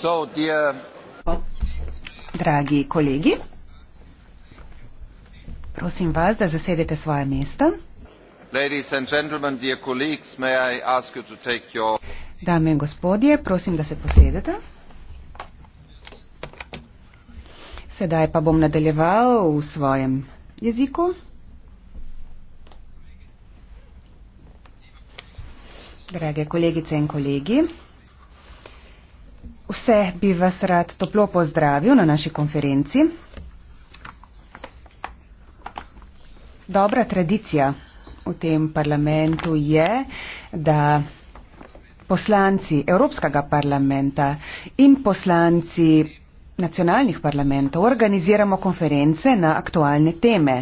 So, dear... Dragi kolegi, prosim vas, da zasedete svoje mesta. Your... Dame in gospodje, prosim, da se posedete. Sedaj pa bom nadaljeval v svojem jeziku. Drage kolegice in kolegi, Vse bi vas rad toplo pozdravil na naši konferenci. Dobra tradicija v tem parlamentu je, da poslanci Evropskega parlamenta in poslanci nacionalnih parlamentov organiziramo konference na aktualne teme.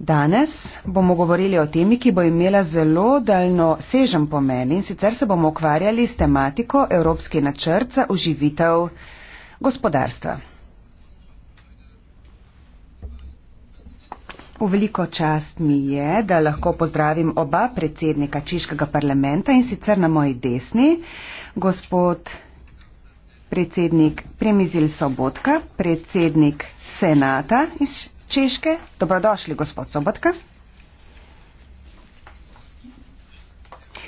Danes bomo govorili o temi, ki bo imela zelo daljno sežen pomen in sicer se bomo ukvarjali s tematiko Evropski načrt za uživitev gospodarstva. V veliko čast mi je, da lahko pozdravim oba predsednika Češkega parlamenta in sicer na moji desni gospod predsednik Premizil Sobotka, predsednik senata iz Češke. Dobrodošli, gospod Sobotka.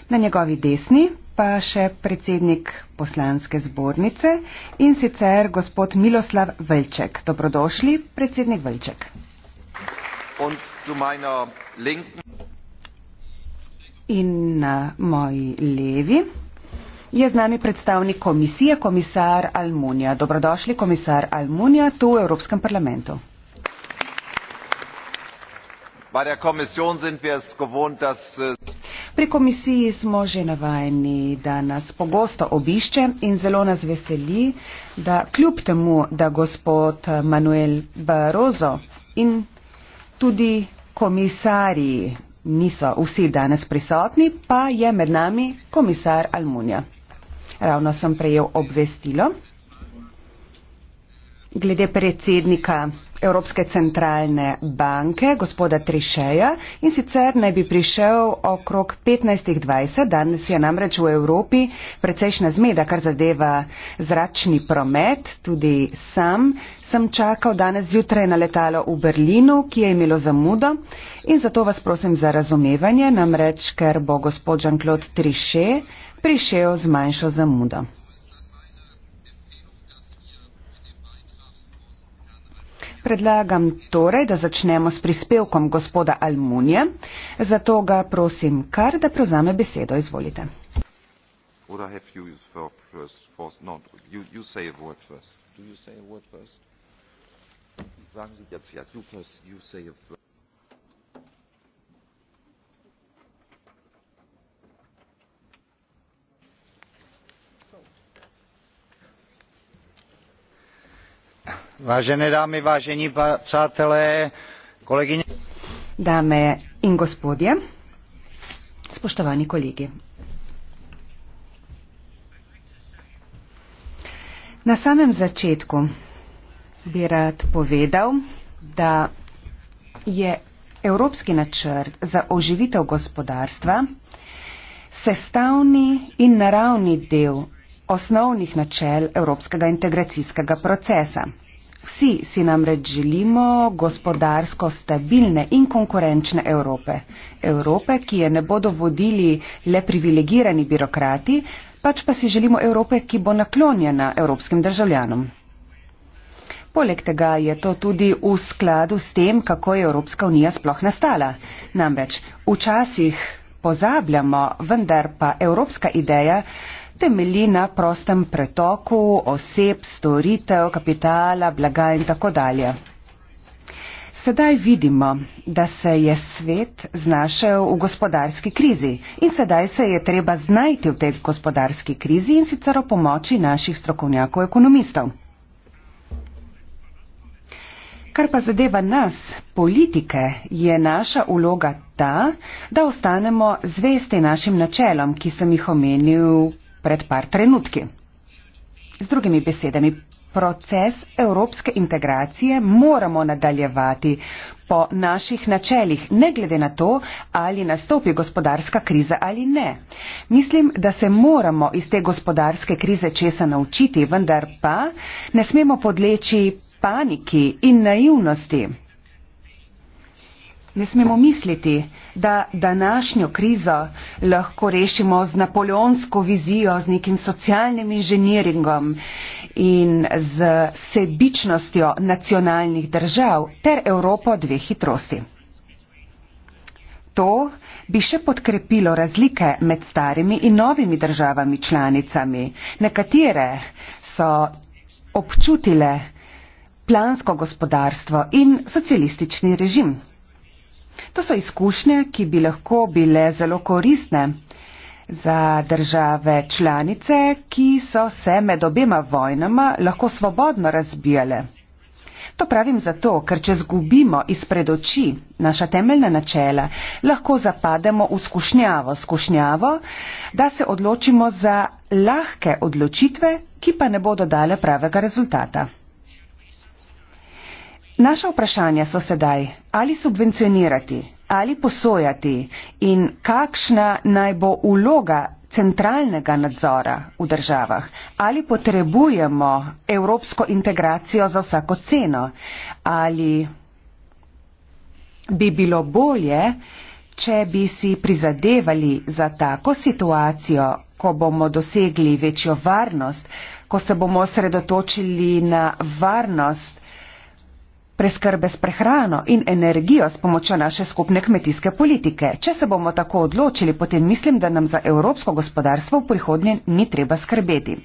Na njegovi desni pa še predsednik poslanske zbornice in sicer gospod Miloslav Velček. Dobrodošli, predsednik Velček. In na moji levi je z nami predstavnik komisije, komisar Almunija. Dobrodošli, komisar Almunija, tu v Evropskem parlamentu. Äh, Pri komisiji smo že navajeni, da nas pogosto obišče in zelo nas veseli, da kljub temu, da gospod Manuel Barroso in tudi komisarji niso vsi danes prisotni, pa je med nami komisar Almunja. Ravno sem prejel obvestilo glede predsednika Evropske centralne banke, gospoda Trišeja, in sicer naj bi prišel okrog 15.20. Danes je namreč v Evropi precejšna zmeda, kar zadeva zračni promet. Tudi sam sem čakal danes zjutraj na letalo v Berlinu, ki je imelo zamudo in zato vas prosim za razumevanje, namreč ker bo gospod Jean-Claude Trišej prišel z manjšo zamudo. predlagam torej, da začnemo s prispevkom gospoda Almunije. Zato ga prosim kar, da prozame besedo. Izvolite. Zagrejte se, da ste vi prvi. vážené dámy vážení přátelé kolegyně dámy in gospodje spoštovani kolegi na samem začetku bi rad povedal da je evropski načrt za oživitev gospodarstva sestavni in naravni del osnovnih načel evropskega integracijskega procesa. Vsi si namreč želimo gospodarsko stabilne in konkurenčne Evrope. Evrope, ki je ne bodo vodili le privilegirani birokrati, pač pa si želimo Evrope, ki bo naklonjena evropskim državljanom. Poleg tega je to tudi v skladu s tem, kako je Evropska unija sploh nastala. Namreč včasih pozabljamo, vendar pa evropska ideja temelji na prostem pretoku oseb, storitev, kapitala, blaga in tako dalje. Sedaj vidimo, da se je svet znašel v gospodarski krizi in sedaj se je treba znajti v tej gospodarski krizi in sicer o pomoči naših strokovnjakov ekonomistov. Kar pa zadeva nas, politike, je naša uloga ta, da ostanemo zvesti našim načelom, ki sem jih omenil pred par trenutki. Z drugimi besedami, proces evropske integracije moramo nadaljevati po naših načelih, ne glede na to, ali nastopi gospodarska kriza ali ne. Mislim, da se moramo iz te gospodarske krize česa naučiti, vendar pa ne smemo podleči paniki in naivnosti. Ne smemo misliti, da današnjo krizo lahko rešimo z napoleonsko vizijo, z nekim socialnim inženiringom in z sebičnostjo nacionalnih držav ter Evropo dve hitrosti. To bi še podkrepilo razlike med starimi in novimi državami članicami, na katere so občutile plansko gospodarstvo in socialistični režim. To so izkušnje, ki bi lahko bile zelo koristne za države članice, ki so se med obema vojnama lahko svobodno razbijale. To pravim zato, ker če zgubimo izpred oči naša temeljna načela, lahko zapademo v skušnjavo, skušnjavo, da se odločimo za lahke odločitve, ki pa ne bodo dale pravega rezultata. Naša vprašanja so sedaj, ali subvencionirati, ali posojati in kakšna naj bo uloga centralnega nadzora v državah, ali potrebujemo evropsko integracijo za vsako ceno, ali bi bilo bolje, če bi si prizadevali za tako situacijo, ko bomo dosegli večjo varnost, ko se bomo osredotočili na varnost preskrbe s prehrano in energijo s pomočjo naše skupne kmetijske politike. Če se bomo tako odločili, potem mislim, da nam za evropsko gospodarstvo v prihodnje ni treba skrbeti.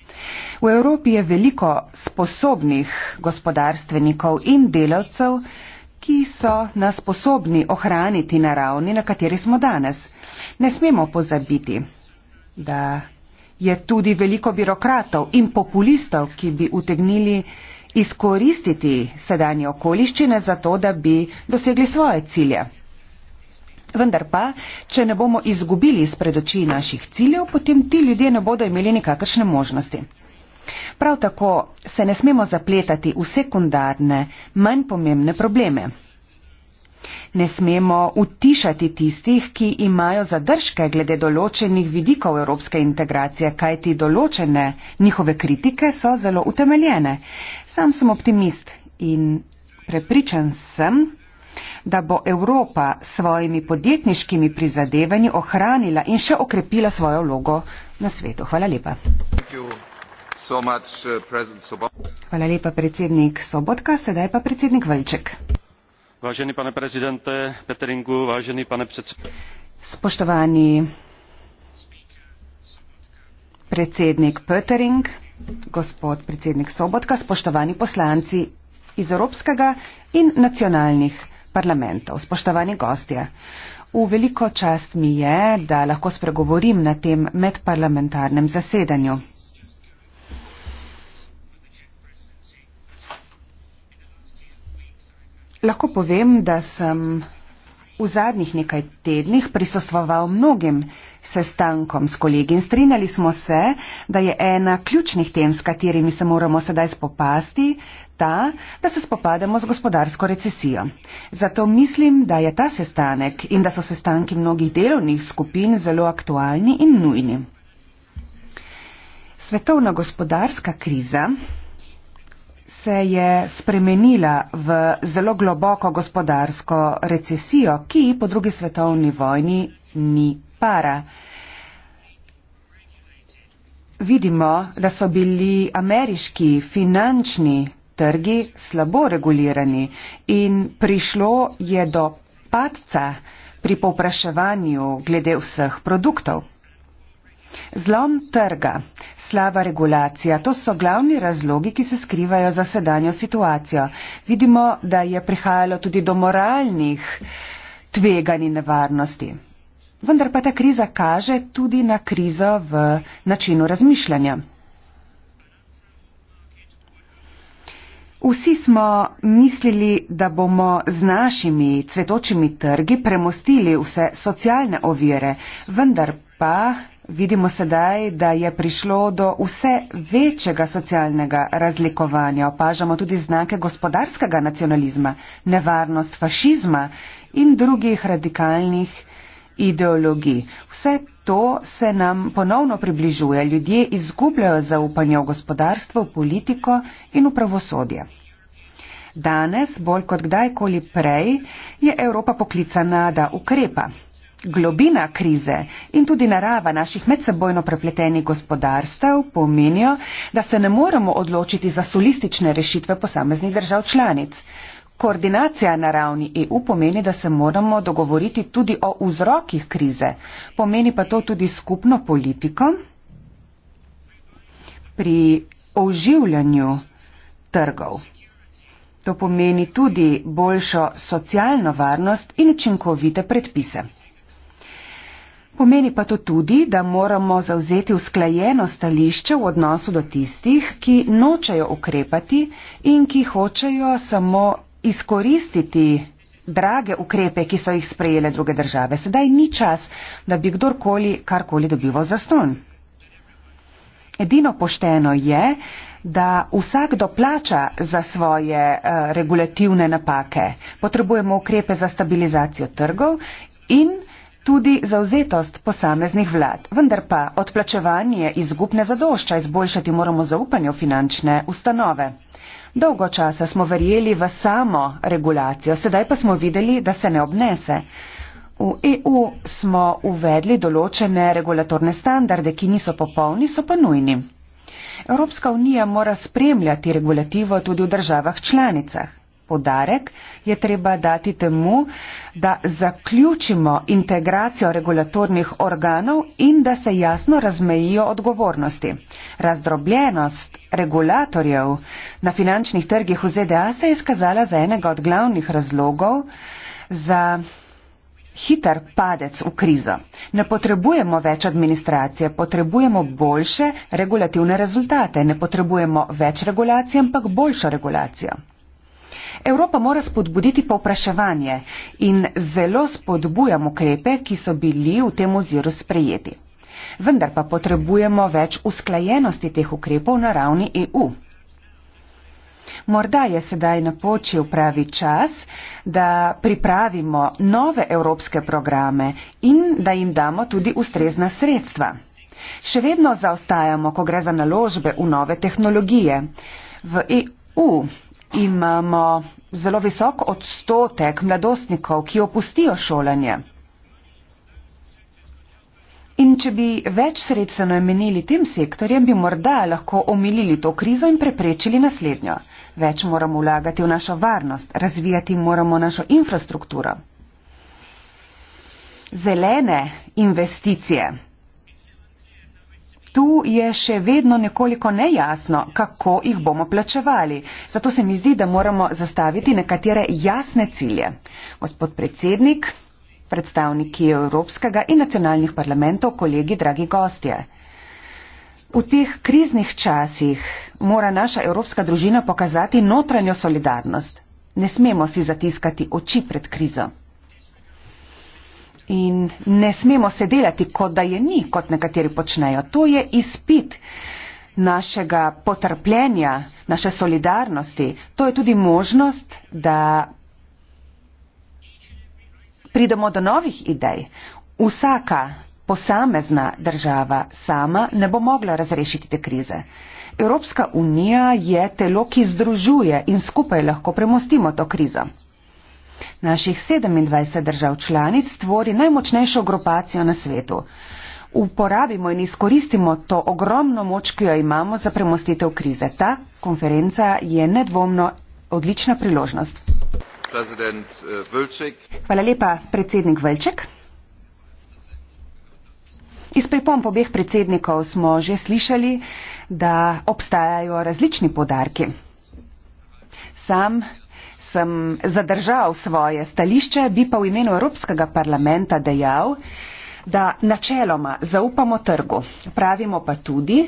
V Evropi je veliko sposobnih gospodarstvenikov in delavcev, ki so nas sposobni ohraniti na ravni, na kateri smo danes. Ne smemo pozabiti, da je tudi veliko birokratov in populistov, ki bi utegnili izkoristiti sedanje okoliščine za to, da bi dosegli svoje cilje. Vendar pa, če ne bomo izgubili izpred oči naših ciljev, potem ti ljudje ne bodo imeli nikakršne možnosti. Prav tako se ne smemo zapletati v sekundarne, manj pomembne probleme. Ne smemo utišati tistih, ki imajo zadržke glede določenih vidikov evropske integracije, kajti določene njihove kritike so zelo utemeljene. Sam sem optimist in prepričan sem, da bo Evropa s svojimi podjetniškimi prizadevanji ohranila in še okrepila svojo vlogo na svetu. Hvala lepa. So much, uh, Hvala lepa, predsednik Sobotka, sedaj pa predsednik Valček. Važeni pane prezidente Peteringu, važeni pane predsednik. Spoštovani predsednik Petering gospod predsednik Sobotka, spoštovani poslanci iz Evropskega in nacionalnih parlamentov, spoštovani gostje. V veliko čast mi je, da lahko spregovorim na tem medparlamentarnem zasedanju. Lahko povem, da sem v zadnjih nekaj tednih prisostoval mnogim sestankom s kolegi in strinjali smo se, da je ena ključnih tem, s katerimi se moramo sedaj spopasti, ta, da se spopademo z gospodarsko recesijo. Zato mislim, da je ta sestanek in da so sestanki mnogih delovnih skupin zelo aktualni in nujni. Svetovna gospodarska kriza se je spremenila v zelo globoko gospodarsko recesijo, ki po drugi svetovni vojni ni para. Vidimo, da so bili ameriški finančni trgi slabo regulirani in prišlo je do padca pri povpraševanju glede vseh produktov. Zlom trga, slaba regulacija, to so glavni razlogi, ki se skrivajo za sedanjo situacijo. Vidimo, da je prihajalo tudi do moralnih tveganj in nevarnosti. Vendar pa ta kriza kaže tudi na krizo v načinu razmišljanja. Vsi smo mislili, da bomo z našimi cvetočimi trgi premostili vse socialne ovire, vendar pa vidimo sedaj, da je prišlo do vse večjega socialnega razlikovanja. Opažamo tudi znake gospodarskega nacionalizma, nevarnost fašizma in drugih radikalnih ideologij. Vse to se nam ponovno približuje. Ljudje izgubljajo zaupanje v gospodarstvo, v politiko in v pravosodje. Danes, bolj kot kdajkoli prej, je Evropa poklicana, da ukrepa. Globina krize in tudi narava naših medsebojno prepletenih gospodarstev pomenijo, da se ne moremo odločiti za solistične rešitve posameznih držav članic. Koordinacija na ravni EU pomeni, da se moramo dogovoriti tudi o vzrokih krize. Pomeni pa to tudi skupno politiko pri oživljanju trgov. To pomeni tudi boljšo socialno varnost in učinkovite predpise. Pomeni pa to tudi, da moramo zauzeti usklajeno stališče v odnosu do tistih, ki nočejo ukrepati in ki hočejo samo izkoristiti drage ukrepe, ki so jih sprejele druge države. Sedaj ni čas, da bi kdorkoli karkoli dobival za ston. Edino pošteno je, da vsakdo plača za svoje uh, regulativne napake. Potrebujemo ukrepe za stabilizacijo trgov in tudi zauzetost posameznih vlad. Vendar pa odplačevanje izgub ne zadošča, izboljšati moramo zaupanje v finančne ustanove. Dolgo časa smo verjeli v samo regulacijo, sedaj pa smo videli, da se ne obnese. V EU smo uvedli določene regulatorne standarde, ki niso popolni, so pa nujni. Evropska unija mora spremljati regulativo tudi v državah članicah podarek je treba dati temu, da zaključimo integracijo regulatornih organov in da se jasno razmejijo odgovornosti. Razdrobljenost regulatorjev na finančnih trgih v ZDA se je izkazala za enega od glavnih razlogov za hiter padec v krizo. Ne potrebujemo več administracije, potrebujemo boljše regulativne rezultate, ne potrebujemo več regulacije, ampak boljšo regulacijo. Evropa mora spodbuditi povpraševanje in zelo spodbujam ukrepe, ki so bili v tem oziru sprejeti. Vendar pa potrebujemo več usklajenosti teh ukrepov na ravni EU. Morda je sedaj napočil pravi čas, da pripravimo nove evropske programe in da jim damo tudi ustrezna sredstva. Še vedno zaostajamo, ko gre za naložbe v nove tehnologije. V EU imamo zelo visok odstotek mladostnikov, ki opustijo šolanje. In če bi več sredstev namenili tem sektorjem, bi morda lahko omilili to krizo in preprečili naslednjo. Več moramo vlagati v našo varnost, razvijati moramo našo infrastrukturo. Zelene investicije. Tu je še vedno nekoliko nejasno, kako jih bomo plačevali. Zato se mi zdi, da moramo zastaviti nekatere jasne cilje. Gospod predsednik, predstavniki Evropskega in nacionalnih parlamentov, kolegi, dragi gostje. V teh kriznih časih mora naša evropska družina pokazati notranjo solidarnost. Ne smemo si zatiskati oči pred krizo in ne smemo se delati, kot da je ni, kot nekateri počnejo. To je izpit našega potrpljenja, naše solidarnosti. To je tudi možnost, da pridemo do novih idej. Vsaka posamezna država sama ne bo mogla razrešiti te krize. Evropska unija je telo, ki združuje in skupaj lahko premostimo to krizo naših 27 držav članic stvori najmočnejšo grupacijo na svetu. Uporabimo in izkoristimo to ogromno moč, ki jo imamo za premostitev krize. Ta konferenca je nedvomno odlična priložnost. Eh, Hvala lepa, predsednik Vlček. Iz pripomp obeh predsednikov smo že slišali, da obstajajo različni podarki. Sam sem zadržal svoje stališče, bi pa v imenu Evropskega parlamenta dejal, da načeloma zaupamo trgu. Pravimo pa tudi,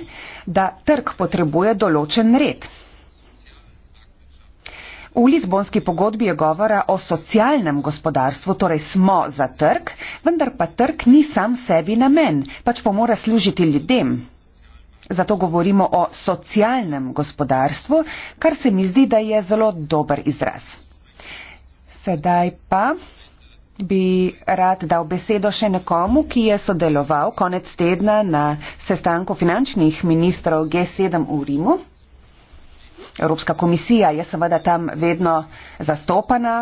da trg potrebuje določen red. V Lizbonski pogodbi je govora o socialnem gospodarstvu, torej smo za trg, vendar pa trg ni sam sebi namen, pač pa mora služiti ljudem, Zato govorimo o socialnem gospodarstvu, kar se mi zdi, da je zelo dober izraz. Sedaj pa bi rad dal besedo še nekomu, ki je sodeloval konec tedna na sestanku finančnih ministrov G7 v Rimu. Evropska komisija je seveda tam vedno zastopana,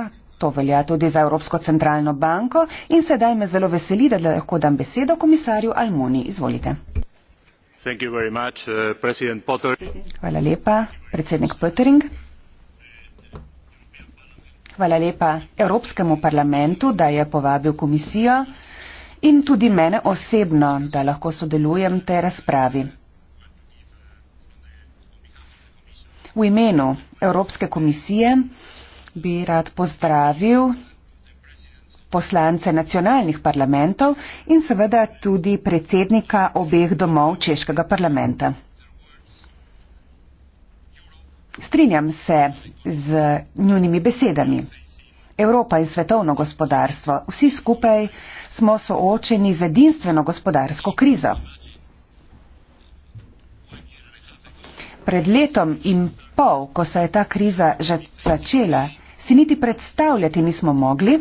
to velja tudi za Evropsko centralno banko in sedaj me zelo veseli, da lahko dam besedo komisarju Almoni. Izvolite. Uh, Hvala lepa, predsednik Pöttering. Hvala lepa Evropskemu parlamentu, da je povabil komisijo in tudi mene osebno, da lahko sodelujem te razpravi. V imenu Evropske komisije bi rad pozdravil poslance nacionalnih parlamentov in seveda tudi predsednika obeh domov češkega parlamenta. Strinjam se z njunimi besedami. Evropa in svetovno gospodarstvo, vsi skupaj smo soočeni z edinstveno gospodarsko krizo. Pred letom in pol, ko se je ta kriza že začela, si niti predstavljati nismo mogli,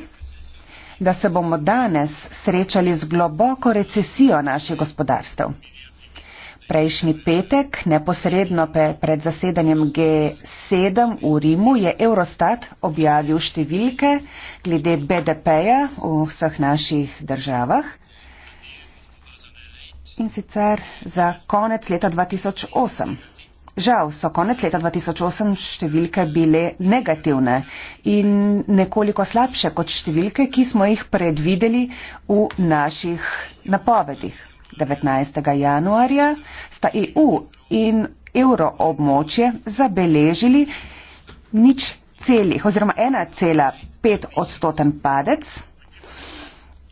da se bomo danes srečali z globoko recesijo naših gospodarstv. Prejšnji petek, neposredno pe pred zasedanjem G7 v Rimu, je Eurostat objavil številke glede BDP-ja v vseh naših državah. In sicer za konec leta 2008. Žal so konec leta 2008 številke bile negativne in nekoliko slabše kot številke, ki smo jih predvideli v naših napovedih. 19. januarja sta EU in euroobmočje zabeležili nič celih oziroma 1,5 odstoten padec.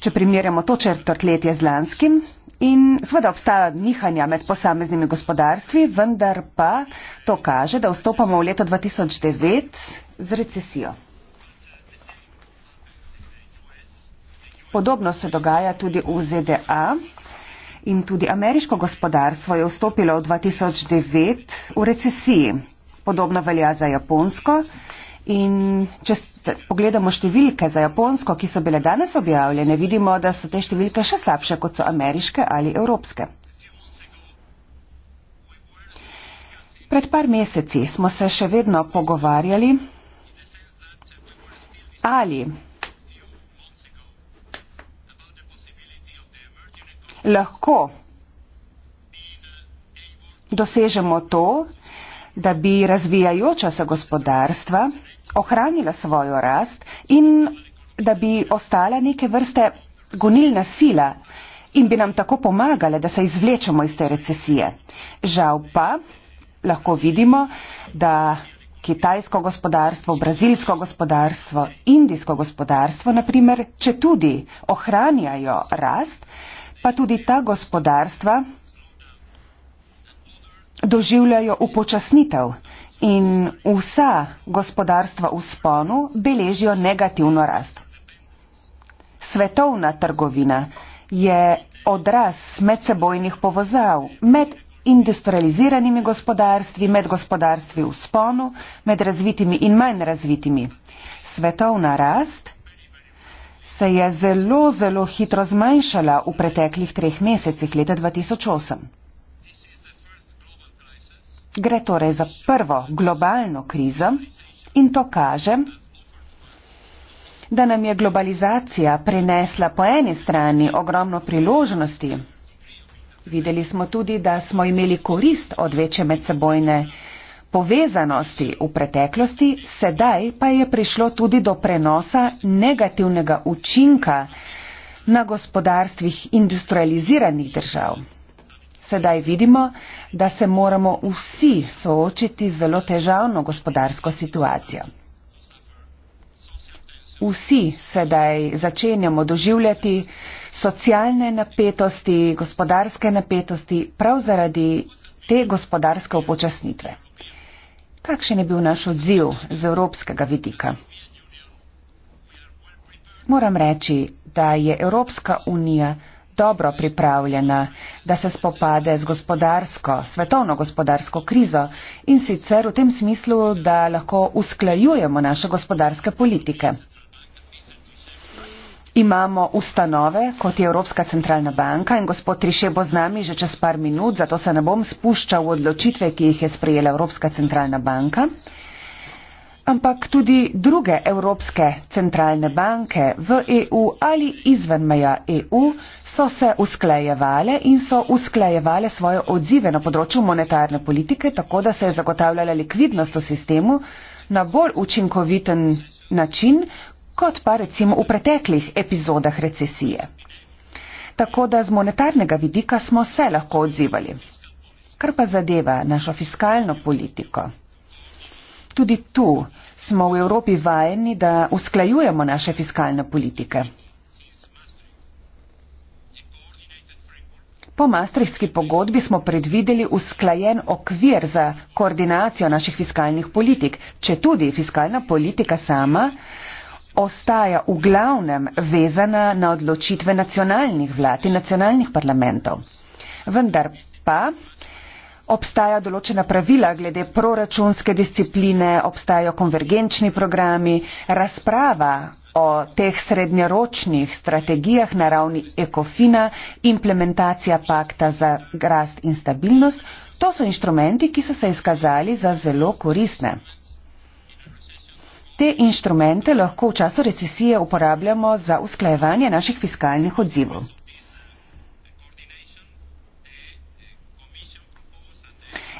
Če primerjamo to četrtletje z lanskim, In sveda obstaja nihanja med posameznimi gospodarstvi, vendar pa to kaže, da vstopamo v leto 2009 z recesijo. Podobno se dogaja tudi v ZDA in tudi ameriško gospodarstvo je vstopilo v 2009 v recesiji. Podobno velja za Japonsko In če pogledamo številke za Japonsko, ki so bile danes objavljene, vidimo, da so te številke še slabše, kot so ameriške ali evropske. Pred par meseci smo se še vedno pogovarjali, ali lahko dosežemo to, da bi razvijajoča se gospodarstva ohranila svojo rast in da bi ostala neke vrste gonilna sila in bi nam tako pomagala, da se izvlečemo iz te recesije. Žal pa lahko vidimo, da kitajsko gospodarstvo, brazilsko gospodarstvo, indijsko gospodarstvo, naprimer, če tudi ohranjajo rast, pa tudi ta gospodarstva doživljajo upočasnitev in vsa gospodarstva v sponu beležijo negativno rast. Svetovna trgovina je odraz medsebojnih povezav med industrializiranimi gospodarstvi, med gospodarstvi v sponu, med razvitimi in manj razvitimi. Svetovna rast se je zelo, zelo hitro zmanjšala v preteklih treh mesecih leta 2008. Gre torej za prvo globalno krizo in to kaže, da nam je globalizacija prinesla po eni strani ogromno priložnosti. Videli smo tudi, da smo imeli korist od večje medsebojne povezanosti v preteklosti, sedaj pa je prišlo tudi do prenosa negativnega učinka na gospodarstvih industrializiranih držav. Sedaj vidimo, da se moramo vsi soočiti z zelo težavno gospodarsko situacijo. Vsi sedaj začenjamo doživljati socialne napetosti, gospodarske napetosti prav zaradi te gospodarske upočasnitve. Kakšen je bil naš odziv z evropskega vidika? Moram reči, da je Evropska unija dobro pripravljena, da se spopade z gospodarsko, svetovno gospodarsko krizo in sicer v tem smislu, da lahko usklajujemo naše gospodarske politike. Imamo ustanove, kot je Evropska centralna banka in gospod Triše bo z nami že čez par minut, zato se ne bom spuščal v odločitve, ki jih je sprejela Evropska centralna banka ampak tudi druge evropske centralne banke v EU ali izven meja EU so se usklajevale in so usklajevale svoje odzive na področju monetarne politike, tako da se je zagotavljala likvidnost v sistemu na bolj učinkoviten način, kot pa recimo v preteklih epizodah recesije. Tako da z monetarnega vidika smo se lahko odzivali. Kar pa zadeva našo fiskalno politiko, tudi tu smo v Evropi vajeni, da usklajujemo naše fiskalne politike. Po mastrihski pogodbi smo predvideli usklajen okvir za koordinacijo naših fiskalnih politik, če tudi fiskalna politika sama ostaja v glavnem vezana na odločitve nacionalnih vlad in nacionalnih parlamentov. Vendar pa obstaja določena pravila glede proračunske discipline, obstajajo konvergenčni programi, razprava o teh srednjeročnih strategijah na ravni ekofina, implementacija pakta za rast in stabilnost, to so inštrumenti, ki so se izkazali za zelo koristne. Te inštrumente lahko v času recesije uporabljamo za usklajevanje naših fiskalnih odzivov.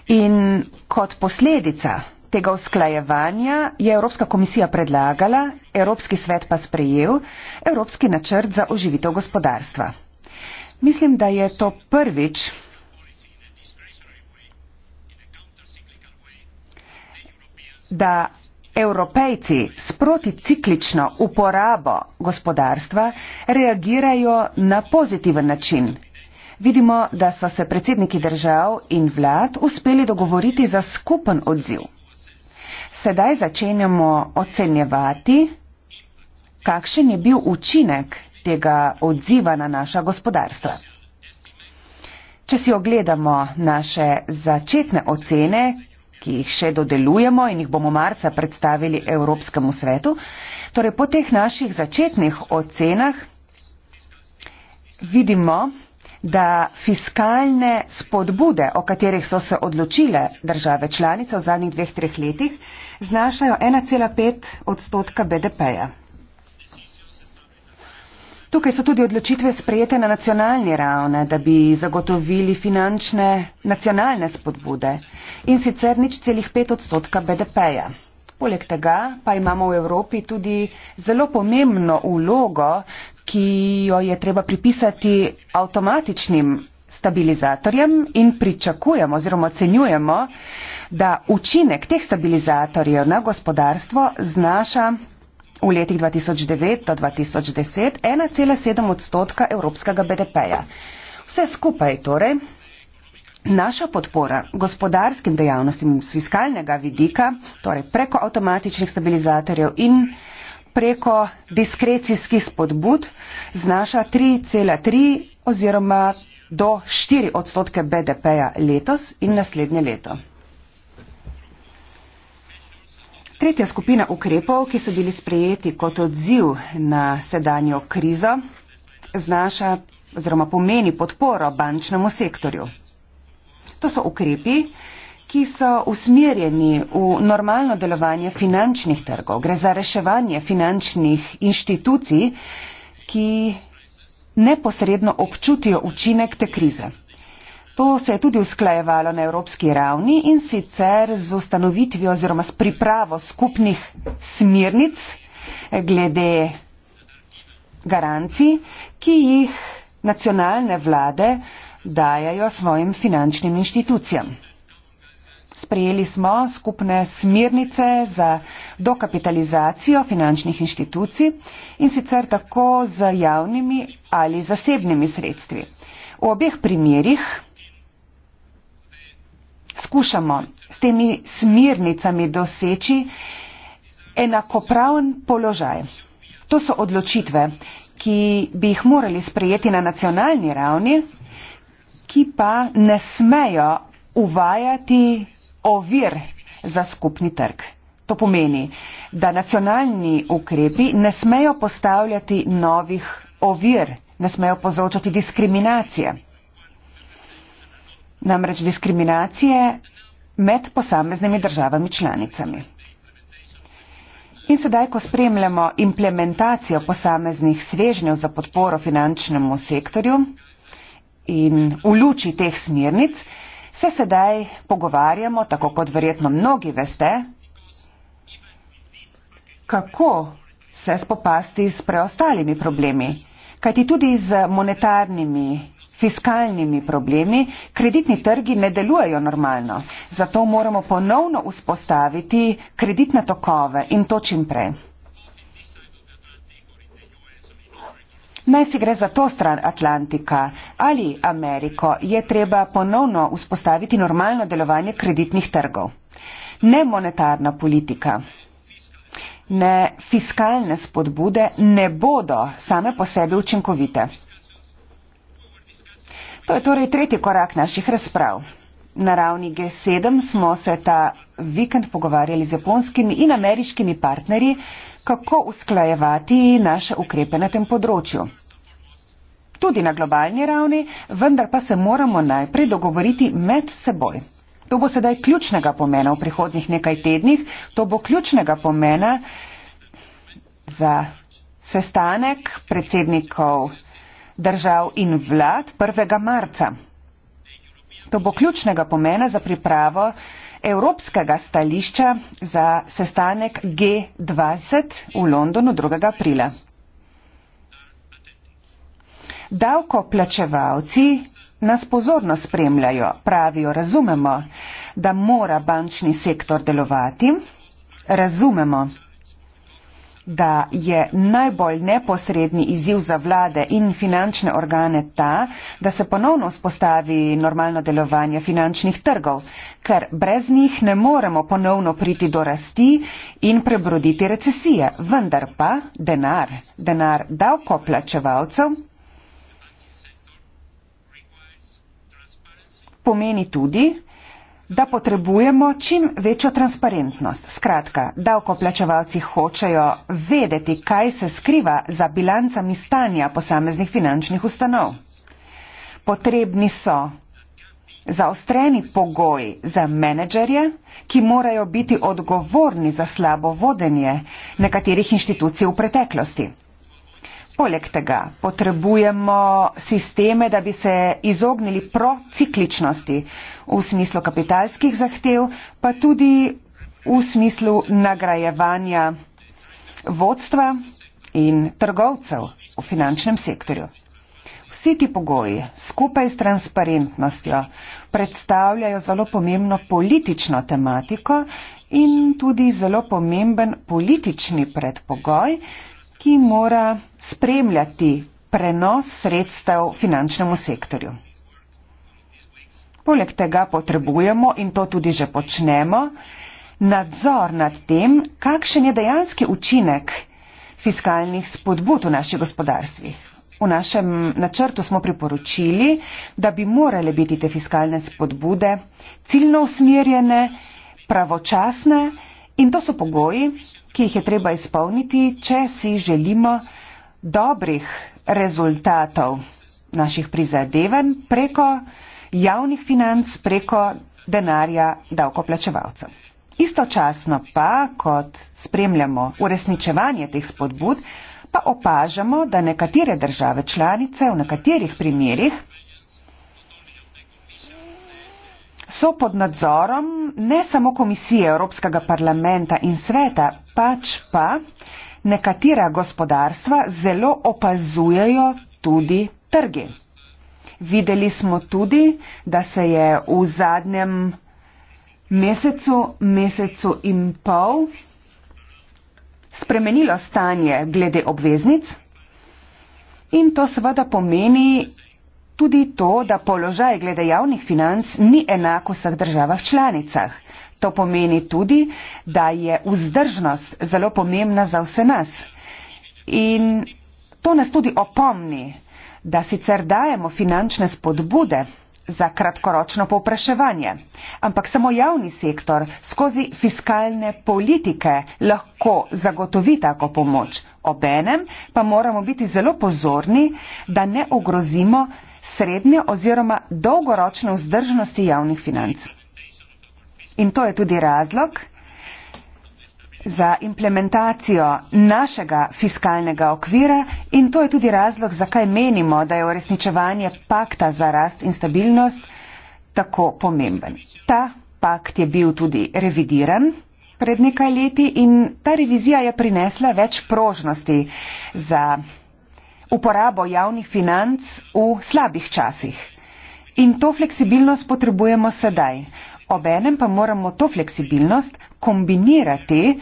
In kot posledica tega usklajevanja je Evropska komisija predlagala, Evropski svet pa sprejel Evropski načrt za oživitev gospodarstva. Mislim, da je to prvič, da evropejci s proticiklično uporabo gospodarstva reagirajo na pozitiven način vidimo, da so se predsedniki držav in vlad uspeli dogovoriti za skupen odziv. Sedaj začenjamo ocenjevati, kakšen je bil učinek tega odziva na naša gospodarstva. Če si ogledamo naše začetne ocene, ki jih še dodelujemo in jih bomo marca predstavili Evropskemu svetu, torej po teh naših začetnih ocenah vidimo, da fiskalne spodbude, o katerih so se odločile države članice v zadnjih dveh, treh letih, znašajo 1,5 odstotka BDP-ja. Tukaj so tudi odločitve sprejete na nacionalni ravne, da bi zagotovili finančne nacionalne spodbude in sicer nič celih 5 odstotka BDP-ja. Poleg tega pa imamo v Evropi tudi zelo pomembno ulogo, ki jo je treba pripisati avtomatičnim stabilizatorjem in pričakujemo oziroma ocenjujemo, da učinek teh stabilizatorjev na gospodarstvo znaša v letih 2009 do 2010 1,7 odstotka evropskega BDP-ja. Vse skupaj torej Naša podpora gospodarskim dejavnostim z fiskalnega vidika, torej preko avtomatičnih stabilizatorjev in preko diskrecijskih spodbud, znaša 3,3 oziroma do 4 odstotke BDP-ja letos in naslednje leto. Tretja skupina ukrepov, ki so bili sprejeti kot odziv na sedanjo krizo, znaša oziroma pomeni podporo bančnemu sektorju. To so ukrepi, ki so usmerjeni v normalno delovanje finančnih trgov. Gre za reševanje finančnih inštitucij, ki neposredno občutijo učinek te krize. To se je tudi usklajevalo na evropski ravni in sicer z ustanovitvijo oziroma s pripravo skupnih smernic glede garancij, ki jih nacionalne vlade dajajo svojim finančnim inštitucijam. Sprejeli smo skupne smirnice za dokapitalizacijo finančnih inštitucij in sicer tako z javnimi ali zasebnimi sredstvi. V obeh primerjih skušamo s temi smirnicami doseči enakopraven položaj. To so odločitve, ki bi jih morali sprejeti na nacionalni ravni, ki pa ne smejo uvajati ovir za skupni trg. To pomeni, da nacionalni ukrepi ne smejo postavljati novih ovir, ne smejo povzročati diskriminacije. Namreč diskriminacije med posameznimi državami članicami. In sedaj, ko spremljamo implementacijo posameznih svežnjev za podporo finančnemu sektorju, in v luči teh smernic se sedaj pogovarjamo, tako kot verjetno mnogi veste, kako se spopasti s preostalimi problemi, kajti tudi z monetarnimi, fiskalnimi problemi kreditni trgi ne delujejo normalno. Zato moramo ponovno vzpostaviti kreditne tokove in to čim prej. Naj si gre za to stran Atlantika ali Ameriko, je treba ponovno vzpostaviti normalno delovanje kreditnih trgov. Ne monetarna politika, ne fiskalne spodbude ne bodo same po sebi učinkovite. To je torej tretji korak naših razprav. Na ravni G7 smo se ta vikend pogovarjali z japonskimi in ameriškimi partnerji, kako usklajevati naše ukrepe na tem področju. Tudi na globalni ravni, vendar pa se moramo najprej dogovoriti med seboj. To bo sedaj ključnega pomena v prihodnjih nekaj tednih, to bo ključnega pomena za sestanek predsednikov držav in vlad 1. marca. To bo ključnega pomena za pripravo evropskega stališča za sestanek G20 v Londonu 2. aprila. Davkoplačevalci nas pozorno spremljajo, pravijo, razumemo, da mora bančni sektor delovati, razumemo, da je najbolj neposredni izziv za vlade in finančne organe ta, da se ponovno spostavi normalno delovanje finančnih trgov, ker brez njih ne moremo ponovno priti do rasti in prebroditi recesije. Vendar pa denar, denar davkoplačevalcev pomeni tudi, da potrebujemo čim večjo transparentnost. Skratka, davkoplačevalci hočejo vedeti, kaj se skriva za bilancami stanja posameznih finančnih ustanov. Potrebni so zaostreni pogoji za menedžerje, ki morajo biti odgovorni za slabo vodenje nekaterih inštitucij v preteklosti. Poleg tega potrebujemo sisteme, da bi se izognili procikličnosti v smislu kapitalskih zahtev, pa tudi v smislu nagrajevanja vodstva in trgovcev v finančnem sektorju. Vsi ti pogoji skupaj s transparentnostjo predstavljajo zelo pomembno politično tematiko in tudi zelo pomemben politični predpogoj, ki mora spremljati prenos sredstev finančnemu sektorju. Poleg tega potrebujemo, in to tudi že počnemo, nadzor nad tem, kakšen je dejanski učinek fiskalnih spodbud v naših gospodarstvih. V našem načrtu smo priporočili, da bi morale biti te fiskalne spodbude ciljno usmerjene, pravočasne in to so pogoji, ki jih je treba izpolniti, če si želimo dobrih rezultatov naših prizadevanj preko javnih financ, preko denarja davkoplačevalcev. Istočasno pa, kot spremljamo uresničevanje teh spodbud, pa opažamo, da nekatere države članice v nekaterih primerjih so pod nadzorom ne samo komisije Evropskega parlamenta in sveta, pač pa nekatera gospodarstva zelo opazujejo tudi trgi. Videli smo tudi, da se je v zadnjem mesecu, mesecu in pol spremenilo stanje glede obveznic in to seveda pomeni tudi to, da položaj glede javnih financ ni enak v vseh državah članicah. To pomeni tudi, da je vzdržnost zelo pomembna za vse nas. In to nas tudi opomni, da sicer dajemo finančne spodbude za kratkoročno povpraševanje, ampak samo javni sektor skozi fiskalne politike lahko zagotovi tako pomoč. Obenem pa moramo biti zelo pozorni, da ne ogrozimo srednjo oziroma dolgoročno vzdržnosti javnih financ. In to je tudi razlog za implementacijo našega fiskalnega okvira in to je tudi razlog, zakaj menimo, da je uresničevanje pakta za rast in stabilnost tako pomemben. Ta pakt je bil tudi revidiran pred nekaj leti in ta revizija je prinesla več prožnosti za uporabo javnih financ v slabih časih. In to fleksibilnost potrebujemo sedaj. Obenem pa moramo to fleksibilnost kombinirati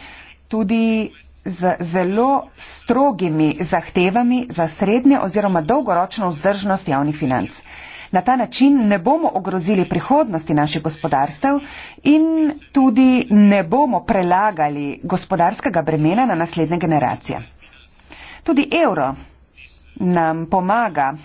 tudi z zelo strogimi zahtevami za srednje oziroma dolgoročno vzdržnost javnih financ. Na ta način ne bomo ogrozili prihodnosti naših gospodarstev in tudi ne bomo prelagali gospodarskega bremena na naslednje generacije. Tudi evro nam pomaga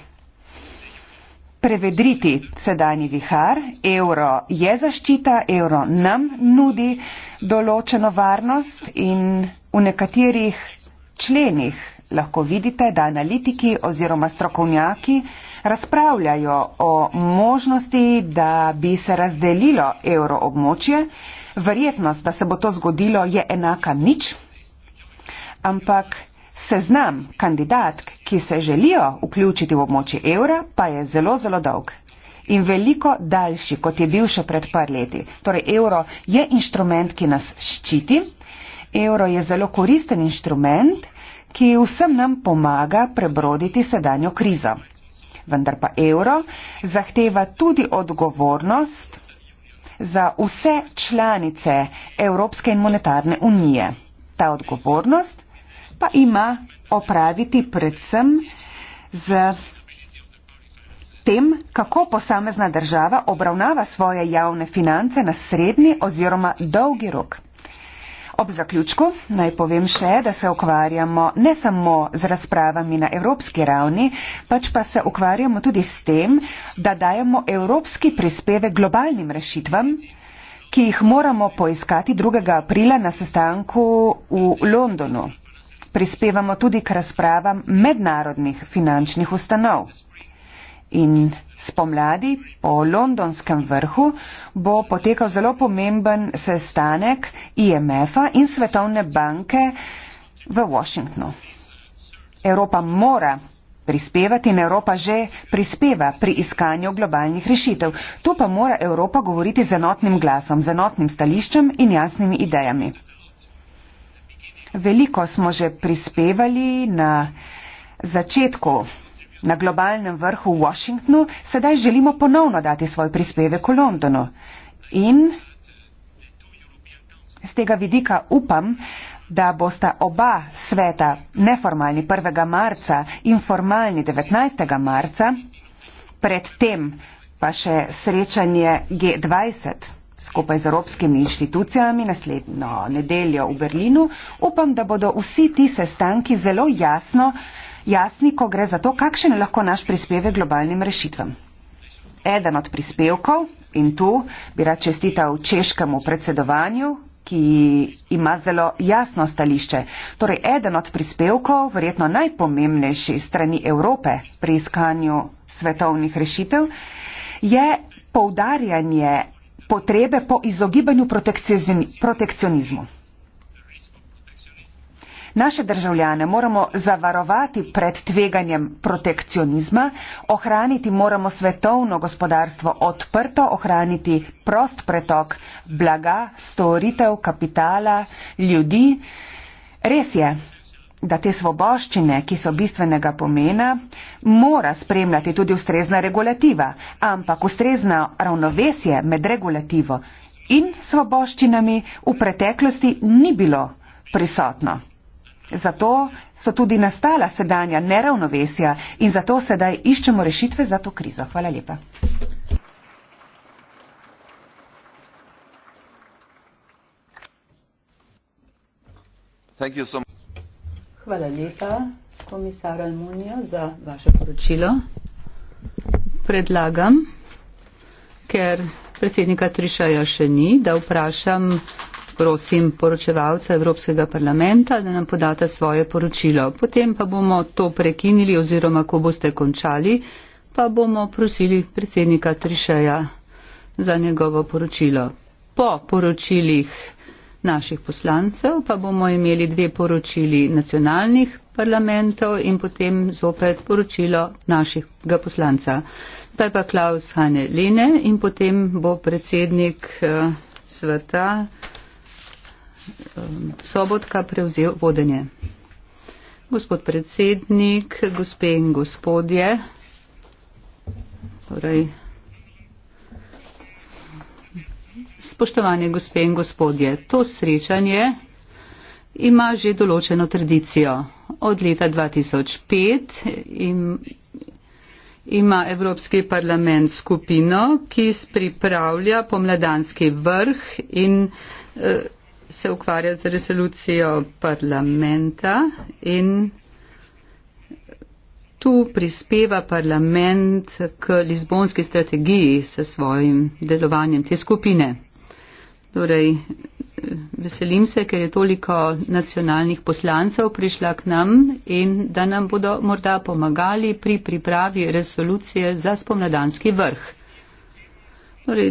prevedriti sedajni vihar. Euro je zaščita, euro nam nudi določeno varnost in v nekaterih členih lahko vidite, da analitiki oziroma strokovnjaki razpravljajo o možnosti, da bi se razdelilo evro območje. Verjetnost, da se bo to zgodilo, je enaka nič, ampak Seznam kandidatk, ki se želijo vključiti v območje evra, pa je zelo, zelo dolg. In veliko daljši, kot je bil še pred par leti. Torej, evro je inštrument, ki nas ščiti. Evro je zelo koristen inštrument, ki vsem nam pomaga prebroditi sedanjo krizo. Vendar pa evro zahteva tudi odgovornost za vse članice Evropske in monetarne unije. Ta odgovornost pa ima opraviti predvsem z tem, kako posamezna država obravnava svoje javne finance na srednji oziroma dolgi rok. Ob zaključku naj povem še, da se ukvarjamo ne samo z razpravami na evropski ravni, pač pa se ukvarjamo tudi s tem, da dajemo evropski prispevek globalnim rešitvam, ki jih moramo poiskati 2. aprila na sestanku v Londonu prispevamo tudi k razpravam mednarodnih finančnih ustanov. In spomladi po londonskem vrhu bo potekal zelo pomemben sestanek IMF-a in Svetovne banke v Washingtonu. Evropa mora prispevati in Evropa že prispeva pri iskanju globalnih rešitev. Tu pa mora Evropa govoriti z enotnim glasom, z enotnim stališčem in jasnimi idejami. Veliko smo že prispevali na začetku na globalnem vrhu v Washingtonu, sedaj želimo ponovno dati svoj prispevek v Londonu. In z tega vidika upam, da bosta oba sveta, neformalni 1. marca in formalni 19. marca, predtem pa še srečanje G20 skupaj z evropskimi inštitucijami naslednjo nedeljo v Berlinu. Upam, da bodo vsi ti sestanki zelo jasno, jasni, ko gre za to, kakšen je lahko naš prispevek globalnim rešitvam. Eden od prispevkov in tu bi rad čestital češkemu predsedovanju, ki ima zelo jasno stališče. Torej, eden od prispevkov, verjetno najpomembnejši strani Evrope pri iskanju svetovnih rešitev, je poudarjanje potrebe po izogibanju protekcionizmu. Naše državljane moramo zavarovati pred tveganjem protekcionizma, ohraniti moramo svetovno gospodarstvo odprto, ohraniti prost pretok blaga, storitev, kapitala, ljudi. Res je, da te svoboščine, ki so bistvenega pomena, mora spremljati tudi ustrezna regulativa, ampak ustrezna ravnovesje med regulativo in svoboščinami v preteklosti ni bilo prisotno. Zato so tudi nastala sedanja neravnovesja in zato sedaj iščemo rešitve za to krizo. Hvala lepa. Hvala lepa, komisar Almunijo, za vaše poročilo. Predlagam, ker predsednika Trišaja še ni, da vprašam, prosim, poročevalca Evropskega parlamenta, da nam podate svoje poročilo. Potem pa bomo to prekinili oziroma, ko boste končali, pa bomo prosili predsednika Trišaja za njegovo poročilo. Po poročilih naših poslancev, pa bomo imeli dve poročili nacionalnih parlamentov in potem zopet poročilo našega poslanca. Zdaj pa Klaus Hanne-Line in potem bo predsednik eh, sveta eh, Sobotka prevzel vodenje. Gospod predsednik, gospe in gospodje. Torej, Spoštovane gospe in gospodje, to srečanje ima že določeno tradicijo. Od leta 2005 ima Evropski parlament skupino, ki pripravlja pomladanski vrh in eh, se ukvarja z resolucijo parlamenta in tu prispeva parlament k lizbonski strategiji s svojim delovanjem te skupine. Torej, veselim se, ker je toliko nacionalnih poslancev prišla k nam in da nam bodo morda pomagali pri pripravi resolucije za spomladanski vrh. Torej,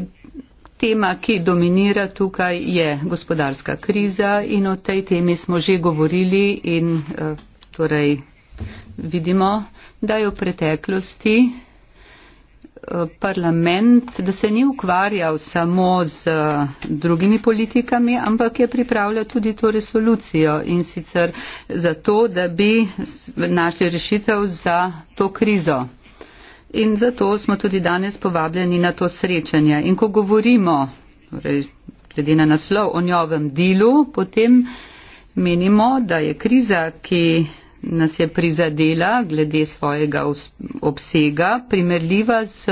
tema, ki dominira tukaj, je gospodarska kriza in o tej temi smo že govorili in eh, torej, vidimo, da je v preteklosti parlament, da se ni ukvarjal samo z eh, drugimi politikami, ampak je pripravljal tudi to resolucijo in sicer zato, da bi našli rešitev za to krizo. In zato smo tudi danes povabljeni na to srečanje. In ko govorimo, torej, glede na naslov o njovem delu, potem menimo, da je kriza, ki nas je prizadela glede svojega obsega, primerljiva z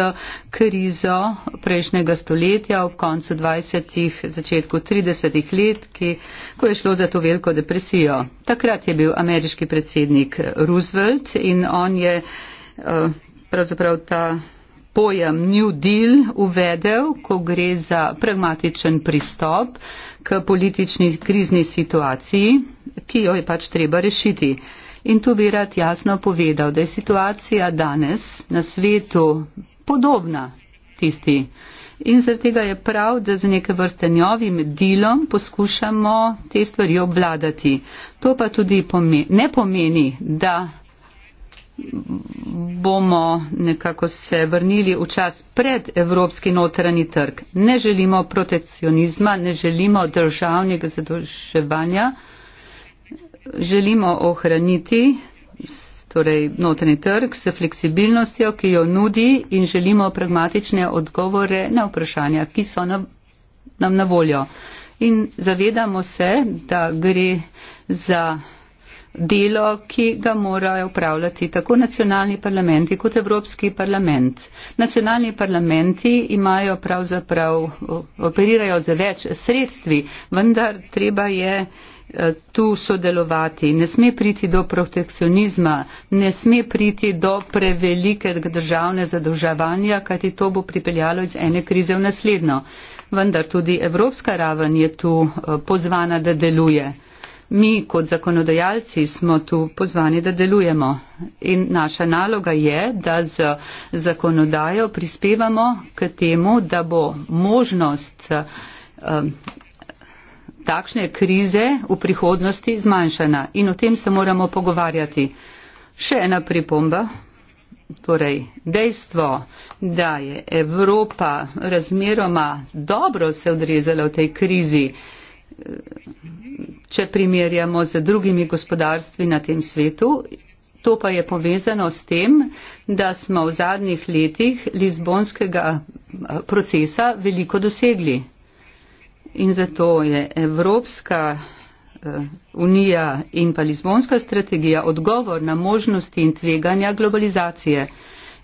krizo prejšnjega stoletja ob koncu 20. začetku 30. let, ki, ko je šlo za to veliko depresijo. Takrat je bil ameriški predsednik Roosevelt in on je eh, pravzaprav ta pojem New Deal uvedel, ko gre za pragmatičen pristop k politični krizni situaciji, ki jo je pač treba rešiti in tu bi rad jasno povedal, da je situacija danes na svetu podobna tisti. In zaradi tega je prav, da z neke vrste njovim delom poskušamo te stvari obvladati. To pa tudi pomeni, ne pomeni, da bomo nekako se vrnili v čas pred evropski notranji trg. Ne želimo protekcionizma, ne želimo državnega zadolževanja želimo ohraniti torej notrni trg s fleksibilnostjo, ki jo nudi in želimo pragmatične odgovore na vprašanja, ki so na, nam na voljo. In zavedamo se, da gre za delo, ki ga morajo upravljati tako nacionalni parlamenti kot Evropski parlament. Nacionalni parlamenti imajo pravzaprav, operirajo za več sredstvi, vendar treba je. Eh, tu sodelovati. Ne sme priti do protekcionizma, ne sme priti do prevelikega državne zadolževanja, kajti to bo pripeljalo iz ene krize v naslednjo. Vendar tudi evropska raven je tu eh, pozvana, da deluje. Mi kot zakonodajalci smo tu pozvani, da delujemo in naša naloga je, da z zakonodajo prispevamo k temu, da bo možnost eh, takšne krize v prihodnosti zmanjšana in o tem se moramo pogovarjati. Še ena pripomba. Torej, dejstvo, da je Evropa razmeroma dobro se odrezala v tej krizi, če primerjamo z drugimi gospodarstvi na tem svetu, to pa je povezano s tem, da smo v zadnjih letih Lizbonskega eh, procesa veliko dosegli. In zato je Evropska eh, unija in pa Lizbonska strategija odgovor na možnosti in tveganja globalizacije.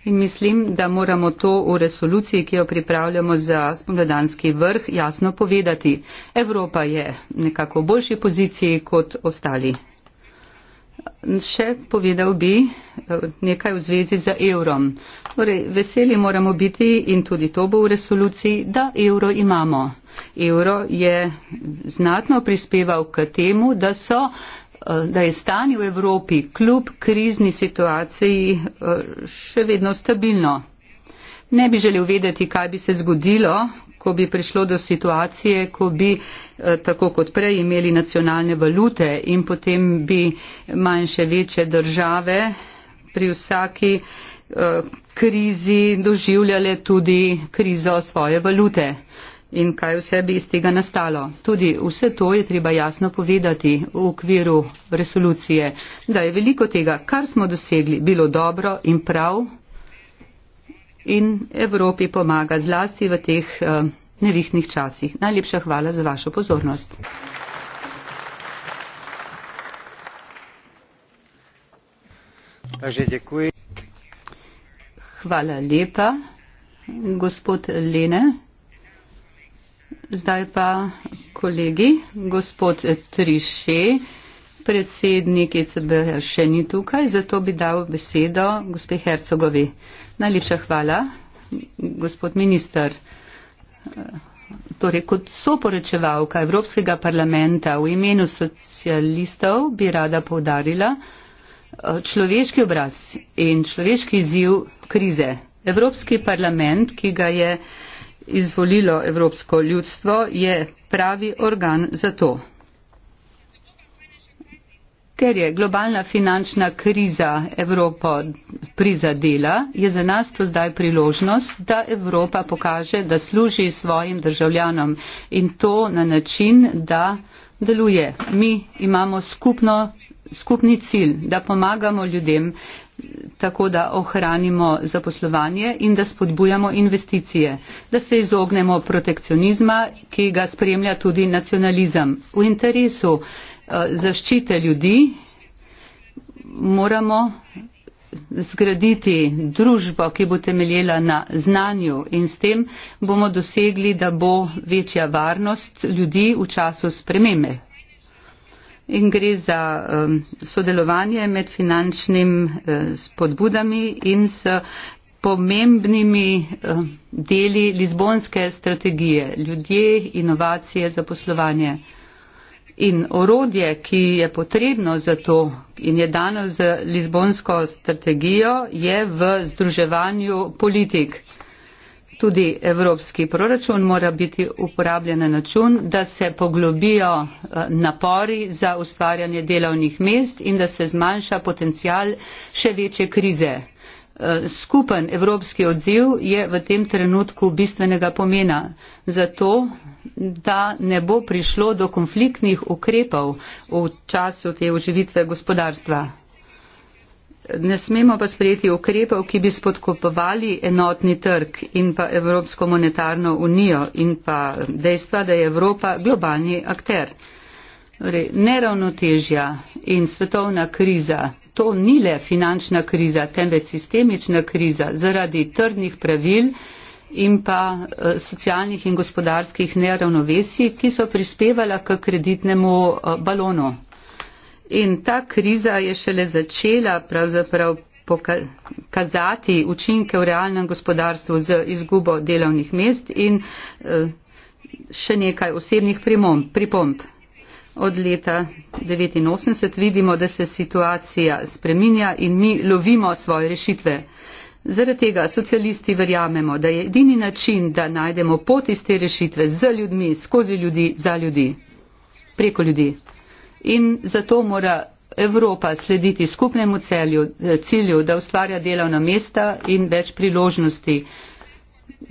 In mislim, da moramo to v resoluciji, ki jo pripravljamo za spomladanski vrh, jasno povedati. Evropa je nekako v boljši poziciji kot ostali Še povedal bi eh, nekaj v zvezi z evrom. Torej, veseli moramo biti in tudi to bo v resoluciji, da evro imamo. Evro je znatno prispeval k temu, da, so, eh, da je stanje v Evropi kljub krizni situaciji eh, še vedno stabilno. Ne bi želel vedeti, kaj bi se zgodilo, ko bi prišlo do situacije, ko bi eh, tako kot prej imeli nacionalne valute in potem bi manjše, večje države pri vsaki eh, krizi doživljale tudi krizo svoje valute. In kaj vse bi iz tega nastalo? Tudi vse to je treba jasno povedati v okviru resolucije, da je veliko tega, kar smo dosegli, bilo dobro in prav, in Evropi pomaga zlasti v teh eh, nevihnih časih. Najlepša hvala za vašo pozornost. Hvala lepa, gospod Lene. Zdaj pa kolegi, gospod Triše, predsednik ECB še ni tukaj, zato bi dal besedo gospe Hercogovi. Najlepša hvala, gospod minister. Torej, kot soporečevalka Evropskega parlamenta v imenu socialistov bi rada povdarila eh, človeški obraz in človeški izziv krize. Evropski parlament, ki ga je izvolilo evropsko ljudstvo, je pravi organ za to. Ker je globalna finančna kriza Evropo prizadela, je za nas to zdaj priložnost, da Evropa pokaže, da služi svojim državljanom in to na način, da deluje. Mi imamo skupno, skupni cilj, da pomagamo ljudem tako, da ohranimo zaposlovanje in da spodbujamo investicije, da se izognemo protekcionizma, ki ga spremlja tudi nacionalizem. V interesu Eh, zaščite ljudi, moramo zgraditi družbo, ki bo temeljela na znanju in s tem bomo dosegli, da bo večja varnost ljudi v času spremembe. In gre za um, sodelovanje med finančnim um, spodbudami in s pomembnimi um, deli Lizbonske strategije ljudje, inovacije, zaposlovanje. In orodje, ki je potrebno za to in je dano z Lizbonsko strategijo, je v združevanju politik. Tudi evropski proračun mora biti uporabljen na način, da se poglobijo eh, napori za ustvarjanje delovnih mest in da se zmanjša potencial še večje krize. Eh, skupen evropski odziv je v tem trenutku bistvenega pomena. Zato, da ne bo prišlo do konfliktnih ukrepov v času te oživitve gospodarstva. Ne smemo pa sprejeti ukrepov, ki bi spodkopovali enotni trg in pa Evropsko monetarno unijo in pa dejstva, da je Evropa globalni akter. Torej, neravnotežja in svetovna kriza to ni le finančna kriza, temveč sistemična kriza zaradi trdnih pravil in pa eh, socialnih in gospodarskih neravnovesij, ki so prispevala k kreditnemu eh, balonu. In ta kriza je šele začela pravzaprav pokazati učinke v realnem gospodarstvu z izgubo delovnih mest in eh, še nekaj osebnih pripomb od leta 1989 vidimo, da se situacija spreminja in mi lovimo svoje rešitve. Zaradi tega socialisti verjamemo, da je edini način, da najdemo pot iz te rešitve z ljudmi, skozi ljudi, za ljudi, preko ljudi. In zato mora Evropa slediti skupnemu celju, cilju, da ustvarja delovna mesta in več priložnosti.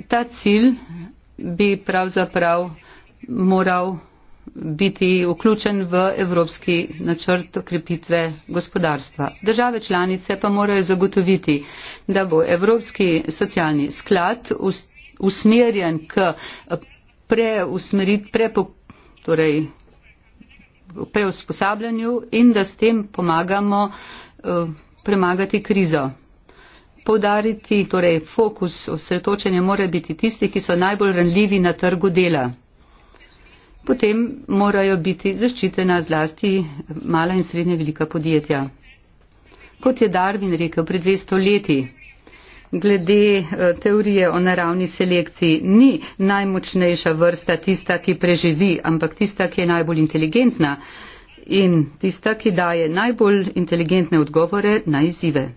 Ta cilj bi pravzaprav moral biti vključen v evropski načrt okrepitve gospodarstva. Države članice pa morajo zagotoviti, da bo Evropski socialni sklad usmerjen k torej, preusposabljanju torej, in da s tem pomagamo eh, premagati krizo. Povdariti, torej fokus, osredotočenje mora biti tisti, ki so najbolj ranljivi na trgu dela potem morajo biti zaščitena zlasti mala in srednje velika podjetja. Kot je Darwin rekel pred 200 leti, glede eh, teorije o naravni selekciji, ni najmočnejša vrsta tista, ki preživi, ampak tista, ki je najbolj inteligentna in tista, ki daje najbolj inteligentne odgovore na izzive.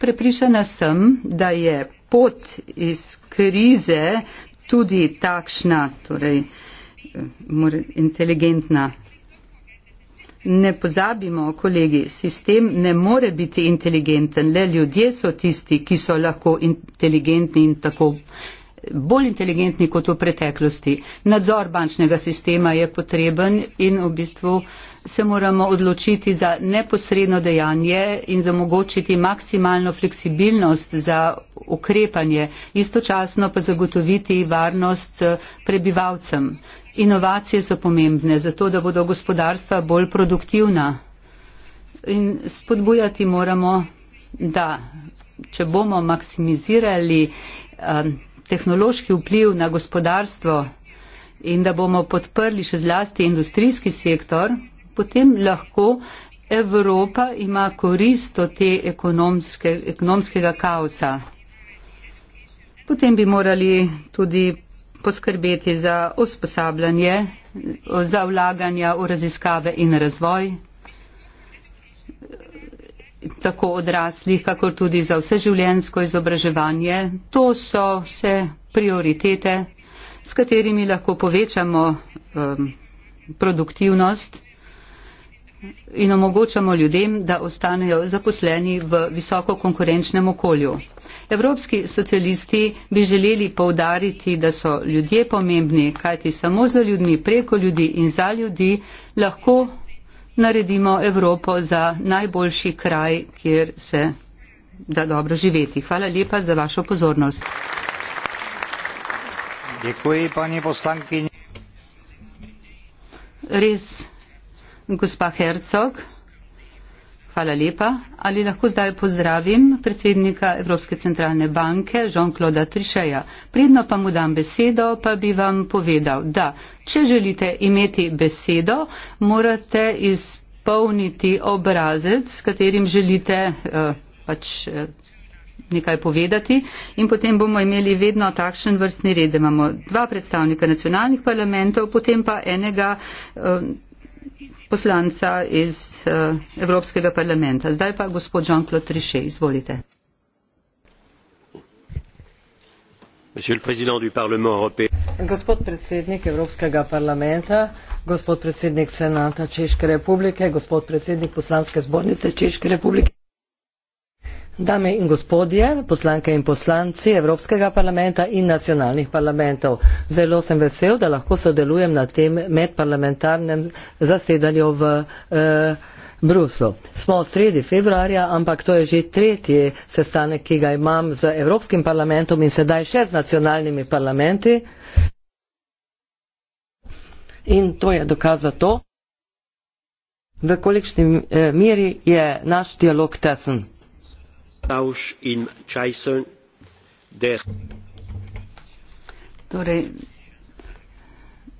Prepričana sem, da je pot iz krize tudi takšna, torej eh, inteligentna. Ne pozabimo, kolegi, sistem ne more biti inteligenten, le ljudje so tisti, ki so lahko inteligentni in tako eh, bolj inteligentni kot v preteklosti. Nadzor bančnega sistema je potreben in v bistvu se moramo odločiti za neposredno dejanje in zamogočiti maksimalno fleksibilnost za ukrepanje, istočasno pa zagotoviti varnost eh, prebivalcem. Inovacije so pomembne, zato da bodo gospodarstva bolj produktivna. In spodbujati moramo, da če bomo maksimizirali um, tehnološki vpliv na gospodarstvo in da bomo podprli še zlasti industrijski sektor, potem lahko Evropa ima korist od te ekonomske, ekonomskega kaosa. Potem bi morali tudi poskrbeti za usposabljanje, za vlaganja v raziskave in razvoj, tako odraslih, kakor tudi za vse življensko izobraževanje. To so vse prioritete, s katerimi lahko povečamo um, produktivnost in omogočamo ljudem, da ostanejo zaposleni v visoko konkurenčnem okolju. Evropski socialisti bi želeli povdariti, da so ljudje pomembni, kajti samo za ljudmi, preko ljudi in za ljudi lahko naredimo Evropo za najboljši kraj, kjer se da dobro živeti. Hvala lepa za vašo pozornost. Děkuji, paní poslankyně. Res Gospa Hercog, hvala lepa. Ali lahko zdaj pozdravim predsednika Evropske centralne banke Jean-Claude Trišeja? Predno pa mu dam besedo, pa bi vam povedal, da če želite imeti besedo, morate izpolniti obrazec, s katerim želite uh, pač. Uh, nekaj povedati in potem bomo imeli vedno takšen vrstni red, da imamo dva predstavnika nacionalnih parlamentov, potem pa enega eh, poslanca iz uh, Evropskega parlamenta. Zdaj pa gospod Jean-Claude Trichet, izvolite. Gospod predsednik Evropskega parlamenta, gospod predsednik Senata Češke republike, gospod predsednik poslanske zbornice Češke republike. Dame in gospodje, poslanke in poslanci Evropskega parlamenta in nacionalnih parlamentov, zelo sem vesel, da lahko sodelujem na tem medparlamentarnem zasedanju v eh, Bruslu. Smo sredi februarja, ampak to je že tretji sestanek, ki ga imam z Evropskim parlamentom in sedaj še z nacionalnimi parlamenti. In to je dokaz za to, v kolikšni eh, miri je naš dialog tesen torej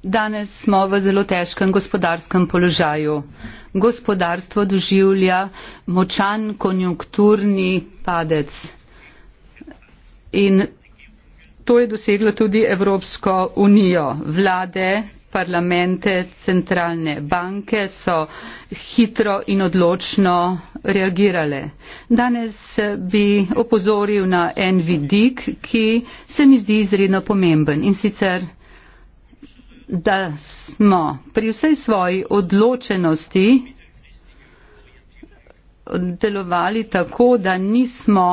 danes smo v zelo težkem gospodarskem položaju gospodarstvo doživlja močan konjunkturni padec in to je doseglo tudi evropsko unijo vlade parlamente, centralne banke so hitro in odločno reagirale. Danes bi opozoril na en vidik, ki se mi zdi izredno pomemben in sicer, da smo pri vsej svoji odločenosti delovali tako, da nismo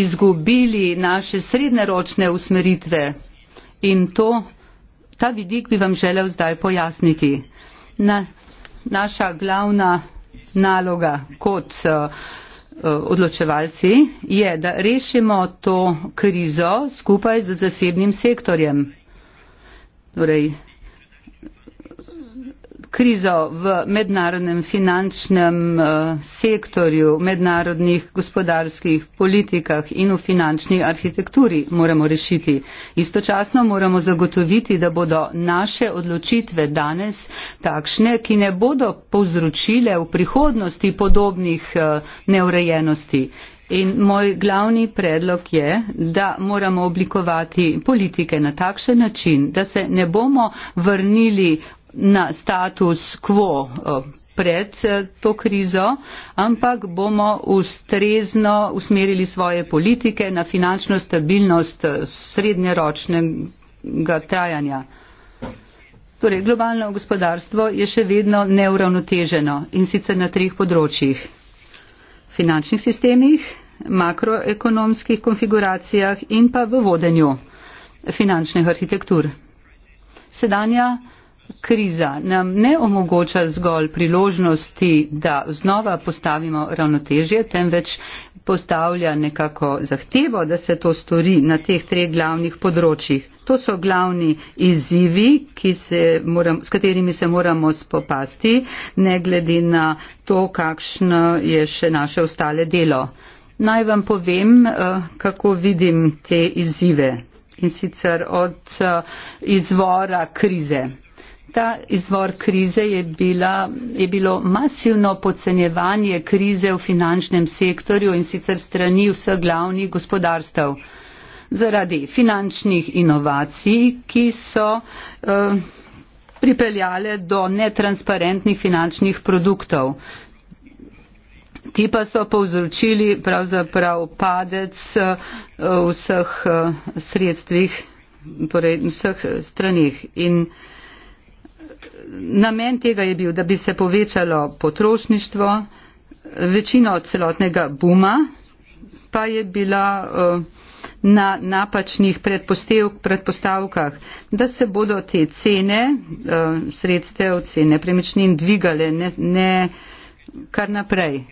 izgubili naše srednjeročne usmeritve in to Ta vidik bi vam želel zdaj pojasniti. Na, naša glavna naloga kot uh, odločevalci je, da rešimo to krizo skupaj z zasebnim sektorjem. Torej, krizo v mednarodnem finančnem eh, sektorju, mednarodnih gospodarskih politikah in v finančni arhitekturi moramo rešiti. Istočasno moramo zagotoviti, da bodo naše odločitve danes takšne, ki ne bodo povzročile v prihodnosti podobnih eh, neurejenosti. In moj glavni predlog je, da moramo oblikovati politike na takšen način, da se ne bomo vrnili na status quo eh, pred eh, to krizo, ampak bomo ustrezno usmerili svoje politike na finančno stabilnost eh, srednjeročnega trajanja. Torej, globalno gospodarstvo je še vedno neuravnoteženo in sicer na treh področjih. Finančnih sistemih, makroekonomskih konfiguracijah in pa v vodenju finančnih arhitektur. Sedanja kriza nam ne omogoča zgolj priložnosti, da znova postavimo ravnotežje, temveč postavlja nekako zahtevo, da se to stori na teh treh glavnih področjih. To so glavni izzivi, moram, s katerimi se moramo spopasti, ne glede na to, kakšno je še naše ostale delo. Naj vam povem, eh, kako vidim te izzive in sicer od eh, izvora krize. Ta izvor krize je, bila, je bilo masivno podcenjevanje krize v finančnem sektorju in sicer strani vseh glavnih gospodarstev zaradi finančnih inovacij, ki so eh, pripeljale do netransparentnih finančnih produktov. Ti pa so povzročili pravzaprav padec eh, vseh eh, sredstvih, torej vseh stranih. In, eh, namen tega je bil, da bi se povečalo potrošništvo, večino celotnega buma pa je bila eh, na napačnih predpostavkah, da se bodo te cene eh, sredstev, cene premičnin dvigale ne, ne kar naprej.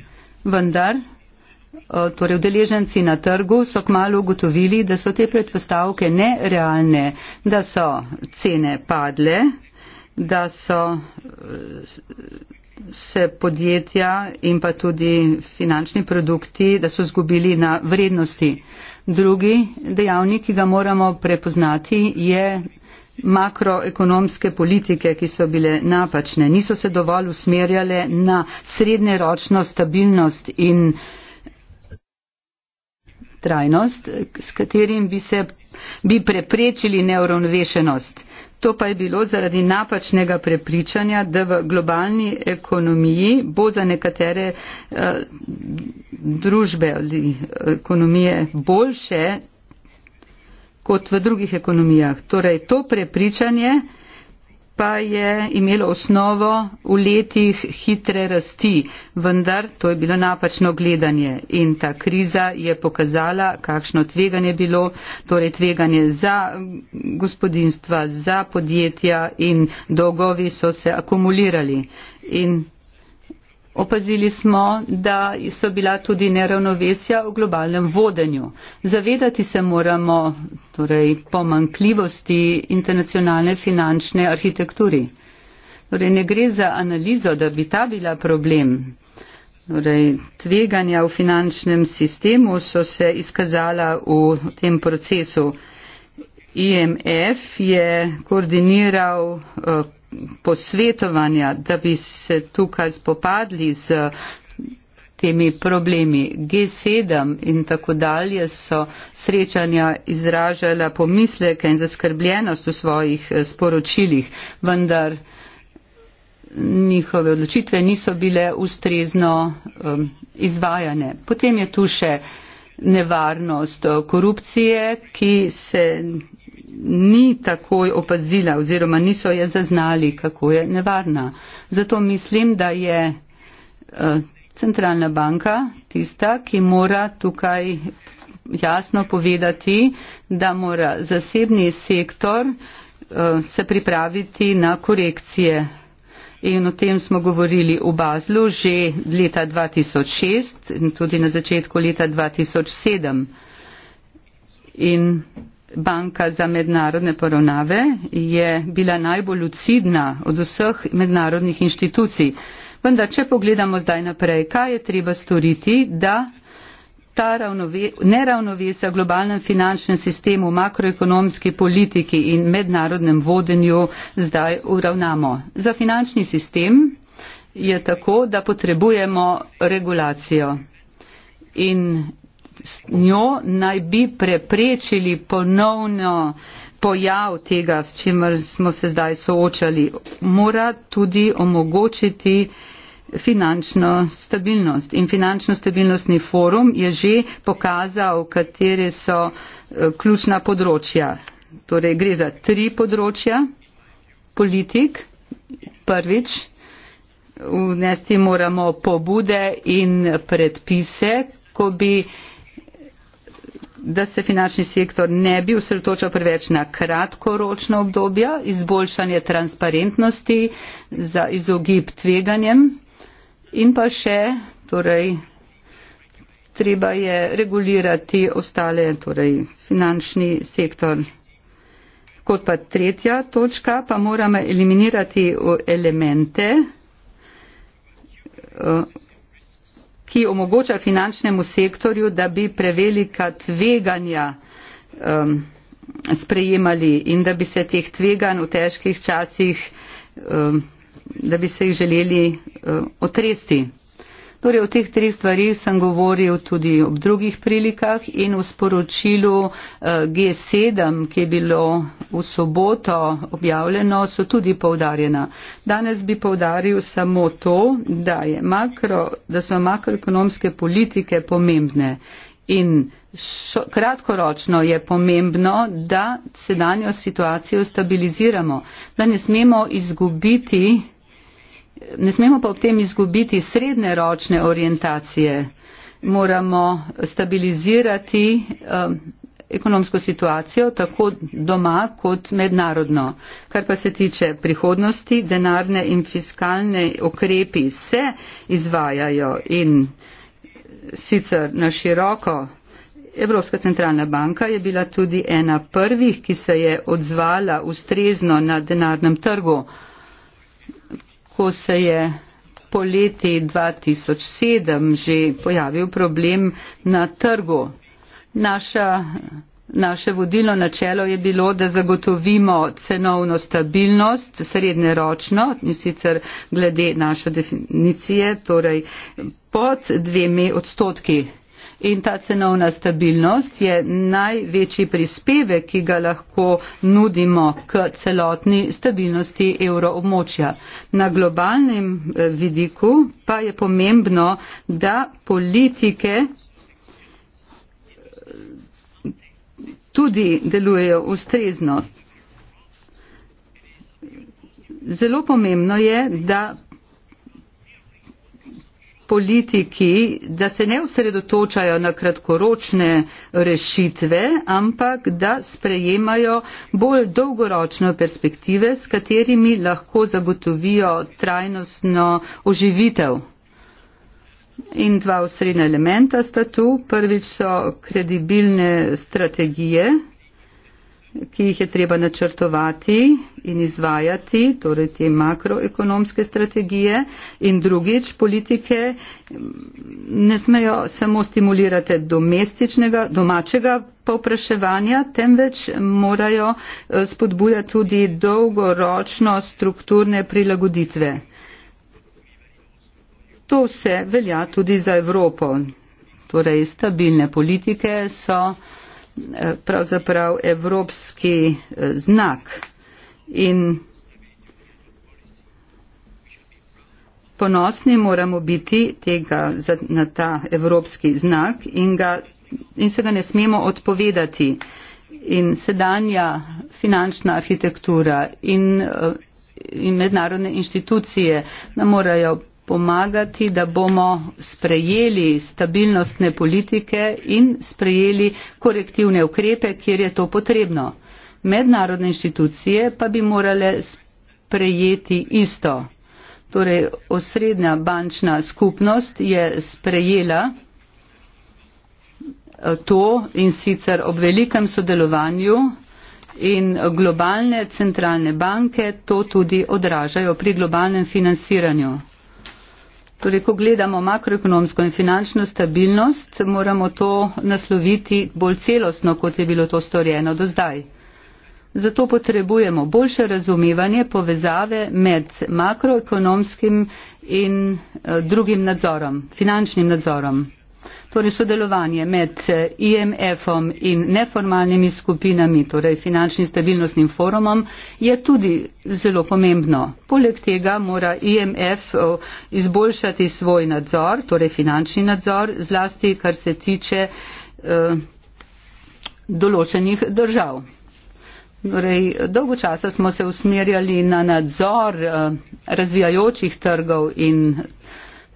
Vendar, eh, torej udeleženci na trgu so kmalo ugotovili, da so te predpostavke nerealne, da so cene padle da so eh, se podjetja in pa tudi finančni produkti, da so zgubili na vrednosti. Drugi dejavnik, ki ga moramo prepoznati, je makroekonomske politike, ki so bile napačne. Niso se dovolj usmerjale na srednjeročno stabilnost in trajnost, s katerim bi, se, bi preprečili neuravnovešenost. To pa je bilo zaradi napačnega prepričanja, da v globalni ekonomiji bo za nekatere eh, družbe ali eh, ekonomije boljše kot v drugih ekonomijah. Torej, to prepričanje pa je imelo osnovo v letih hitre rasti, vendar to je bilo napačno gledanje in ta kriza je pokazala, kakšno tveganje je bilo, torej tveganje za gospodinstva, za podjetja in dolgovi so se akumulirali. In Opazili smo, da so bila tudi neravnovesja v globalnem vodenju. Zavedati se moramo torej, pomankljivosti internacionalne finančne arhitekturi. Torej, ne gre za analizo, da bi ta bila problem. Torej, tveganja v finančnem sistemu so se izkazala v tem procesu. IMF je koordiniral uh, posvetovanja, da bi se tukaj spopadli z temi problemi. G7 in tako dalje so srečanja izražala pomisleke in zaskrbljenost v svojih eh, sporočilih, vendar njihove odločitve niso bile ustrezno um, izvajane. Potem je tu še nevarnost eh, korupcije, ki se ni takoj opazila oziroma niso je zaznali, kako je nevarna. Zato mislim, da je eh, centralna banka tista, ki mora tukaj jasno povedati, da mora zasebni sektor eh, se pripraviti na korekcije. In o tem smo govorili v Bazlu že leta 2006 in tudi na začetku leta 2007. In banka za mednarodne poravnave je bila najbolj lucidna od vseh mednarodnih inštitucij. Vendar, če pogledamo zdaj naprej, kaj je treba storiti, da ta neravnovesja v globalnem finančnem sistemu, makroekonomski politiki in mednarodnem vodenju zdaj uravnamo. Za finančni sistem je tako, da potrebujemo regulacijo. In s njo naj bi preprečili ponovno pojav tega, s čimer smo se zdaj soočali, mora tudi omogočiti finančno stabilnost. In finančno stabilnostni forum je že pokazal, katere so eh, ključna področja. Torej, gre za tri področja. Politik, prvič, vnesti moramo pobude in predpise, ko bi da se finančni sektor ne bi usredotočal preveč na kratkoročna obdobja, izboljšanje transparentnosti za izogib tveganjem in pa še, torej, treba je regulirati ostale, torej, finančni sektor. Kot pa tretja točka, pa moramo eliminirati elemente. Uh, ki omogoča finančnemu sektorju, da bi prevelika tveganja um, sprejemali in da bi se teh tvegan v težkih časih, um, da bi se jih želeli um, otresti. Torej, o teh treh stvarih sem govoril tudi ob drugih prilikah in v sporočilu eh, G7, ki je bilo v soboto objavljeno, so tudi povdarjena. Danes bi povdaril samo to, da, makro, da so makroekonomske politike pomembne. In šo, kratkoročno je pomembno, da sedanjo situacijo stabiliziramo, da ne smemo izgubiti Ne smemo pa ob tem izgubiti srednje ročne orientacije. Moramo stabilizirati um, ekonomsko situacijo tako doma kot mednarodno. Kar pa se tiče prihodnosti, denarne in fiskalne okrepi se izvajajo in sicer na široko. Evropska centralna banka je bila tudi ena prvih, ki se je odzvala ustrezno na denarnem trgu ko se je po leti 2007 že pojavil problem na trgu. Naša, naše vodilno načelo je bilo, da zagotovimo cenovno stabilnost srednjeročno in sicer glede naše definicije, torej pod dvemi odstotki in ta cenovna stabilnost je največji prispevek, ki ga lahko nudimo k celotni stabilnosti evroobmočja. Na globalnem eh, vidiku pa je pomembno, da politike tudi delujejo ustrezno. Zelo pomembno je, da politiki, da se ne usredotočajo na kratkoročne rešitve, ampak da sprejemajo bolj dolgoročne perspektive, s katerimi lahko zagotovijo trajnostno oživitev. In dva osrednja elementa sta tu. Prvič so kredibilne strategije ki jih je treba načrtovati in izvajati, torej te makroekonomske strategije in drugič politike mm, ne smejo samo stimulirati domestičnega, domačega povpraševanja, temveč morajo eh, spodbujati tudi dolgoročno strukturne prilagoditve. To vse velja tudi za Evropo. Torej, stabilne politike so pravzaprav evropski eh, znak in ponosni moramo biti tega, na ta evropski znak in, ga, in se ga ne smemo odpovedati. In sedanja finančna arhitektura in, eh, in mednarodne inštitucije nam morajo pomagati, da bomo sprejeli stabilnostne politike in sprejeli korektivne ukrepe, kjer je to potrebno. Mednarodne inštitucije pa bi morale sprejeti isto. Torej, osrednja bančna skupnost je sprejela eh, to in sicer ob velikem sodelovanju in globalne centralne banke to tudi odražajo pri globalnem financiranju. Torej, ko gledamo makroekonomsko in finančno stabilnost, moramo to nasloviti bolj celostno, kot je bilo to storjeno do zdaj. Zato potrebujemo boljše razumevanje povezave med makroekonomskim in eh, drugim nadzorom, finančnim nadzorom torej sodelovanje med eh, IMF-om in neformalnimi skupinami, torej finančnim stabilnostnim forumom, je tudi zelo pomembno. Poleg tega mora IMF izboljšati svoj nadzor, torej finančni nadzor, zlasti kar se tiče eh, določenih držav. Torej, dolgo časa smo se usmerjali na nadzor eh, razvijajočih trgov in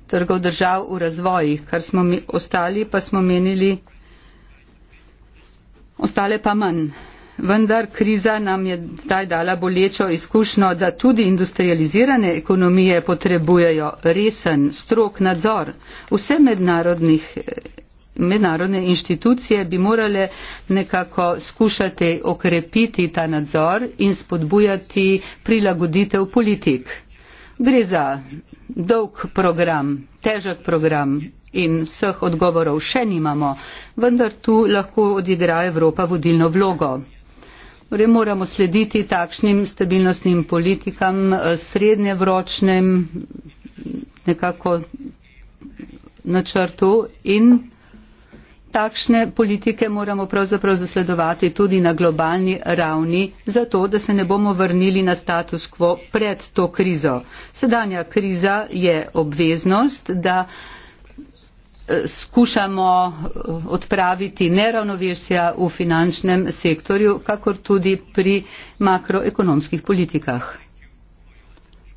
trgov držav v razvojih, kar smo mi ostali, pa smo menili, ostale pa manj. Vendar kriza nam je zdaj dala bolečo izkušnjo, da tudi industrializirane ekonomije potrebujejo resen, strok nadzor. Vse mednarodne inštitucije bi morale nekako skušati okrepiti ta nadzor in spodbujati prilagoditev politik. Gre za dolg program, težek program in vseh odgovorov še nimamo, vendar tu lahko odigra Evropa vodilno vlogo. Torej moramo slediti takšnim stabilnostnim politikam, eh, srednje vročnem nekako načrtu in takšne politike moramo pravzaprav zasledovati tudi na globalni ravni, zato da se ne bomo vrnili na status quo pred to krizo. Sedanja kriza je obveznost, da eh, skušamo eh, odpraviti neravnovesja v finančnem sektorju, kakor tudi pri makroekonomskih politikah.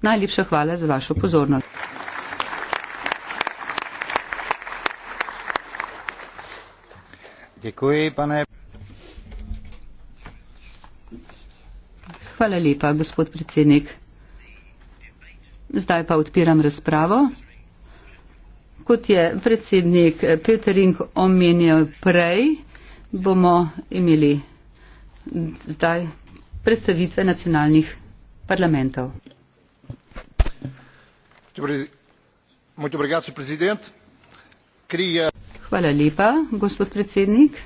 Najlepša hvala za vašo pozornost. Hvala lepa, gospod predsednik. Zdaj pa odpiram razpravo. Kot je predsednik Petering omenil prej, bomo imeli zdaj predstavitve nacionalnih parlamentov. Dobre, Hvala lepa, gospod predsednik.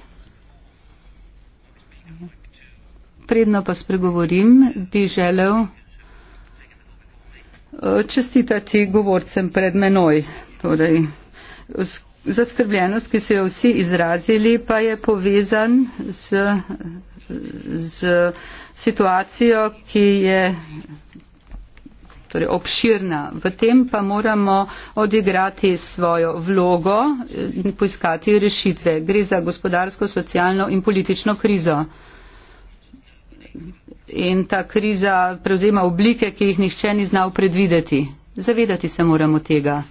Predno pa spregovorim, bi želel eh, čestitati govorcem pred menoj. Torej, zaskrbljenost, ki so jo vsi izrazili, pa je povezan z, z situacijo, ki je torej obširna. V tem pa moramo odigrati svojo vlogo, eh, poiskati rešitve. Gre za gospodarsko, socialno in politično krizo. In ta kriza prevzema oblike, ki jih nihče ni znal predvideti. Zavedati se moramo tega.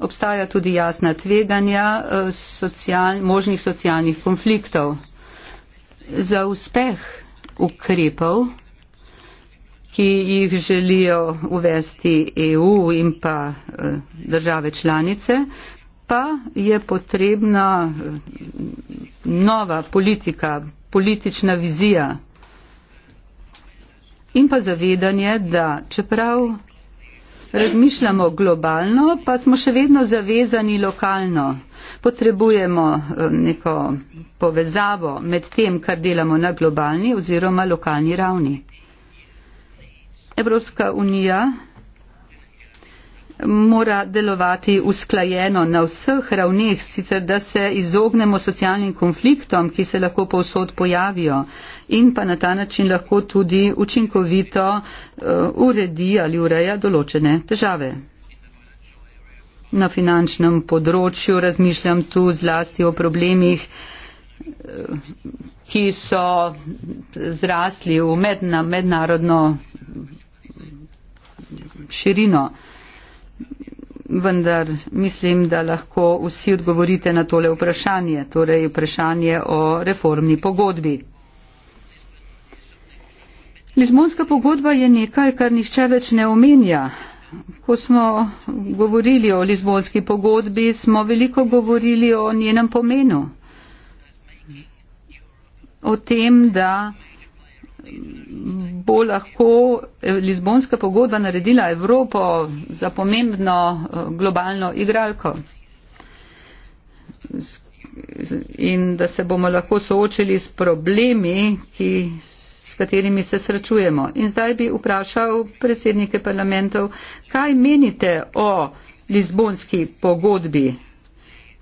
Obstaja tudi jasna tveganja eh, social, možnih socialnih konfliktov. Za uspeh ukrepov ki jih želijo uvesti EU in pa eh, države članice, pa je potrebna eh, nova politika, politična vizija in pa zavedanje, da čeprav razmišljamo globalno, pa smo še vedno zavezani lokalno. Potrebujemo eh, neko povezavo med tem, kar delamo na globalni oziroma lokalni ravni. Evropska unija mora delovati usklajeno na vseh ravneh, sicer da se izognemo socialnim konfliktom, ki se lahko povsod pojavijo in pa na ta način lahko tudi učinkovito uh, uredi ali ureja določene težave. Na finančnem področju razmišljam tu zlasti o problemih, eh, ki so zrasli v medna, mednarodno širino. Vendar mislim, da lahko vsi odgovorite na tole vprašanje, torej vprašanje o reformni pogodbi. Lizbonska pogodba je nekaj, kar nihče več ne omenja. Ko smo govorili o Lizbonski pogodbi, smo veliko govorili o njenem pomenu. O tem, da bo lahko eh, Lizbonska pogodba naredila Evropo za pomembno eh, globalno igralko. In da se bomo lahko soočili s problemi, ki, s katerimi se srečujemo. In zdaj bi vprašal predsednike parlamentov, kaj menite o Lizbonski pogodbi?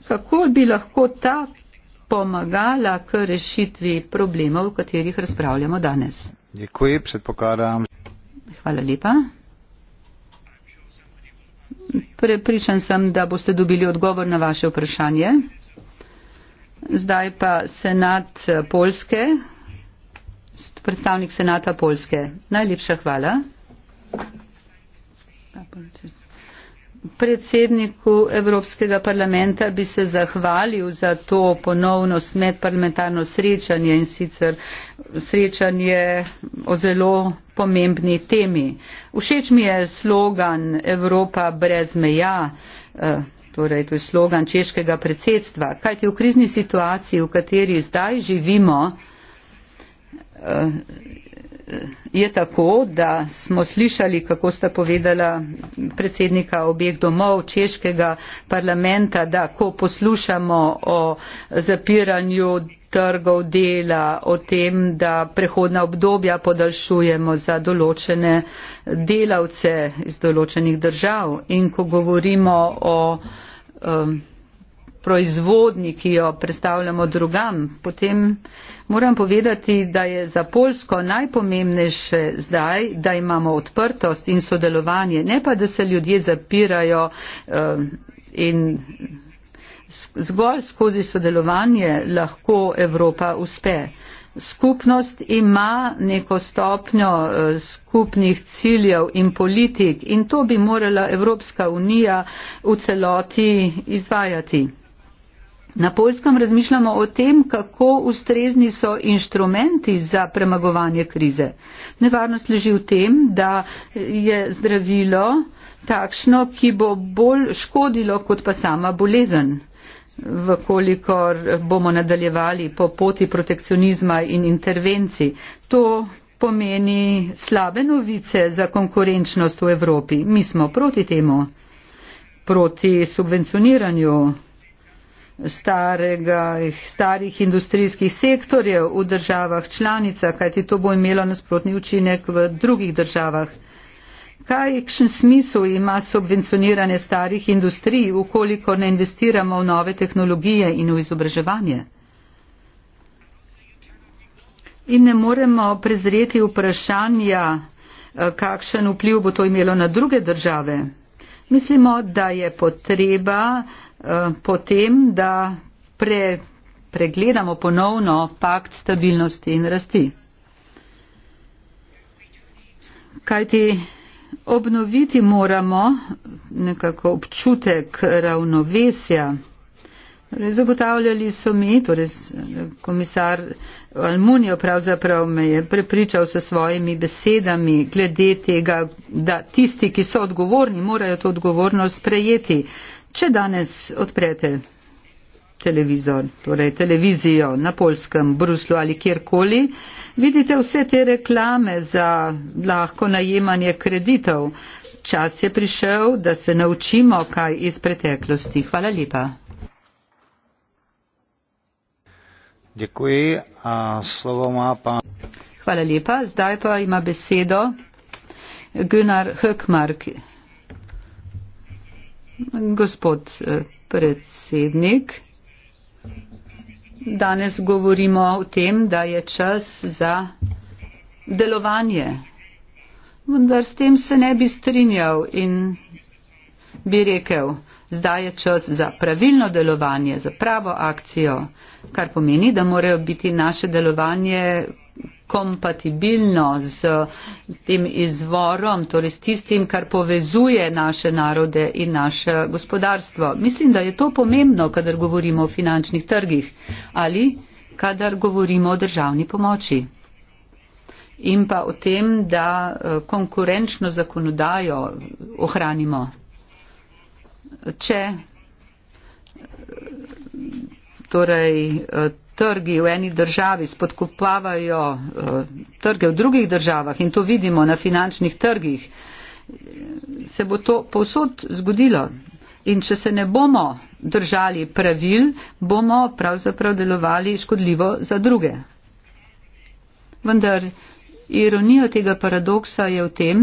Kako bi lahko ta pomagala k rešitvi problemov, o katerih razpravljamo danes. Děkuji, předpokládám. Hvala lepa. Prepričan sem, da boste dobili odgovor na vaše vprašanje. Zdaj pa senat eh, Polske, predstavnik senata Polske. Najlepša hvala. Pa, pa, čez, Predsedniku Evropskega parlamenta bi se zahvalil za to ponovno medparlamentarno srečanje in sicer srečanje o zelo pomembni temi. Všeč mi je slogan Evropa brez meja, eh, torej to je slogan češkega predsedstva, kajti v krizni situaciji, v kateri zdaj živimo, eh, je tako, da smo slišali, kako sta povedala predsednika obeh domov češkega parlamenta, da ko poslušamo o zapiranju trgov dela, o tem, da prehodna obdobja podaljšujemo za določene delavce iz določenih držav in ko govorimo o um, proizvodnji, ki jo predstavljamo drugam, potem moram povedati, da je za Polsko najpomembnejše zdaj, da imamo odprtost in sodelovanje, ne pa, da se ljudje zapirajo uh, in zgolj skozi sodelovanje lahko Evropa uspe. Skupnost ima neko stopnjo eh, skupnih ciljev in politik in to bi morala Evropska unija v celoti izvajati. Na polskem razmišljamo o tem, kako ustrezni so inštrumenti za premagovanje krize. Nevarnost leži v tem, da je zdravilo takšno, ki bo bolj škodilo kot pa sama bolezen, vkolikor bomo nadaljevali po poti protekcionizma in intervenci. To pomeni slabe novice za konkurenčnost v Evropi. Mi smo proti temu, proti subvencioniranju starega, starih industrijskih sektorjev v državah članica, kajti to bo imelo nasprotni učinek v drugih državah. Kajkšen smisel ima subvencioniranje starih industrij, ukoliko ne investiramo v nove tehnologije in v izobraževanje? In ne moremo prezreti vprašanja, eh, kakšen vpliv bo to imelo na druge države. Mislimo, da je potreba Eh, potem, da pre, pregledamo ponovno pakt stabilnosti in rasti. Kajti obnoviti moramo nekako občutek ravnovesja. Torej, zagotavljali so mi, torej komisar Almunijo pravzaprav me je prepričal s svojimi besedami glede tega, da tisti, ki so odgovorni, morajo to odgovornost sprejeti. Uh, Če danes odprete televizor, torej televizijo na polskem, Bruslu ali kjerkoli, vidite vse te reklame za lahko najemanje kreditov. Čas je prišel, da se naučimo kaj iz preteklosti. Hvala lepa. Děkuji, a slovo má pa... Hvala lepa. Zdaj pa ima besedo Gunnar Höckmark. Gospod eh, predsednik, danes govorimo o tem, da je čas za delovanje. Vendar s tem se ne bi strinjal in bi rekel, zdaj je čas za pravilno delovanje, za pravo akcijo, kar pomeni, da morajo biti naše delovanje kompatibilno z tem izvorom, torej s tistim, kar povezuje naše narode in naše gospodarstvo. Mislim, da je to pomembno, kadar govorimo o finančnih trgih ali kadar govorimo o državni pomoči. In pa o tem, da eh, konkurenčno zakonodajo ohranimo. Če eh, torej, eh, trgi v eni državi spodkopavajo uh, trge v drugih državah in to vidimo na finančnih trgih, se bo to povsod zgodilo. In če se ne bomo držali pravil, bomo pravzaprav delovali škodljivo za druge. Vendar ironija tega paradoksa je v tem,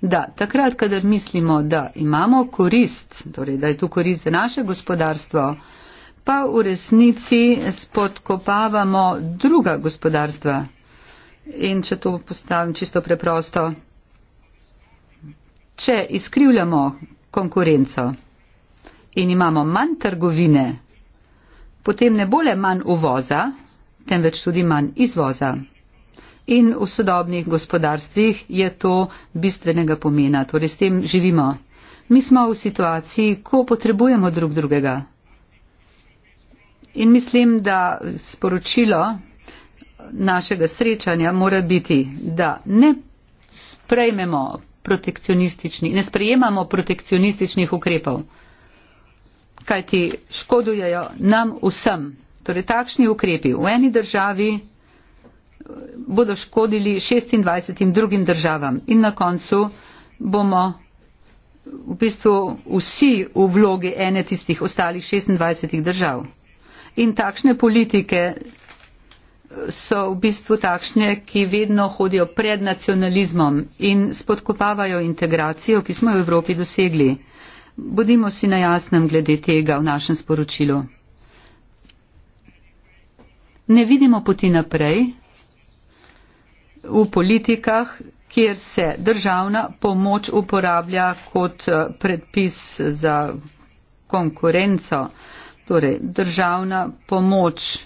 da takrat, kadar mislimo, da imamo korist, torej da je tu korist za naše gospodarstvo, pa v resnici spodkopavamo druga gospodarstva. In če to postavim čisto preprosto, če izkrivljamo konkurenco in imamo manj trgovine, potem ne bo le manj uvoza, temveč tudi manj izvoza. In v sodobnih gospodarstvih je to bistvenega pomena, torej s tem živimo. Mi smo v situaciji, ko potrebujemo drug drugega. In mislim, da sporočilo našega srečanja mora biti, da ne sprejmemo protekcionistični, ne sprejemamo protekcionističnih ukrepov, kajti škodujejo nam vsem. Torej, takšni ukrepi v eni državi eh, bodo škodili 26 drugim državam in na koncu bomo v bistvu vsi v vlogi ene tistih ostalih 26 držav. In takšne politike so v bistvu takšne, ki vedno hodijo pred nacionalizmom in spodkopavajo integracijo, ki smo jo v Evropi dosegli. Bodimo si na jasnem glede tega v našem sporočilu. Ne vidimo poti naprej v politikah, kjer se državna pomoč uporablja kot eh, predpis za konkurenco. Torej, državna pomoč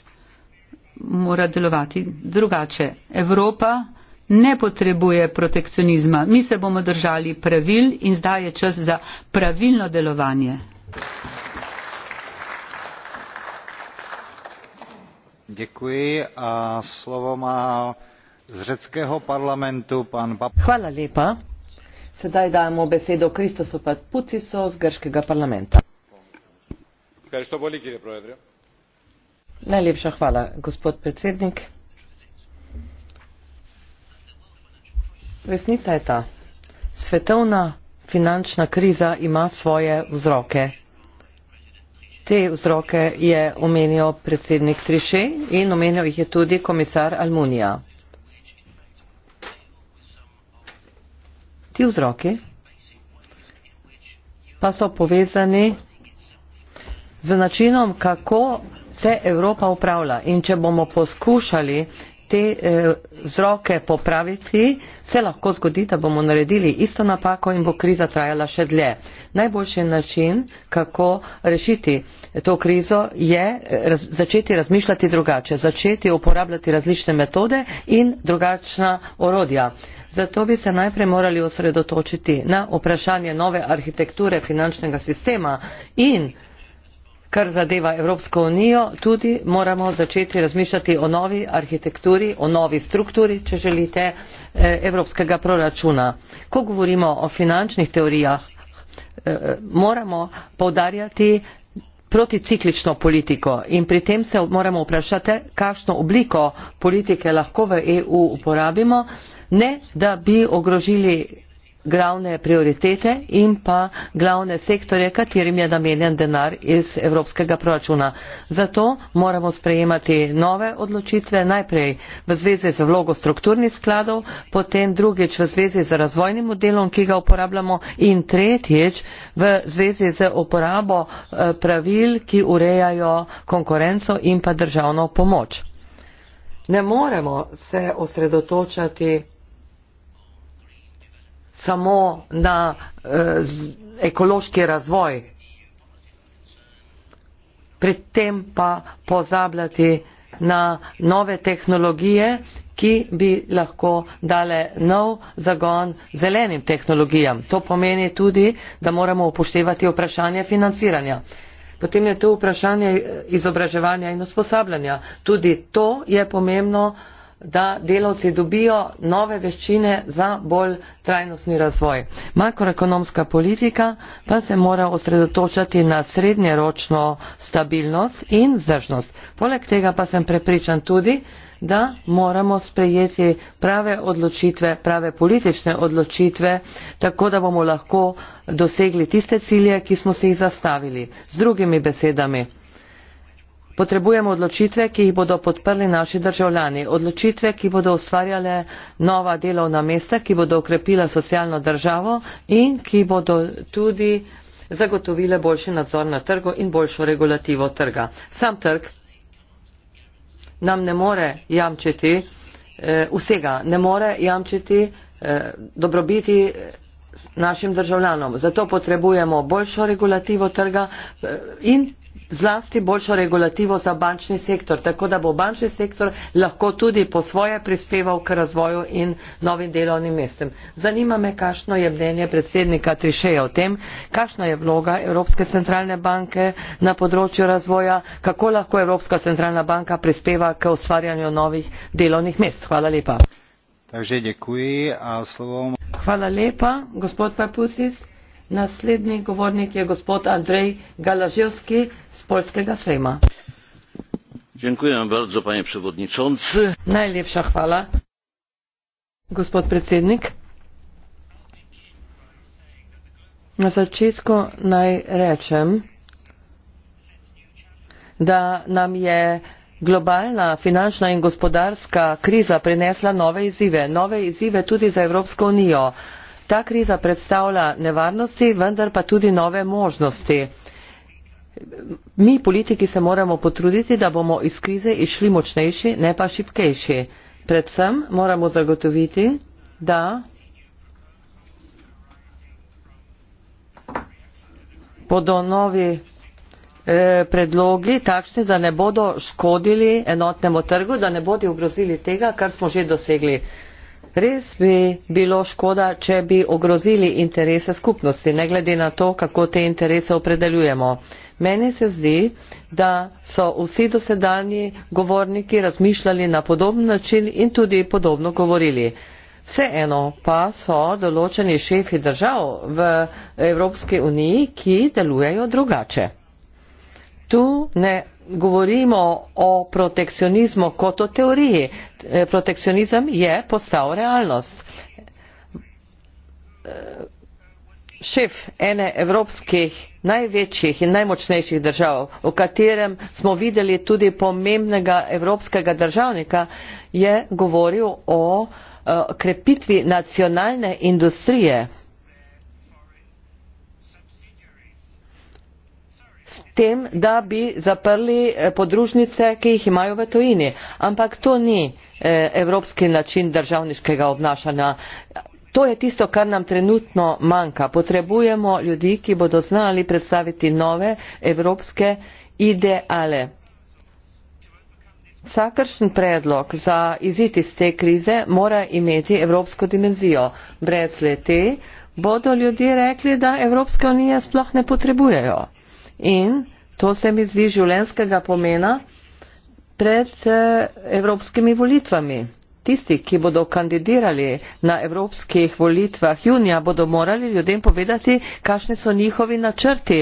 mora delovati drugače. Evropa ne potrebuje protekcionizma. Mi se bomo držali pravil in zdaj je čas za pravilno delovanje. Hvala lepa. Sedaj dajemo besedo Kristosu Patpucisu z grškega parlamenta. Najlepša hvala, gospod predsednik. Resnica je ta. Svetovna finančna kriza ima svoje vzroke. Te vzroke je omenil predsednik Triše in omenil jih je tudi komisar Almunija. Ti vzroki pa so povezani z načinom, kako se Evropa upravlja. In če bomo poskušali te eh, vzroke popraviti, se lahko zgodi, da bomo naredili isto napako in bo kriza trajala še dlje. Najboljši način, kako rešiti to krizo, je eh, raz začeti razmišljati drugače, začeti uporabljati različne metode in drugačna orodja. Zato bi se najprej morali osredotočiti na vprašanje nove arhitekture finančnega sistema in kar zadeva Evropsko unijo, tudi moramo začeti razmišljati o novi arhitekturi, o novi strukturi, če želite, eh, evropskega proračuna. Ko govorimo o finančnih teorijah, eh, moramo povdarjati proticiklično politiko in pri tem se moramo vprašati, kakšno obliko politike lahko v EU uporabimo, ne da bi ogrožili glavne prioritete in pa glavne sektorje, katerim je namenjen denar iz evropskega proračuna. Zato moramo sprejemati nove odločitve, najprej v zvezi z vlogo strukturnih skladov, potem drugič v zvezi z razvojnim modelom, ki ga uporabljamo in tretjič v zvezi z uporabo eh, pravil, ki urejajo konkurenco in pa državno pomoč. Ne moremo se osredotočati samo na eh, ekološki razvoj. Pri tem pa pozabljati na nove tehnologije, ki bi lahko dale nov zagon zelenim tehnologijam. To pomeni tudi, da moramo upoštevati vprašanje financiranja. Potem je to vprašanje eh, izobraževanja in usposabljanja. Tudi to je pomembno da delavci dobijo nove veščine za bolj trajnostni razvoj. Makroekonomska politika pa se mora osredotočati na srednjeročno stabilnost in vzdržnost. Poleg tega pa sem prepričan tudi, da moramo sprejeti prave odločitve, prave politične odločitve, tako da bomo lahko dosegli tiste cilje, ki smo si jih zastavili. Z drugimi besedami. Potrebujemo odločitve, ki jih bodo podprli naši državljani, odločitve, ki bodo ustvarjale nova delovna mesta, ki bodo ukrepila socialno državo in ki bodo tudi zagotovile boljši nadzor na trgu in boljšo regulativo trga. Sam trg nam ne more jamčiti eh, vsega, ne more jamčiti eh, dobrobiti eh, našim državljanom. Zato potrebujemo boljšo regulativo trga eh, in zlasti boljšo regulativo za bančni sektor, tako da bo bančni sektor lahko tudi po svoje prispeval k razvoju in novim delovnim mestem. Zanima me, kakšno je mnenje predsednika Trišeja o tem, kakšna je vloga Evropske centralne banke na področju razvoja, kako lahko Evropska centralna banka prispeva k ustvarjanju novih delovnih mest. Hvala lepa. Takže děkuji a slovo. Hvala lepa, gospod Papucis. Naslednji govornik je gospod Andrej Galaževski z Polskega sejma. Dziękuję bardzo, panie przewodniczący. Najlepsza chwała. Gospod predsednik. Na začetku naj rečem, da nam je globalna finančna in gospodarska kriza prinesla nove izzive, nove izzive tudi za Evropsko unijo ta kriza predstavlja nevarnosti, vendar pa tudi nove možnosti. Mi, politiki, se moramo potruditi, da bomo iz krize išli močnejši, ne pa šipkejši. Predvsem moramo zagotoviti, da bodo novi eh, predlogi takšni, da ne bodo škodili enotnemu trgu, da ne bodo ogrozili tega, kar smo že dosegli. Res bi bilo škoda, če bi ogrozili interese skupnosti, ne glede na to, kako te interese opredeljujemo. Meni se zdi, da so vsi dosedanji govorniki razmišljali na podoben način in tudi podobno govorili. Vseeno pa so določeni šefi držav v Evropski uniji, ki delujejo drugače. Tu ne govorimo o protekcionizmu kot o teoriji. Eh, protekcionizem je postal realnost. Eh, šef ene evropskih največjih in najmočnejših držav, v katerem smo videli tudi pomembnega evropskega državnika, je govoril o eh, krepitvi nacionalne industrije. s tem, da bi zaprli eh, podružnice, ki jih imajo v tujini. Ampak to ni eh, evropski način državniškega obnašanja. To je tisto, kar nam trenutno manjka. Potrebujemo ljudi, ki bodo znali predstaviti nove evropske ideale. Vsakršen predlog za izid iz te krize mora imeti evropsko dimenzijo. Brez le te bodo ljudje rekli, da Evropske unije sploh ne potrebujejo in to se mi zdi življenskega pomena pred eh, evropskimi volitvami. Tisti, ki bodo kandidirali na evropskih volitvah junija, bodo morali ljudem povedati, kakšni so njihovi načrti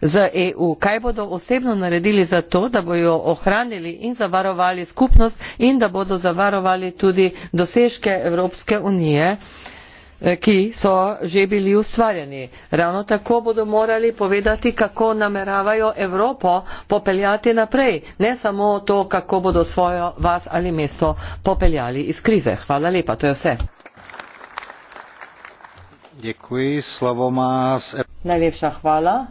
za EU, kaj bodo osebno naredili za to, da bojo ohranili in zavarovali skupnost in da bodo zavarovali tudi dosežke Evropske unije. Uh, Eh, ki so že bili ustvarjeni. Ravno tako bodo morali povedati, kako nameravajo Evropo popeljati naprej, ne samo to, kako bodo svojo vas ali mesto popeljali iz krize. Hvala lepa, to je vse. Děkuji, e Najlepša hvala.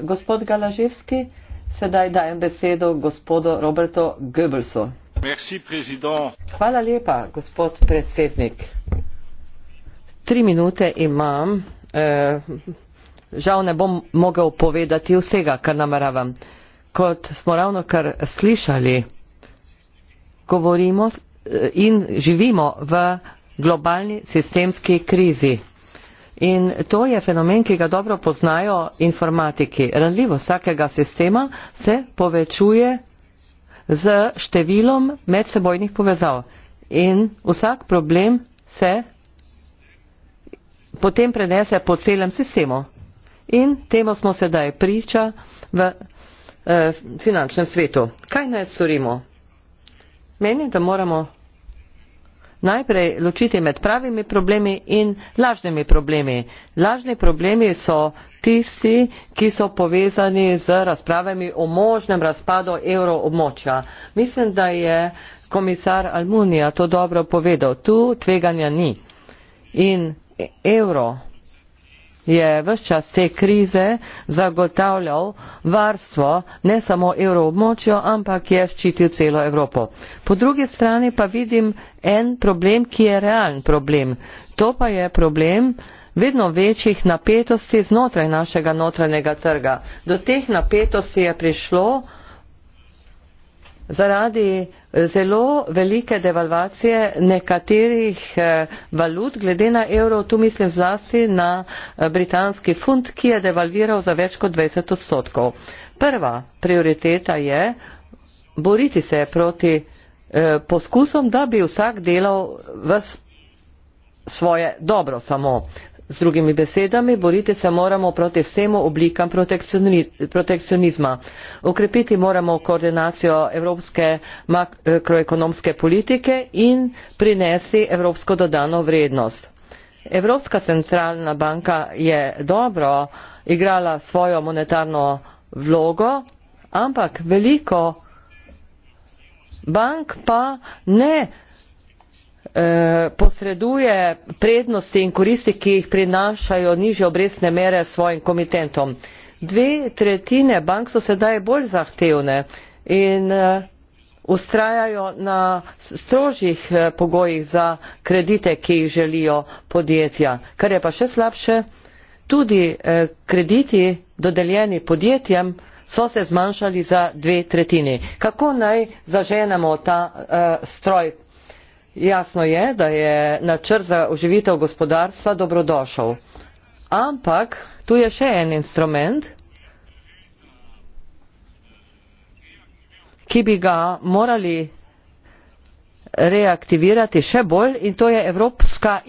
Gospod Galaževski, sedaj dajem besedo gospodu Roberto Goebbelsu. Merci, hvala lepa, gospod predsednik. Tri minute imam. E, žal ne bom mogel povedati vsega, kar nameravam. Kot smo ravno kar slišali, govorimo eh, in živimo v globalni sistemski krizi. In to je fenomen, ki ga dobro poznajo informatiki. Ranljivo vsakega sistema se povečuje z številom medsebojnih povezav. In vsak problem se potem prenese po celem sistemu. In temu smo sedaj priča v eh, finančnem svetu. Kaj naj storimo? Menim, da moramo najprej ločiti med pravimi problemi in lažnimi problemi. Lažni problemi so tisti, ki so povezani z razpravami o možnem razpadu evro območja. Mislim, da je komisar Almunija to dobro povedal. Tu tveganja ni. In evro je ves čas te krize zagotavljal varstvo ne samo evroobmočju, ampak je ščitil celo Evropo. Po drugi strani pa vidim en problem, ki je realen problem. To pa je problem vedno večjih napetosti znotraj našega notranjega trga. Do teh napetosti je prišlo zaradi eh, zelo velike devalvacije nekaterih eh, valut glede na evro, tu mislim zlasti na eh, britanski funt, ki je devalviral za več kot 20 odstotkov. Prva prioriteta je boriti se proti poskusom, da bi vsak delal v svoje dobro samo. Z drugimi besedami, boriti se moramo proti vsemu oblikam protekcionizma. Ukrepiti moramo koordinacijo evropske makroekonomske eh, politike in prinesti evropsko dodano vrednost. Evropska centralna banka je dobro igrala svojo monetarno vlogo, ampak veliko bank pa ne Eh, posreduje prednosti in koristi, ki jih prinašajo nižje obrestne mere svojim komitentom. Dve tretjine bank so sedaj bolj zahtevne in eh, ustrajajo na strožjih eh, pogojih za kredite, ki jih želijo podjetja. Kar je pa še slabše, tudi krediti dodeljeni podjetjem so se zmanjšali za dve tretjini. Kako naj zaženemo ta uh, stroj jasno je da je načrt za oživitev gospodarstva dobrodošel ampak tu je še en instrument ki bi ga morali reaktivirati še bolj in to je Evropska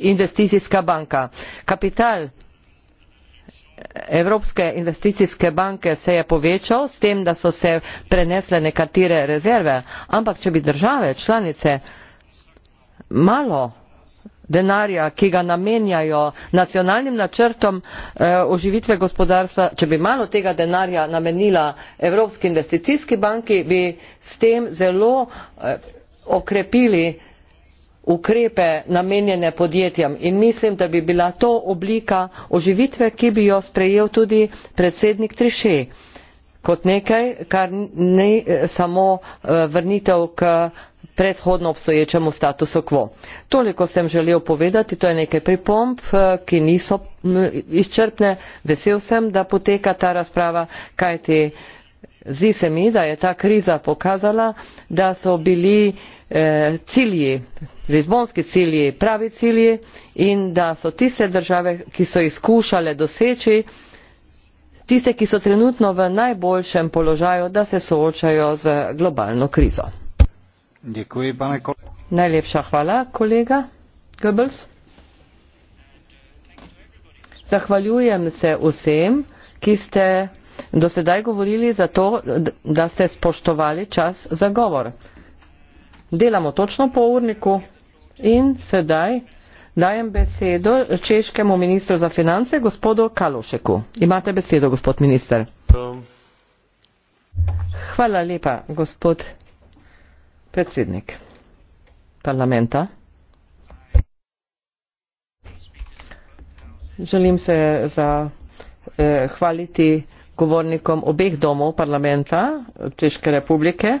investicijska banka. Kapital evropske investicijske banke se je povečal s tem, da so se prenesle nekatere rezerve, ampak če bi države, članice, malo denarja, ki ga namenjajo nacionalnim načrtom eh, oživitve gospodarstva, če bi malo tega denarja namenila Evropski investicijski banki, bi s tem zelo eh, okrepili ukrepe namenjene podjetjem in mislim, da bi bila to oblika oživitve, ki bi jo sprejel tudi predsednik Triše kot nekaj, kar ne samo eh, vrnitev k predhodno obstoječemu statusu quo. Toliko sem želel povedati, to je nekaj pripomb, eh, ki niso izčrpne. Vesel sem, da poteka ta razprava, kajti zdi se mi, da je ta kriza pokazala, da so bili Eh, cilji lizbonski cilji pravi cilji in da so tiste države ki so jih skušale doseči tiste ki so trenutno v najboljšem položaju da se soočajo z globalno krizo. Děkuji, pane kol- Najlepša hvala kolega Goebbels. Zahvaljujem se vsem, ki ste do sedaj govorili za to, da ste spoštovali čas za govor delamo točno po urniku in sedaj dajem besedo češkemu ministru za finance gospodu Kalošeku. Imate besedo, gospod minister. Hvala lepa, gospod predsednik parlamenta. Želim se zahvaliti eh, govornikom obeh domov parlamenta Češke republike.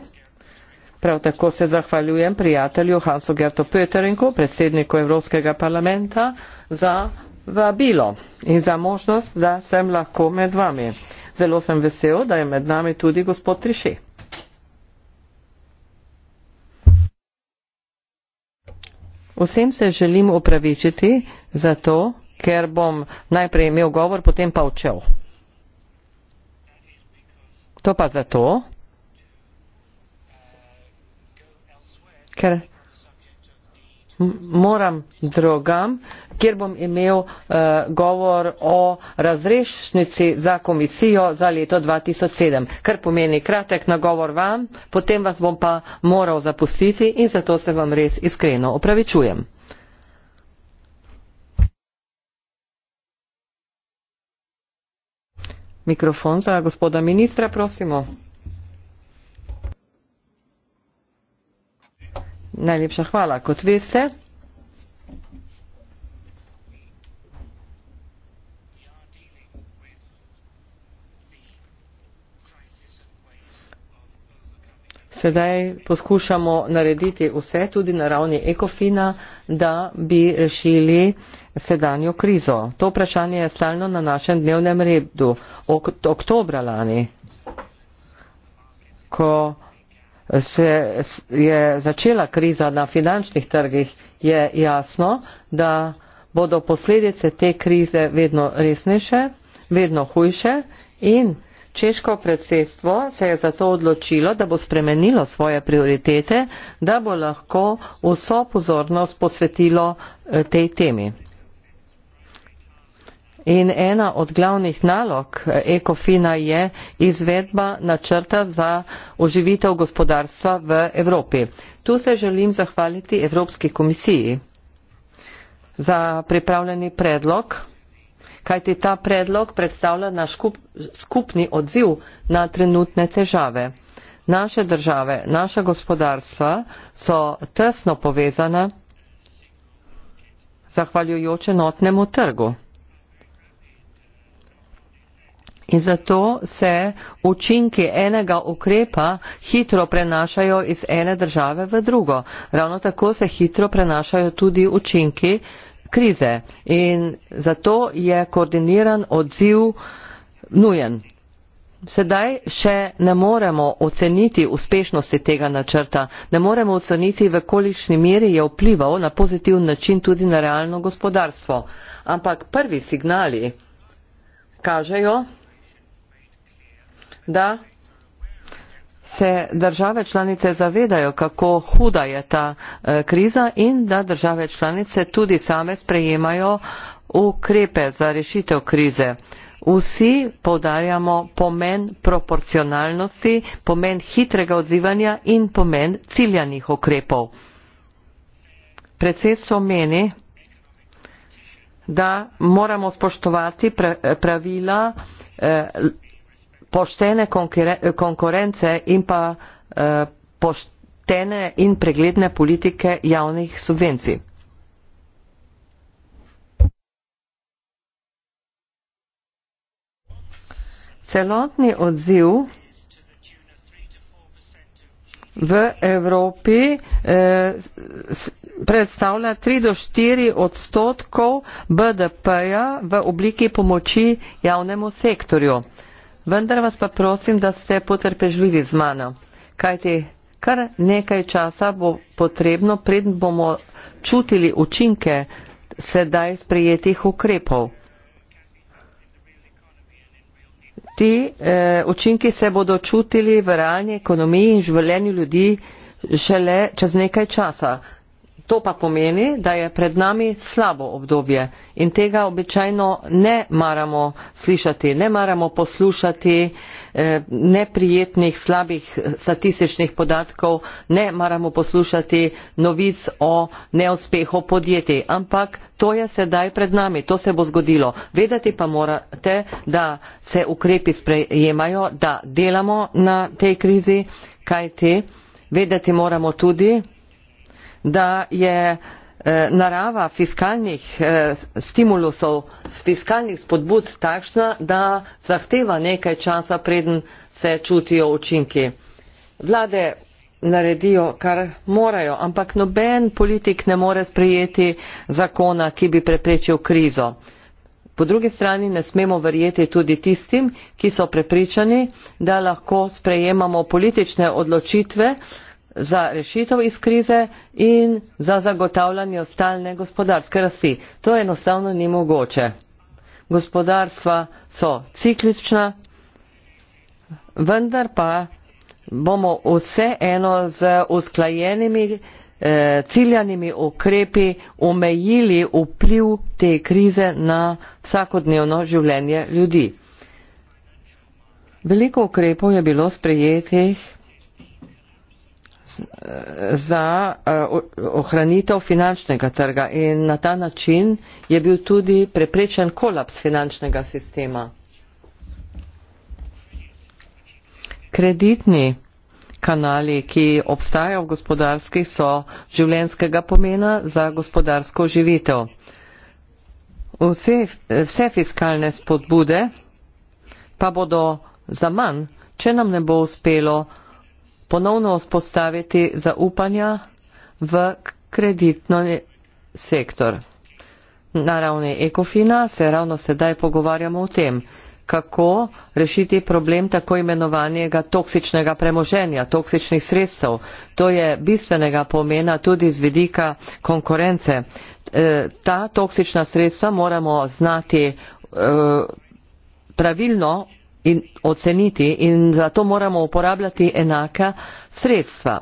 Prav tako se zahvaljujem prijatelju Hasu Gerto Pöterinku, predsedniku Evropskega parlamenta, za vabilo in za možnost, da sem lahko med vami. Zelo sem vesel, da je med nami tudi gospod Triše. Vsem se želim upravičiti za to, ker bom najprej imel govor, potem pa učel. To pa zato, ker moram drugam, kjer bom imel uh, govor o razrešnici za komisijo za leto 2007, kar pomeni kratek nagovor vam, potem vas bom pa moral zapustiti in zato se vam res iskreno opravičujem. Mikrofon za gospoda ministra, prosimo. Najlepša hvala. Kot veste, sedaj poskušamo narediti vse, tudi na ravni ekofina, da bi rešili sedanjo krizo. To vprašanje je stalno na našem dnevnem redu. Ok oktobra lani, ko se je začela kriza na finančnih trgih, je jasno, da bodo posledice te krize vedno resnejše, vedno hujše in češko predsedstvo se je zato odločilo, da bo spremenilo svoje prioritete, da bo lahko vso pozornost posvetilo eh, tej temi. In ena od glavnih nalog ECOFIN-a eh, je izvedba načrta za oživitev gospodarstva v Evropi. Tu se želim zahvaliti Evropski komisiji za pripravljeni predlog kajti ta predlog predstavlja naš skup, skupni odziv na trenutne težave. Naše države, naša gospodarstva so tesno povezana zahvaljujoče notnemu trgu. In zato se učinki enega ukrepa hitro prenašajo iz ene države v drugo. Ravno tako se hitro prenašajo tudi učinki krize. In zato je koordiniran odziv nujen. Sedaj še ne moremo oceniti uspešnosti tega načrta, ne moremo oceniti, v kolikšni meri je vplival na pozitiven način tudi na realno gospodarstvo. Ampak prvi signali kažejo, da se države članice zavedajo, kako huda je ta eh, kriza in da države članice tudi same sprejemajo ukrepe za rešitev krize. Vsi povdarjamo pomen proporcionalnosti, pomen hitrega odzivanja in pomen ciljanih ukrepov. Predsedstvo meni, da moramo spoštovati pravila eh, poštene konkurence in pa eh, poštene in pregledne politike javnih subvencij. Celotni odziv v Evropi eh, predstavlja 3 do 4 odstotkov BDP-ja v obliki pomoči javnemu sektorju. Eh, vendar vas pa prosim, da ste potrpežljivi z mano, kajti kar nekaj časa bo potrebno, pred bomo čutili učinke sedaj sprejetih ukrepov. Ti e, učinki se bodo čutili v realni ekonomiji in življenju ljudi šele čez nekaj časa. To pa pomeni, da je pred nami slabo obdobje in tega običajno ne maramo slišati, ne maramo poslušati eh, neprijetnih, slabih eh, statističnih podatkov, ne maramo poslušati novic o neuspehu podjetij, ampak to je sedaj pred nami, to se bo zgodilo. Vedeti pa morate, da se ukrepi sprejemajo, da delamo na tej krizi, kaj te. Vedeti moramo tudi, da je eh, narava fiskalnih eh, stimulusov, fiskalnih spodbud takšna, da zahteva nekaj časa, preden se čutijo učinki. Vlade naredijo, kar morajo, ampak noben politik ne more sprejeti zakona, ki bi preprečil krizo. Po drugi strani ne smemo verjeti tudi tistim, ki so prepričani, da lahko sprejemamo politične odločitve, za rešitev iz krize in za zagotavljanje stalne gospodarske rasti. To enostavno ni mogoče. Gospodarstva so ciklična, vendar pa bomo vse eno z usklajenimi eh, ciljanimi ukrepi omejili vpliv te krize na vsakodnevno življenje ljudi. Veliko ukrepov je bilo sprejetih za eh, ohranitev finančnega trga in na ta način je bil tudi preprečen kolaps finančnega sistema. Kreditni kanali, ki obstajajo v gospodarski, so življenskega pomena za gospodarsko živitev. Vse, vse fiskalne spodbude pa bodo za manj, če nam ne bo uspelo ponovno vzpostaviti zaupanja v kreditno sektor. Na ravni ekofina se ravno sedaj pogovarjamo o tem, kako rešiti problem tako imenovanega toksičnega premoženja, toksičnih sredstev. To je bistvenega pomena tudi z vidika konkurence. E, ta toksična sredstva moramo znati e, pravilno in oceniti in zato moramo uporabljati enaka sredstva.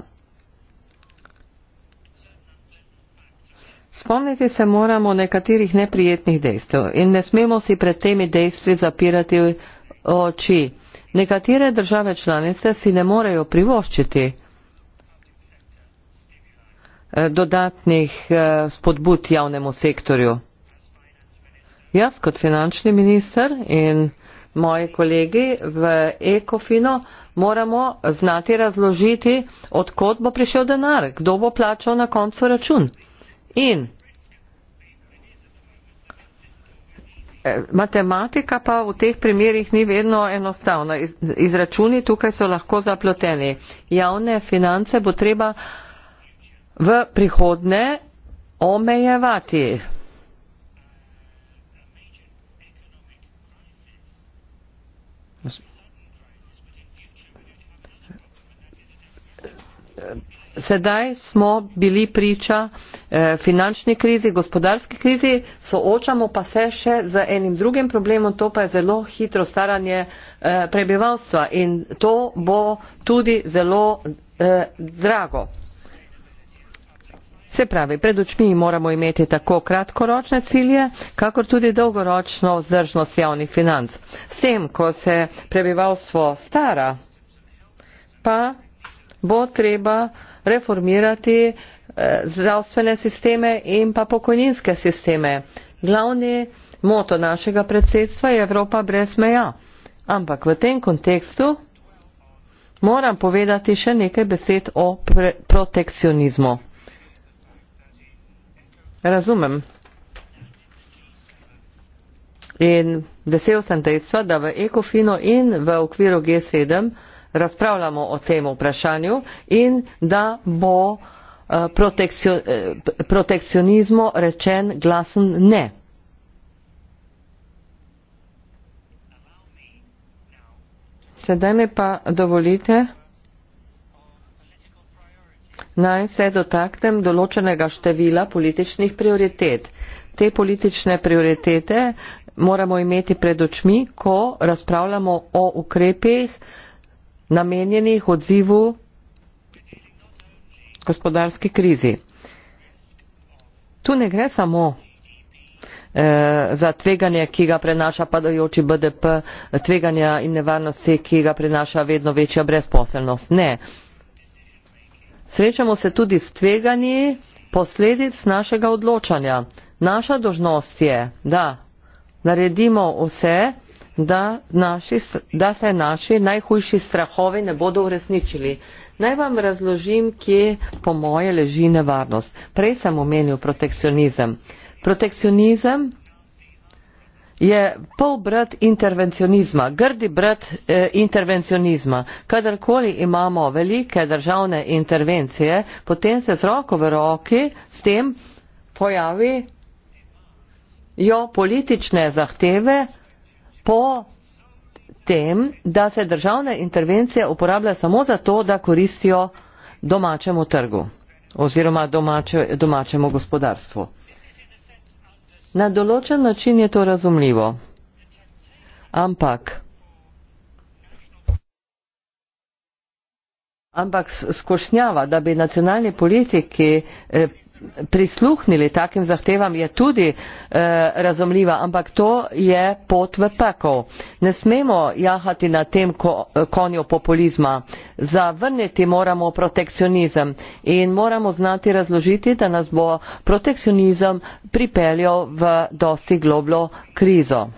Spomniti se moramo nekaterih neprijetnih dejstev in ne smemo si pred temi dejstvi zapirati oči. Nekatere države članice si ne morejo privoščiti eh, dodatnih eh, spodbud javnemu sektorju. Jaz kot finančni minister in moji kolegi v Ekofino, moramo znati razložiti, odkot bo prišel denar, kdo bo plačal na koncu račun. In eh, Matematika pa v teh primerjih ni vedno enostavna. Izračuni tukaj so lahko zaploteni. Javne finance bo treba v prihodne omejevati. sedaj smo bili priča eh, finančni krizi, gospodarski krizi, soočamo pa se še z enim drugim problemom, to pa je zelo hitro staranje eh, prebivalstva in to bo tudi zelo eh, drago. Se pravi, pred očmi moramo imeti tako kratkoročne cilje, kakor tudi dolgoročno vzdržnost javnih financ. S tem, ko se prebivalstvo stara, pa bo treba uh, reformirati eh, zdravstvene sisteme in pa pokojninske sisteme. Glavni moto našega predsedstva je Evropa brez meja. Ampak v tem kontekstu moram povedati še nekaj besed o protekcionizmu. Razumem. In vesel sem dejstva, da v Ekofino in v okviru G7 razpravljamo o tem vprašanju in da bo eh, eh, protekcionizmu rečen glasen ne. Sedaj mi pa dovolite, naj se dotaknem določenega števila političnih prioritet. Te politične prioritete moramo imeti pred očmi, ko razpravljamo o ukrepih, namenjenih odzivu gospodarski krizi. Tu ne gre samo eh, za tveganje, ki ga prenaša padajoči BDP, tveganja in nevarnosti, ki ga prenaša vedno večja brezposelnost. Ne. Srečamo se tudi s tveganji posledic našega odločanja. Naša dožnost je, da naredimo vse, da, naši, da se naši najhujši strahovi ne bodo uresničili. Naj vam razložim, kje po moje leži nevarnost. Prej sem omenil protekcionizem. Protekcionizem je pol brat intervencionizma, grdi brat eh, intervencionizma. Kadarkoli imamo velike državne intervencije, potem se z roko v roki s tem pojavi jo politične zahteve, po tem, da se državne intervencije uporablja samo zato, da koristijo domačemu trgu oziroma domače, domačemu gospodarstvu. Na določen način je to razumljivo, ampak, ampak skošnjava, da bi nacionalni politiki. Eh, prisluhnili takim zahtevam, je tudi eh, razumljiva, ampak to je pot v pekel. Ne smemo jahati na tem ko, eh, konju populizma. Zavrniti moramo protekcionizem in moramo znati razložiti, da nas bo protekcionizem pripeljal v dosti globlo krizo.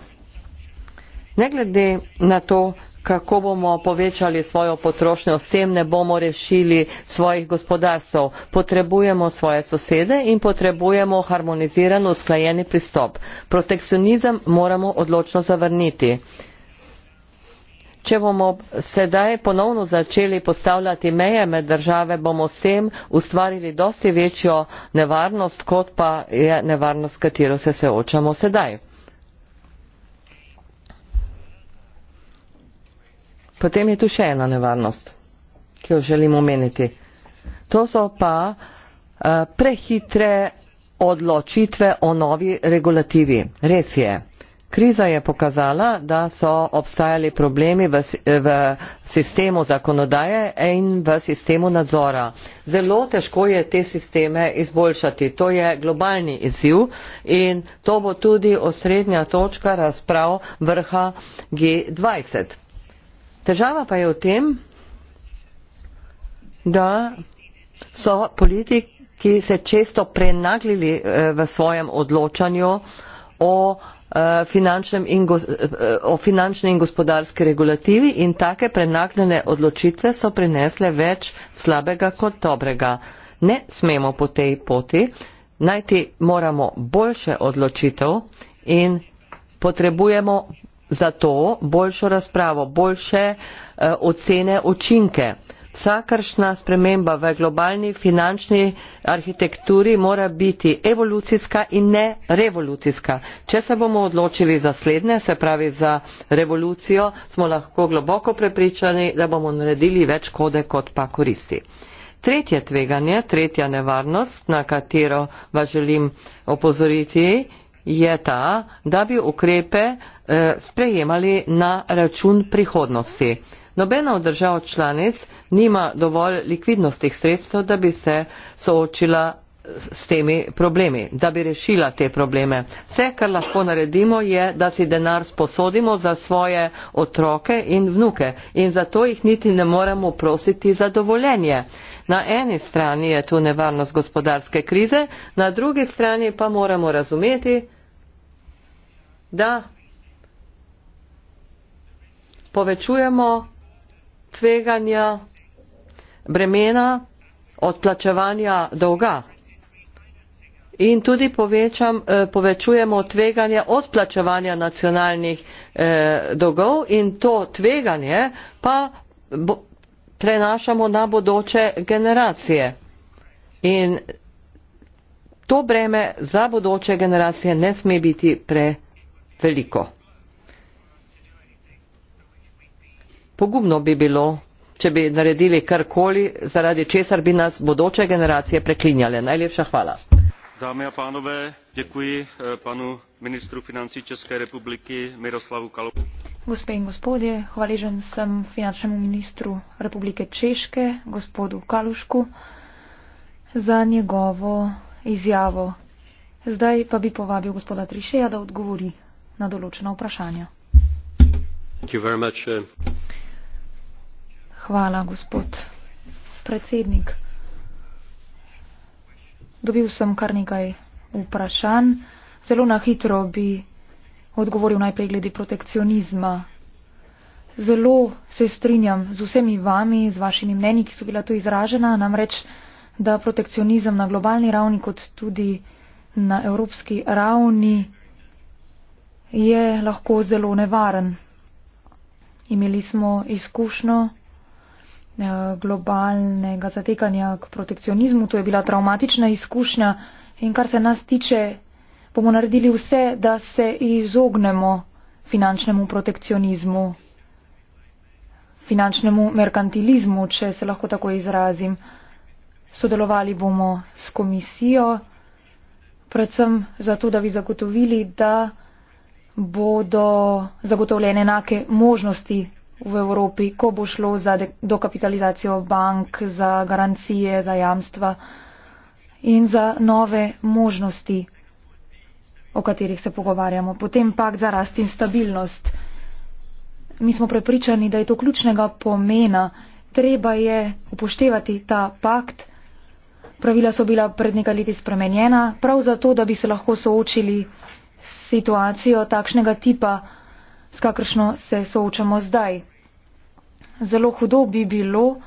Ne glede na to, kako bomo povečali svojo potrošnjo, s tem ne bomo rešili svojih gospodarstv. Potrebujemo svoje sosede in potrebujemo harmoniziran, usklajeni pristop. Protekcionizem moramo odločno zavrniti. Če bomo sedaj ponovno začeli postavljati meje med države, bomo s tem ustvarili dosti večjo nevarnost, kot pa je nevarnost, s katero se soočamo sedaj. Potem je tu še ena nevarnost, ki jo želim omeniti. To so pa uh, prehitre odločitve o novi regulativi. Res je. Kriza je pokazala, da so obstajali problemi v, v sistemu zakonodaje in v sistemu nadzora. Zelo težko je te sisteme izboljšati. To je globalni izziv in to bo tudi osrednja točka razprav vrha G20. Težava pa je v tem, da so politiki se često prenaglili eh, v svojem odločanju o eh, finančnem in, eh, o finančne in gospodarske regulativi in take prenagljene odločitve so prinesle več slabega kot dobrega. Ne smemo po tej poti, najti moramo boljše odločitev in potrebujemo za to boljšo razpravo, boljše eh, ocene učinke. Vsakršna sprememba v globalni finančni arhitekturi mora biti evolucijska in ne revolucijska. Če se bomo odločili za slednje, se pravi za revolucijo, smo lahko globoko prepričani, da bomo naredili več kode kot pa koristi. Tretje tveganje, tretja nevarnost, na katero vas želim opozoriti je ta, da bi ukrepe eh, sprejemali na račun prihodnosti. Nobena od držav članic nima dovolj likvidnostih sredstev, da bi se soočila s temi problemi, da bi rešila te probleme. Vse, kar lahko naredimo, je, da si denar sposodimo za svoje otroke in vnuke in zato jih niti ne moremo prositi za dovoljenje. Na eni strani je tu nevarnost gospodarske krize, na drugi strani pa moramo razumeti, da povečujemo tveganja bremena odplačevanja dolga in tudi povečam, eh, povečujemo tveganja odplačevanja nacionalnih eh, dolgov in to tveganje pa bo, prenašamo na bodoče generacije. In to breme za bodoče generacije ne sme biti preveč veliko. Pogumno bi bilo, če bi naredili karkoli, zaradi česar bi nas bodoče generacije preklinjale. Najlepša hvala. Dame a pánové, děkuji eh, panu ministru financí České republiky Miroslavu Kalovu. Gospe in gospodje, hvaležen sem finančnemu ministru Republike Češke, gospodu Kalušku, za njegovo izjavo. Zdaj pa bi povabil gospoda Trišeja, da odgovori na določena vprašanja. Eh. Hvala, gospod predsednik. Dobil sem kar nekaj vprašanj. Zelo na hitro bi odgovoril najprej glede protekcionizma. Zelo se strinjam z vsemi vami, z vašimi mnenji, ki so bila tu izražena, namreč, da protekcionizem na globalni ravni kot tudi na evropski ravni je lahko zelo nevaren. Imeli smo izkušnjo eh, globalnega zatekanja k protekcionizmu, to je bila travmatična izkušnja in kar se nas tiče, bomo naredili vse, da se izognemo finančnemu protekcionizmu, finančnemu merkantilizmu, če se lahko tako izrazim. Sodelovali bomo s komisijo, predvsem zato, da bi zagotovili, da bodo zagotovljene enake možnosti v Evropi, ko bo šlo za dokapitalizacijo bank, za garancije, za jamstva in za nove možnosti, o katerih se pogovarjamo. Potem pak za rast in stabilnost. Mi smo prepričani, da je to ključnega pomena. Treba je upoštevati ta pakt. Pravila so bila pred nekaj leti spremenjena, prav zato, da bi se lahko soočili situacijo takšnega tipa, s kakršno se soočamo zdaj. Zelo hudo bi bilo,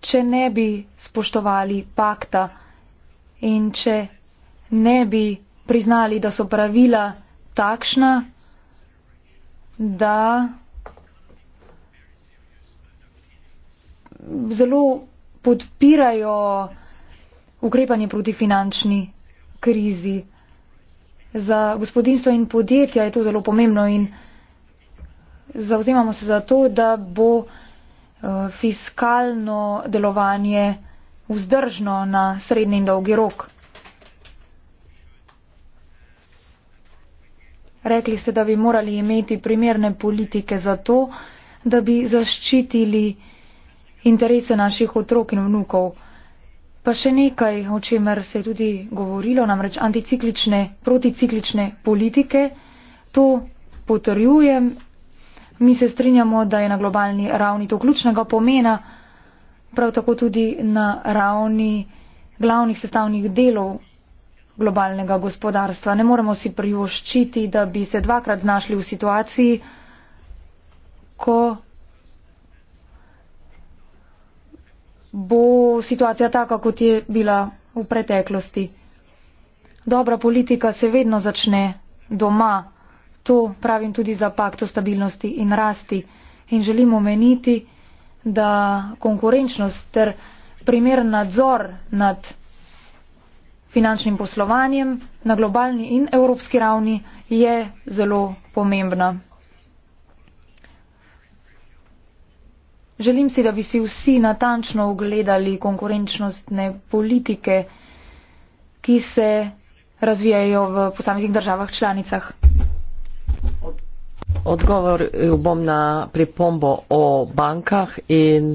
če ne bi spoštovali pakta in če ne bi priznali, da so pravila takšna, da zelo podpirajo ukrepanje proti finančni krizi. Za gospodinstvo in podjetja je to zelo pomembno in zauzemamo se za to, da bo eh, fiskalno delovanje vzdržno na srednji in dolgi rok. Rekli ste, da bi morali imeti primerne politike za to, da bi zaščitili interese naših otrok in vnukov. Pa še nekaj, o čemer se je tudi govorilo, namreč anticiklične, proticiklične politike. To potrjujem. Mi se strinjamo, da je na globalni ravni to ključnega pomena, prav tako tudi na ravni glavnih sestavnih delov globalnega gospodarstva. Ne moremo si privoščiti, da bi se dvakrat znašli v situaciji, ko bo situacija taka, kot je bila v preteklosti. Dobra politika se vedno začne doma. To pravim tudi za pakt o stabilnosti in rasti. In želim omeniti, da konkurenčnost ter primer nadzor nad finančnim poslovanjem na globalni in evropski ravni je zelo pomembna. Želim si, da bi si vsi natančno ogledali konkurenčnostne politike, ki se razvijajo v posameznih državah članicah. Odgovor eh, bom na pripombo o bankah in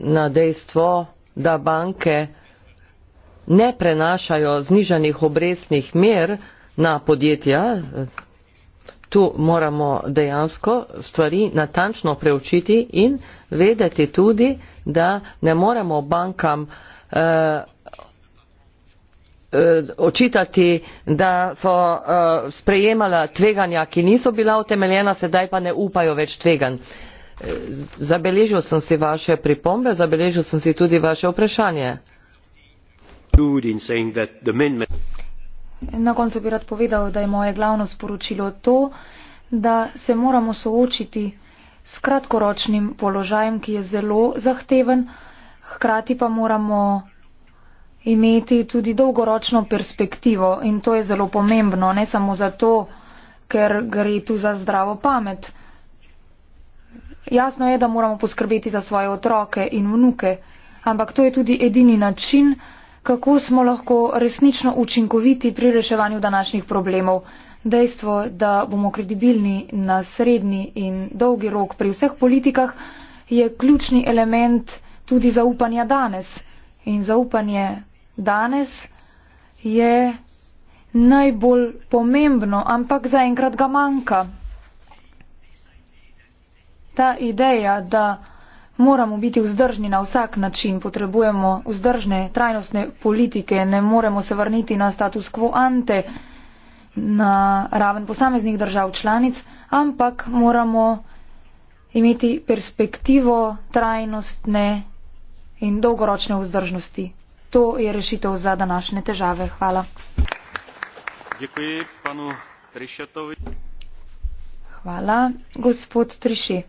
na dejstvo, da banke ne prenašajo znižanih obrestnih mer na podjetja, tu moramo dejansko stvari natančno preučiti in vedeti tudi, da ne moremo bankam uh, očitati, da so uh, sprejemala tveganja, ki niso bila utemeljena, sedaj pa ne upajo več tvegan. Zabeležil sem si vaše pripombe, zabeležil sem si tudi vaše vprašanje. Na koncu bi rad povedal, da je moje glavno sporočilo to, da se moramo soočiti s kratkoročnim položajem, ki je zelo zahteven, hkrati pa moramo imeti tudi dolgoročno perspektivo in to je zelo pomembno, ne samo zato, ker gre tu za zdravo pamet. Jasno je, da moramo poskrbeti za svoje otroke in vnuke, ampak to je tudi edini način, kako smo lahko resnično učinkoviti pri reševanju današnjih problemov. Dejstvo, da bomo kredibilni na srednji in dolgi rok pri vseh politikah, je ključni element tudi zaupanja danes. In zaupanje danes je najbolj pomembno, ampak zaenkrat ga manjka. Ta ideja, da moramo biti vzdržni na vsak način, potrebujemo vzdržne, trajnostne politike, ne moremo se vrniti na status quo ante, na raven posameznih držav članic, ampak moramo imeti perspektivo trajnostne in dolgoročne vzdržnosti. To je rešitev za današnje težave. Hvala. Hvala. Gospod Triši.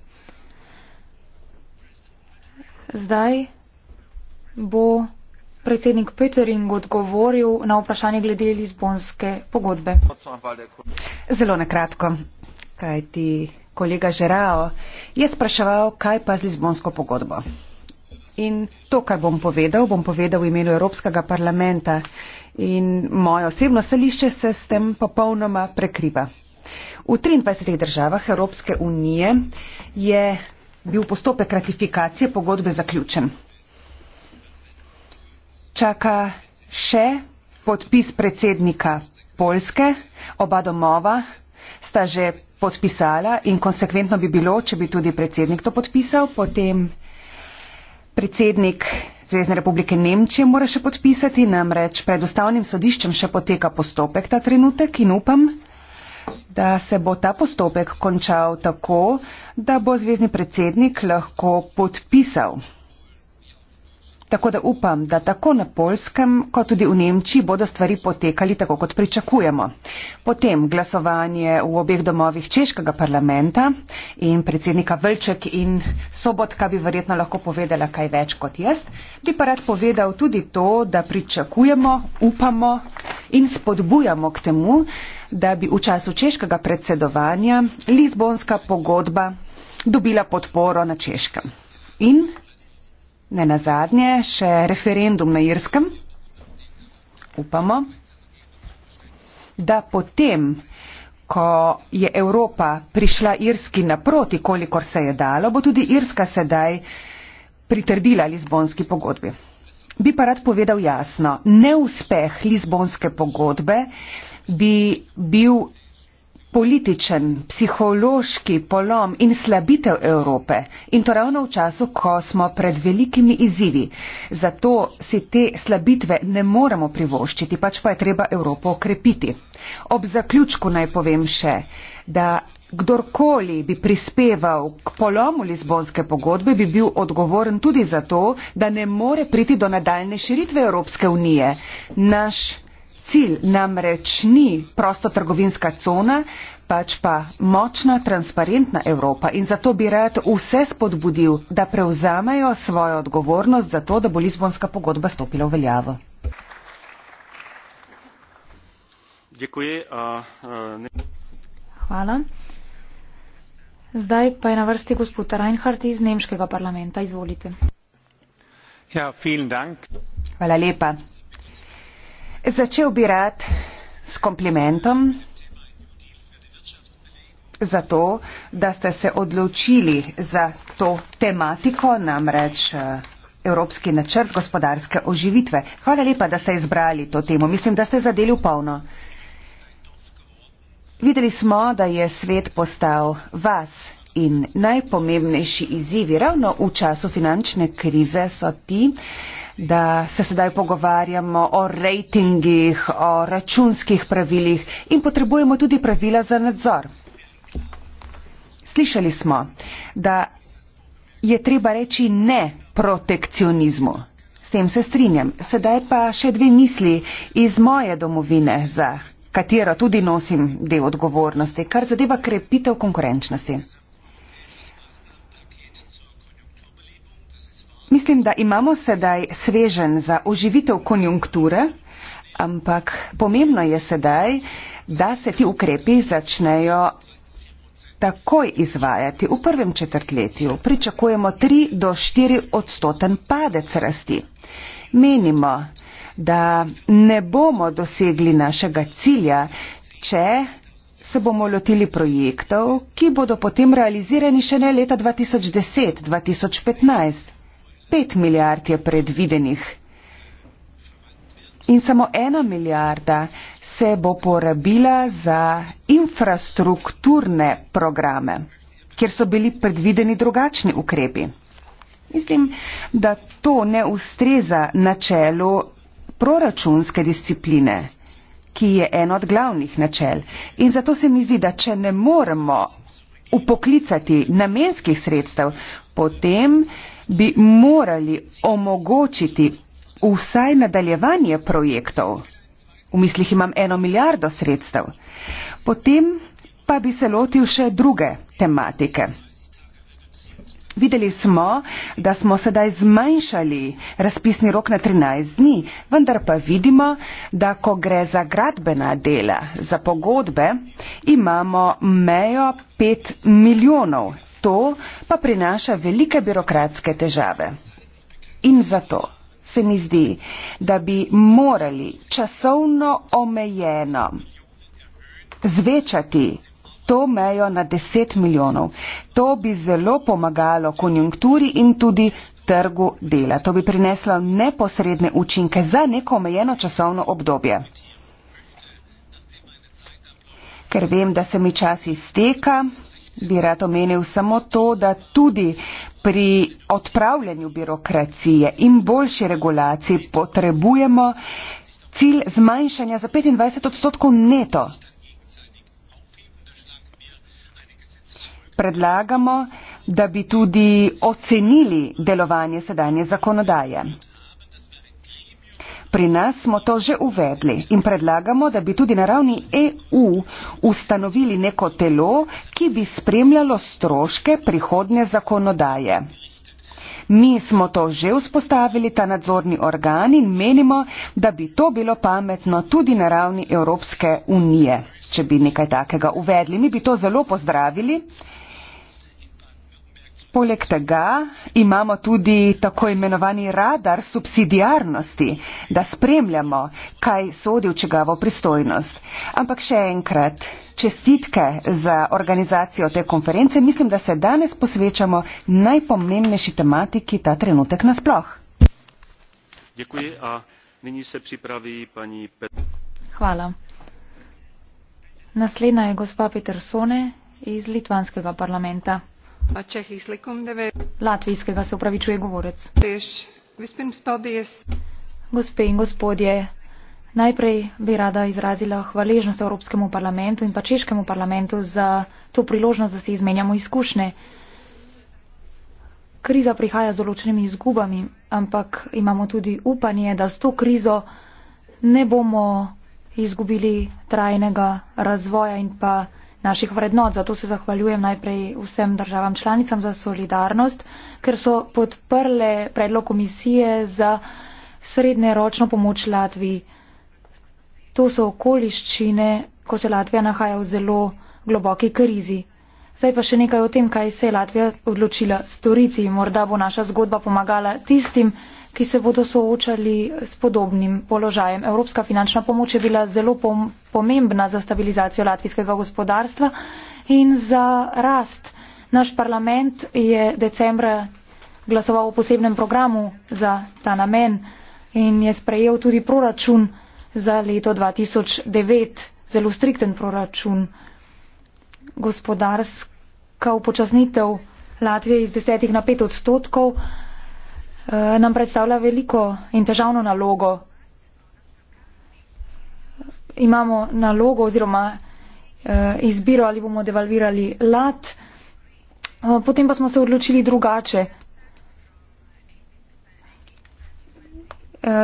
Zdaj bo predsednik Petering odgovoril na vprašanje glede Lizbonske pogodbe. Zelo nakratko, kaj ti kolega Žerao je spraševal, kaj pa z Lizbonsko pogodbo. In to, kar bom povedal, bom povedal v imenu Evropskega parlamenta in moje osebno stališče se s tem popolnoma prekriva. V 23 državah Evropske unije je bil postopek ratifikacije pogodbe zaključen. Čaka še podpis predsednika Polske, oba domova sta že podpisala in konsekventno bi bilo, če bi tudi predsednik to podpisal, potem predsednik Zvezdne republike Nemčije mora še podpisati, namreč pred ustavnim sodiščem še poteka postopek ta trenutek in upam, da se bo ta postopek končal tako, da bo zvezdni predsednik lahko podpisal. Tako da upam, da tako na Polskem, kot tudi v Nemčiji bodo stvari potekali tako, kot pričakujemo. Potem glasovanje v obeh domovih Češkega parlamenta in predsednika Vlček in Sobotka bi verjetno lahko povedala kaj več kot jaz. Bi pa rad povedal tudi to, da pričakujemo, upamo in spodbujamo k temu, da bi v času češkega predsedovanja Lizbonska pogodba dobila podporo na češkem. In ne nazadnje še referendum na irskem. Upamo, da potem, ko je Evropa prišla irski naproti, kolikor se je dalo, bo tudi irska sedaj pritrdila Lizbonski pogodbi. Bi pa rad povedal jasno, neuspeh Lizbonske pogodbe bi bil političen, psihološki polom in slabitev Evrope in to ravno v času, ko smo pred velikimi izzivi. Zato si te slabitve ne moremo privoščiti, pač pa je treba Evropo okrepiti. Ob zaključku naj povem še, da kdorkoli bi prispeval k polomu Lizbonske pogodbe, bi bil odgovoren tudi za to, da ne more priti do nadaljne širitve Evropske unije. Naš Cilj namreč ni prostotrgovinska cona, pač pa močna, transparentna Evropa in zato bi rad vse spodbudil, da prevzamejo svojo odgovornost za to, da bo Lizbonska pogodba stopila v veljavo. Děkuji, a, a, ne... Hvala. Zdaj pa je na vrsti gospod Reinhardt iz Nemškega parlamenta. Izvolite. Ja, vielen dank. Hvala lepa. Začel bi rad s komplimentom za to, da ste se odločili za to tematiko, namreč eh, Evropski načrt gospodarske oživitve. Hvala lepa, da ste izbrali to temo. Mislim, da ste zadeli v polno. Videli smo, da je svet postal vas in najpomembnejši izzivi ravno v času finančne krize so ti, da se sedaj pogovarjamo o rejtingih, o računskih pravilih in potrebujemo tudi pravila za nadzor. Slišali smo, da je treba reči ne protekcionizmu. S tem se strinjam. Sedaj pa še dve misli iz moje domovine, za katero tudi nosim del odgovornosti, kar zadeva krepitev konkurenčnosti. Mislim, da imamo sedaj svežen za uživitev konjunkture, ampak pomembno je sedaj, da se ti ukrepi začnejo takoj izvajati v prvem četrtletju. Pričakujemo 3 do 4 odstoten padec rasti. Menimo, da ne bomo dosegli našega cilja, če se bomo lotili projektov, ki bodo potem realizirani še ne leta 2010-2015 pet milijard je predvidenih. In samo ena milijarda se bo porabila za infrastrukturne programe, kjer so bili predvideni drugačni ukrepi. Mislim, da to ne ustreza načelu proračunske discipline, ki je eno od glavnih načel. In zato se mi zdi, da če ne moremo upoklicati namenskih sredstev, potem bi morali omogočiti vsaj nadaljevanje projektov. V mislih imam eno milijardo sredstev. Potem pa bi se lotil še druge tematike. Videli smo, da smo sedaj zmanjšali razpisni rok na 13 dni, vendar pa vidimo, da ko gre za gradbena dela, za pogodbe, imamo mejo 5 milijonov To pa prinaša velike birokratske težave. In zato se mi zdi, da bi morali časovno omejeno zvečati to mejo na 10 milijonov. To bi zelo pomagalo konjunkturi in tudi trgu dela. To bi prineslo neposredne učinke za neko omejeno časovno obdobje. Ker vem, da se mi čas izteka bi rad omenil samo to, da tudi pri odpravljanju birokracije in boljši regulaciji potrebujemo cilj zmanjšanja za 25 odstotkov neto. Predlagamo, da bi tudi ocenili delovanje sedanje zakonodaje. Pri nas smo to že uvedli in predlagamo, da bi tudi na ravni EU ustanovili neko telo, ki bi spremljalo stroške prihodnje zakonodaje. Mi smo to že vzpostavili, ta nadzorni organ, in menimo, da bi to bilo pametno tudi na ravni Evropske unije, če bi nekaj takega uvedli. Mi bi to zelo pozdravili. Poleg tega imamo tudi tako imenovani radar subsidijarnosti, da spremljamo, kaj sodi v čigavo pristojnost. Ampak še enkrat, čestitke za organizacijo te konference, mislim, da se danes posvečamo najpomembnejši tematiki ta trenutek nasploh. Hvala. Naslednja je gospa Petersone iz Litvanskega parlamenta latvijskega se upravičuje govorec. Gospe in gospodje, najprej bi rada izrazila hvaležnost Evropskemu parlamentu in pa Češkemu parlamentu za to priložnost, da se izmenjamo izkušnje. Kriza prihaja z določenimi izgubami, ampak imamo tudi upanje, da s to krizo ne bomo izgubili trajnega razvoja in pa naših vrednot. Zato se zahvaljujem najprej vsem državam članicam za solidarnost, ker so podprle predlog komisije za srednjeročno pomoč Latviji. To so okoliščine, ko se Latvija nahaja v zelo globoki krizi. Zdaj pa še nekaj o tem, kaj se je Latvija odločila storiti. Morda bo naša zgodba pomagala tistim, ki se bodo soočali s podobnim položajem. Evropska finančna pomoč je bila zelo pomembna za stabilizacijo latvijskega gospodarstva in za rast. Naš parlament je decembra glasoval o posebnem programu za ta namen in je sprejel tudi proračun za leto 2009, zelo strikten proračun. Gospodarska upočasnitev Latvije iz 10 na 5 odstotkov Eh, nam predstavlja veliko in težavno nalogo. Imamo nalogo oziroma eh, izbiro, ali bomo devalvirali lat, eh, potem pa smo se odločili drugače.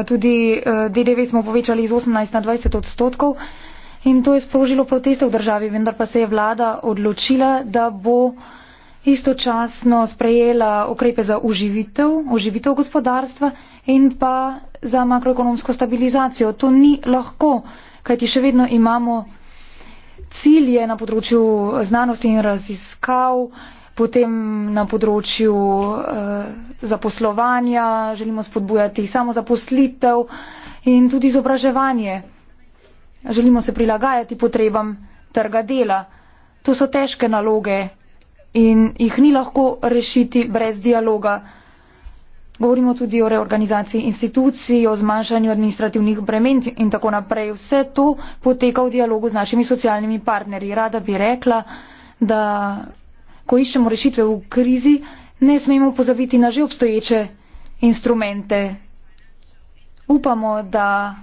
Tudi DDV smo povečali iz 18 na 20 odstotkov in to je sprožilo proteste v državi, vendar pa se je vlada odločila, da bo uh, istočasno sprejela ukrepe za uživitev, uživitev gospodarstva in pa za makroekonomsko stabilizacijo. To ni lahko, kajti še vedno imamo cilje na področju znanosti in raziskav, potem na področju eh, zaposlovanja, želimo spodbujati samozaposlitev in tudi izobraževanje. Želimo se prilagajati potrebam trga dela. To so težke naloge, in jih ni lahko rešiti brez dialoga. Govorimo tudi o reorganizaciji institucij, o zmanjšanju administrativnih bremen in tako naprej. Vse to poteka v dialogu z našimi socialnimi partnerji. Rada bi rekla, da ko iščemo rešitve v krizi, ne smemo pozabiti na že obstoječe instrumente. Upamo, da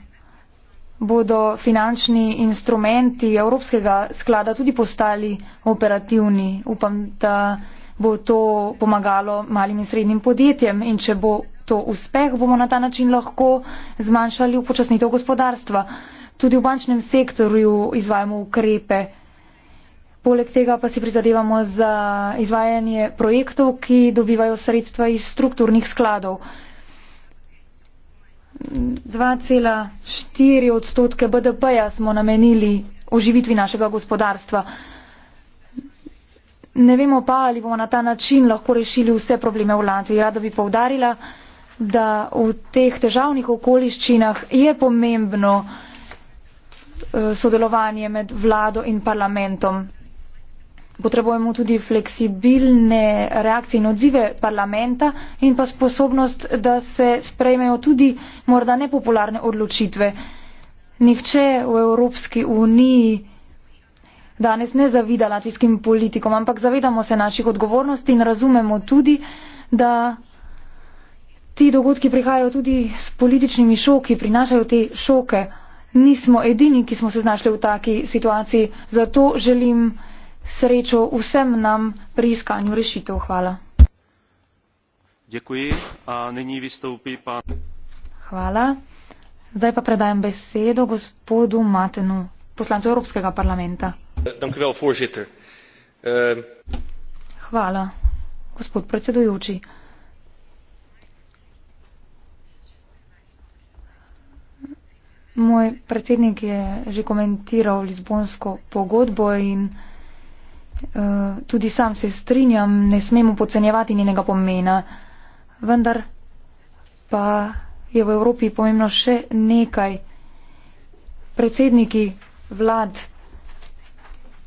bodo finančni instrumenti Evropskega sklada tudi postali operativni. Upam, da bo to pomagalo malim in srednjim podjetjem in če bo to uspeh, bomo na ta način lahko zmanjšali upočasnitev gospodarstva. Tudi v bančnem sektorju izvajamo ukrepe. Poleg tega pa si prizadevamo za izvajanje projektov, ki dobivajo sredstva iz strukturnih skladov. 2,4 odstotke BDP-ja smo namenili oživitvi našega gospodarstva. Ne vemo pa, ali bomo na ta način lahko rešili vse probleme v Latviji. Rada bi povdarila, da v teh težavnih okoliščinah je pomembno eh, sodelovanje med vlado in parlamentom potrebujemo tudi fleksibilne reakcije in odzive parlamenta in pa sposobnost, da se sprejmejo tudi morda nepopularne odločitve. Nihče v Evropski uniji danes ne zavida latvijskim politikom, ampak zavedamo se naših odgovornosti in razumemo tudi, da ti dogodki prihajajo tudi s političnimi šoki, prinašajo te šoke. Nismo edini, ki smo se znašli v taki situaciji, zato želim srečo vsem nam pri iskanju rešitev. Hvala. Děkuji. A nyní vystoupí pan... Hvala. Zdaj pa predajam besedo gospodu Matenu, poslancu Evropskega parlamenta. Dankjewel, voorzitter. Uh... Hvala, gospod predsedujoči. Moj predsednik je že komentiral Lizbonsko pogodbo in Eh, tudi sam se strinjam, ne smemo podcenjevati njenega pomena. Vendar pa je v Evropi pomembno še nekaj. Predsedniki vlad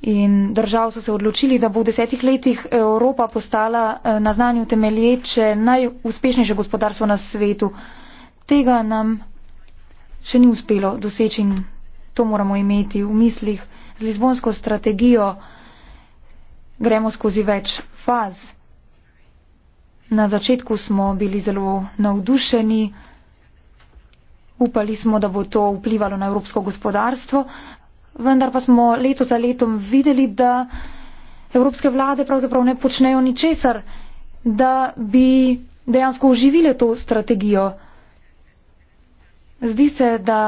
in držav so se odločili, da bo v desetih letih Evropa postala eh, na znanju temelječe najuspešnejše gospodarstvo na svetu. Tega nam še ni uspelo doseči in to moramo imeti v mislih z lizbonsko strategijo gremo skozi več faz. Na začetku smo bili zelo navdušeni, upali smo, da bo to vplivalo na evropsko gospodarstvo, vendar pa smo leto za letom videli, da evropske vlade pravzaprav ne počnejo ničesar, da bi dejansko oživile to strategijo. Zdi se, da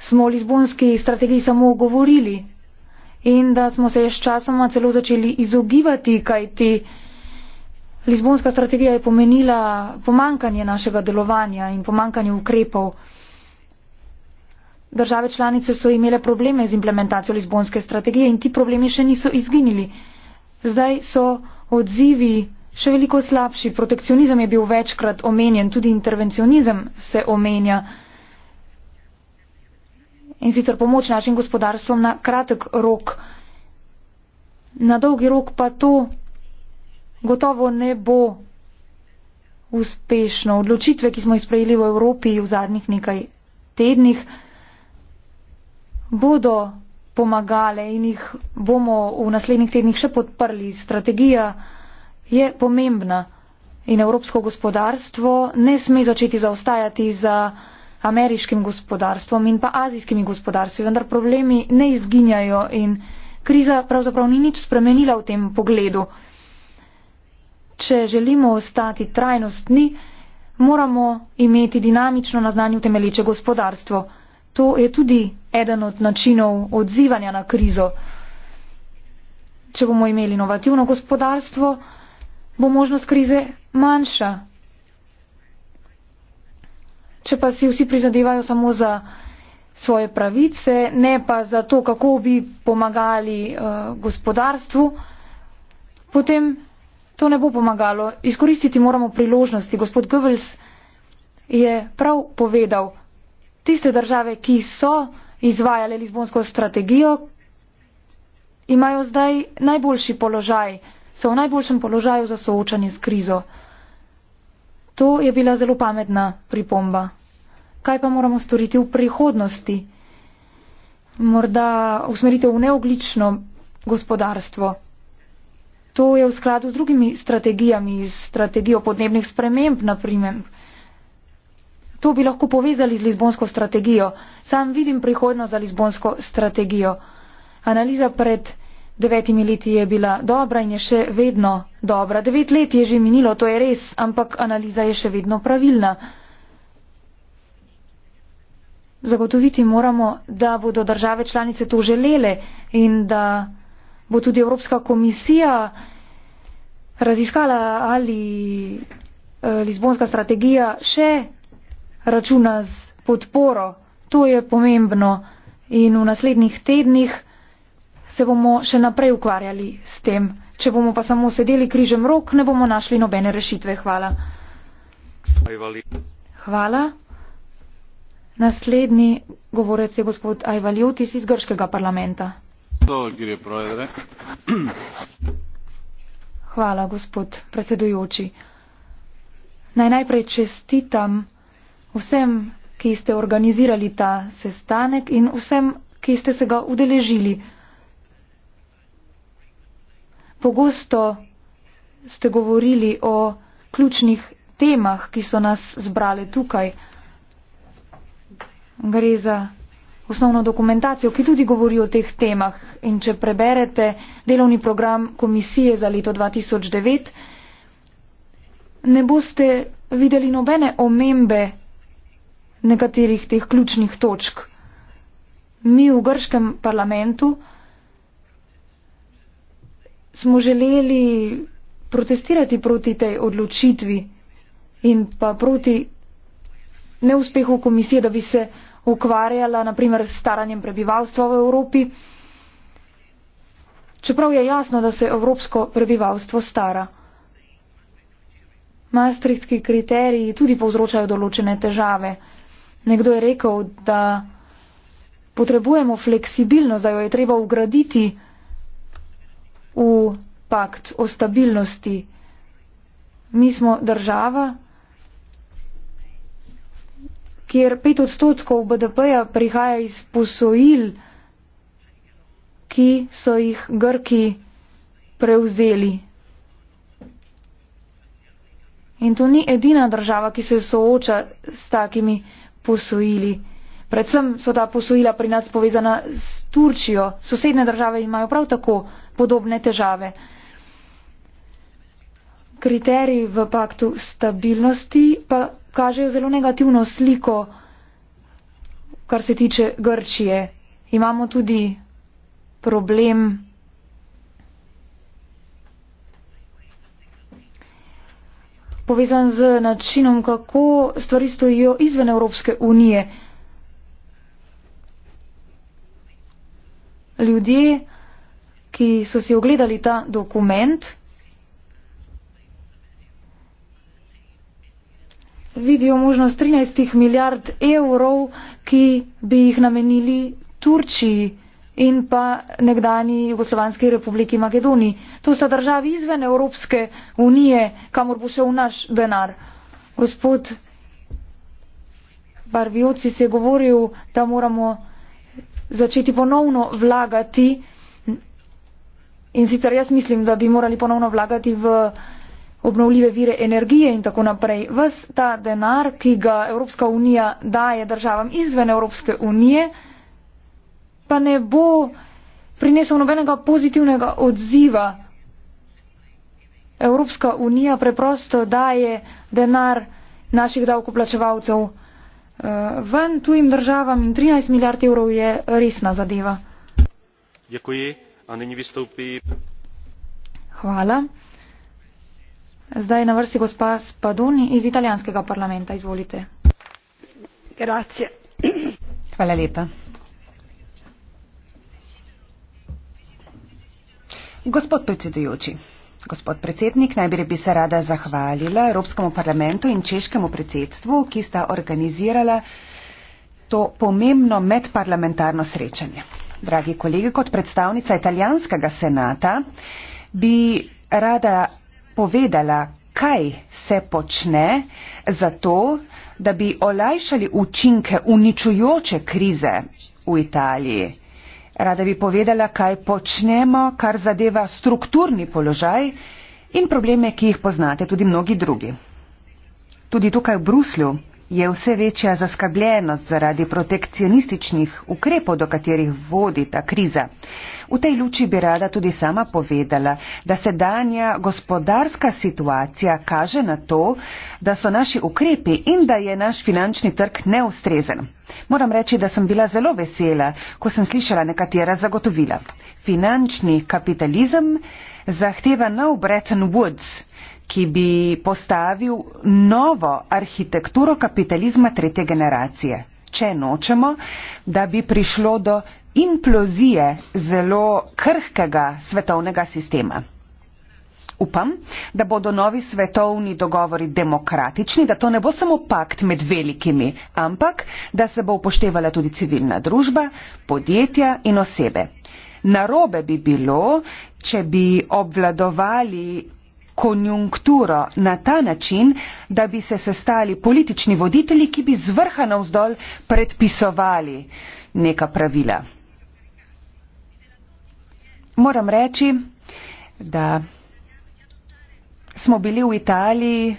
smo o lizbonski strategiji samo govorili in da smo se s časoma celo začeli izogibati, kajti Lizbonska strategija je pomenila pomankanje našega delovanja in pomankanje ukrepov. Države članice so imele probleme z implementacijo Lizbonske strategije in ti problemi še niso izginili. Zdaj so odzivi še veliko slabši. Protekcionizem je bil večkrat omenjen, tudi intervencionizem se omenja in sicer pomoč našim gospodarstvom na kratek rok. Na dolgi rok pa to gotovo ne bo uspešno. Odločitve, ki smo jih sprejeli v Evropi v zadnjih nekaj tednih, bodo pomagale in jih bomo v naslednjih tednih še podprli. Strategija je pomembna in evropsko gospodarstvo ne sme začeti zaostajati za ameriškim gospodarstvom in pa azijskimi gospodarstvi, vendar problemi ne izginjajo in kriza pravzaprav ni nič spremenila v tem pogledu. Če želimo ostati trajnostni, moramo imeti dinamično na znanju temeljiče gospodarstvo. To je tudi eden od načinov odzivanja na krizo. Če bomo imeli inovativno gospodarstvo, bo možnost krize manjša če pa si vsi prizadevajo samo za svoje pravice, ne pa za to, kako bi pomagali uh, gospodarstvu, potem to ne bo pomagalo. Izkoristiti moramo priložnosti. Gospod Goebbels je prav povedal, tiste države, ki so izvajale Lizbonsko strategijo, imajo zdaj najboljši položaj, so v najboljšem položaju za soočanje s krizo. To je bila zelo pametna pripomba. Kaj pa moramo storiti v prihodnosti? Morda usmeritev v neoglično gospodarstvo. To je v skladu z drugimi strategijami, s strategijo podnebnih sprememb, naprimer. To bi lahko povezali z Lizbonsko strategijo. Sam vidim prihodnost za Lizbonsko strategijo. Analiza pred devetimi leti je bila dobra in je še vedno Dobra, devet let je že minilo, to je res, ampak analiza je še vedno pravilna. Zagotoviti moramo, da bodo države članice to želele in da bo tudi Evropska komisija raziskala, ali eh, Lizbonska strategija še računa z podporo. To je pomembno in v naslednjih tednih se bomo še naprej ukvarjali s tem če bomo pa samo sedeli križem rok, ne bomo našli nobene rešitve. Hvala. Hvala. Naslednji govorec je gospod Ajvaljotis iz Grškega parlamenta. Hvala, gospod predsedujoči. Naj najprej čestitam vsem, ki ste organizirali ta sestanek in vsem, ki ste se ga udeležili. Pogosto ste govorili o ključnih temah, ki so nas zbrale tukaj. Gre za osnovno dokumentacijo, ki tudi govori o teh temah. In če preberete delovni program komisije za leto 2009, ne boste videli nobene omembe nekaterih teh ključnih točk. Mi v grškem parlamentu smo želeli protestirati proti tej odločitvi in pa proti neuspehu komisije, da bi se ukvarjala naprimer s staranjem prebivalstva v Evropi. Čeprav je jasno, da se evropsko prebivalstvo stara. Maastrichtski kriteriji tudi povzročajo določene težave. Nekdo je rekel, da potrebujemo fleksibilnost, da jo je treba ugraditi v pakt o stabilnosti. Mi smo država, kjer pet odstotkov BDP-ja prihaja iz posojil, ki so jih Grki prevzeli. In to ni edina država, ki se sooča s takimi posojili. Predvsem so ta posojila pri nas povezana s Turčijo. Sosedne države imajo prav tako podobne težave. Kriteriji v paktu stabilnosti pa kažejo zelo negativno sliko, kar se tiče Grčije. Imamo tudi problem povezan z načinom, kako stvari stojijo izven Evropske unije. Ljudje ki so si ogledali ta dokument, vidijo možnost 13 milijard evrov, ki bi jih namenili Turčiji in pa nekdani Jugoslovanski republiki Makedoniji. To sta državi izven Evropske unije, kamor bo šel naš denar. Gospod Barbiocic je govoril, da moramo začeti ponovno vlagati In sicer jaz mislim, da bi morali ponovno vlagati v obnovljive vire energije in tako naprej. Ves ta denar, ki ga Evropska unija daje državam izven Evropske unije, pa ne bo prinesel nobenega pozitivnega odziva. Evropska unija preprosto daje denar naših davkoplačevalcev eh, ven tujim državam in 13 milijard evrov je resna zadeva. Děkuji nyní vystoupí... Hvala. Zdaj je na vrsti gospa Spadun iz italijanskega parlamenta. Izvolite. Grazie. Hvala lepa. Gospod predsedujoči, gospod predsednik, najprej bi se rada zahvalila Evropskemu parlamentu in češkemu predsedstvu, ki sta organizirala to pomembno medparlamentarno srečanje dragi kolegi, kot predstavnica italijanskega senata bi rada povedala, kaj se počne za to, da bi olajšali učinke uničujoče krize v Italiji. Rada bi povedala, kaj počnemo, kar zadeva strukturni položaj in probleme, ki jih poznate tudi mnogi drugi. Tudi tukaj v Bruslju je vse večja zaskrbljenost zaradi protekcionističnih ukrepov, do katerih vodi ta kriza. V tej luči bi rada tudi sama povedala, da sedanja gospodarska situacija kaže na to, da so naši ukrepi in da je naš finančni trg neustrezen. Moram reči, da sem bila zelo vesela, ko sem slišala nekatera zagotovila. Finančni kapitalizem zahteva nov Bretton Woods, ki bi postavil novo arhitekturo kapitalizma tretje generacije, če nočemo, da bi prišlo do implozije zelo krhkega svetovnega sistema. Upam, da bodo novi svetovni dogovori demokratični, da to ne bo samo pakt med velikimi, ampak da se bo upoštevala tudi civilna družba, podjetja in osebe. Narobe bi bilo, če bi obvladovali konjunkturo na ta način, da bi se sestali politični voditelji, ki bi zvrhano vzdolj predpisovali neka pravila. Moram reči, da smo bili v Italiji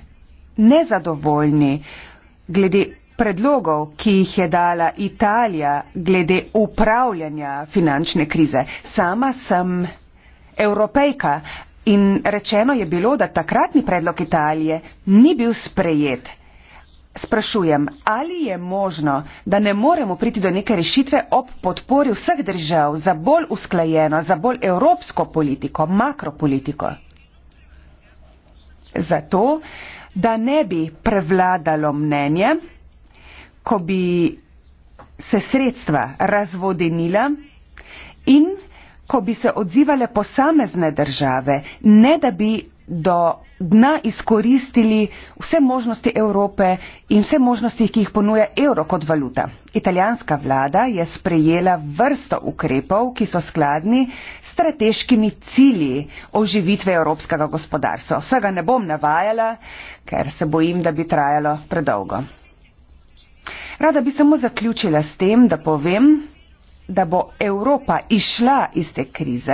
nezadovoljni glede predlogov, ki jih je dala Italija glede upravljanja finančne krize. Sama sem evropejka, In rečeno je bilo, da takratni predlog Italije ni bil sprejet. Sprašujem, ali je možno, da ne moremo priti do neke rešitve ob podpori vseh držav za bolj usklajeno, za bolj evropsko politiko, makropolitiko? Zato, da ne bi prevladalo mnenje, ko bi se sredstva razvodenila in ko bi se odzivale posamezne države, ne da bi do dna izkoristili vse možnosti Evrope in vse možnosti, ki jih ponuja evro kot valuta. Italijanska vlada je sprejela vrsto ukrepov, ki so skladni s strateškimi cilji oživitve evropskega gospodarstva. Vsega ne bom navajala, ker se bojim, da bi trajalo predolgo. Rada bi samo zaključila s tem, da povem, da bo Evropa išla iz te krize,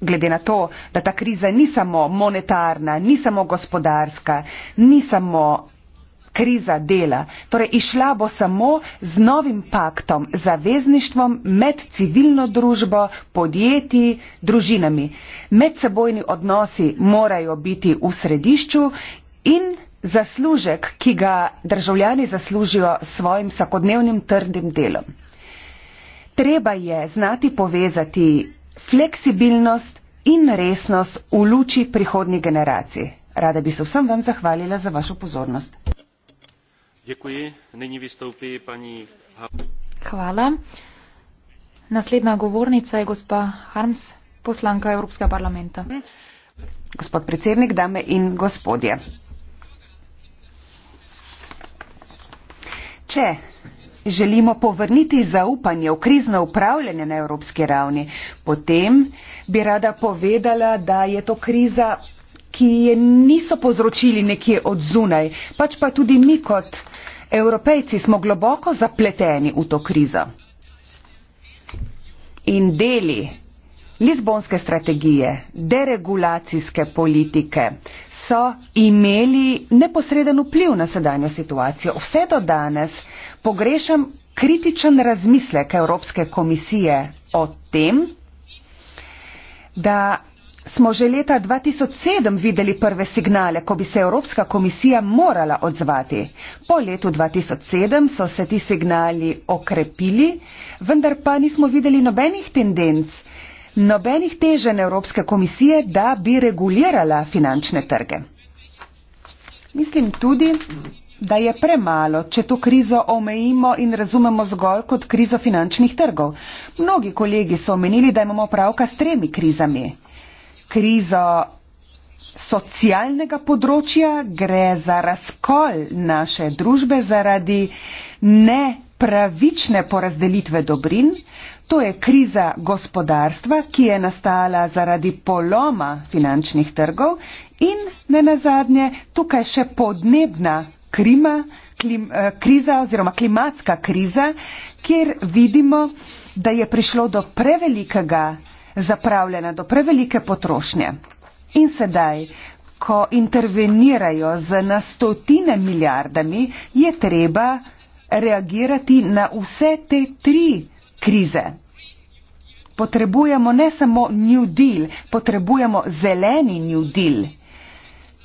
glede na to, da ta kriza ni samo monetarna, ni samo gospodarska, ni samo kriza dela, torej išla bo samo z novim paktom, zavezništvom med civilno družbo, podjetji, družinami. Medsebojni odnosi morajo biti v središču in zaslužek, ki ga državljani zaslužijo s svojim vsakodnevnim trdim delom. Treba je znati povezati fleksibilnost in resnost v luči prihodnji generaciji. Rada bi se vsem vam zahvalila za vašo pozornost. Hvala. Naslednja govornica je gospa Harms, poslanka Evropskega parlamenta. Gospod predsednik, dame in gospodje. Če želimo povrniti zaupanje v krizno upravljanje na evropski ravni, potem bi rada povedala, da je to kriza, ki je niso povzročili nekje od zunaj, pač pa tudi mi kot evropejci smo globoko zapleteni v to krizo. In deli Lizbonske strategije, deregulacijske politike, so imeli neposreden vpliv na sedanjo situacijo. Vse do danes pogrešam kritičen razmislek Evropske komisije o tem, da smo že leta 2007 videli prve signale, ko bi se Evropska komisija morala odzvati. Po letu 2007 so se ti signali okrepili, vendar pa nismo videli nobenih tendenc, nobenih teženj Evropske komisije, da bi regulirala finančne trge. Mislim tudi, da je premalo, če to krizo omejimo in razumemo zgolj kot krizo finančnih trgov. Mnogi kolegi so omenili, da imamo pravka s tremi krizami. Krizo socialnega področja gre za razkol naše družbe zaradi ne pravične porazdelitve dobrin, to je kriza gospodarstva, ki je nastala zaradi poloma finančnih trgov in ne nazadnje tukaj še podnebna krima, klim, eh, kriza oziroma klimatska kriza, kjer vidimo, da je prišlo do prevelikega zapravljena, do prevelike potrošnje. In sedaj, ko intervenirajo z nastotine milijardami, je treba reagirati na vse te tri krize. Potrebujemo ne samo New Deal, potrebujemo zeleni New Deal.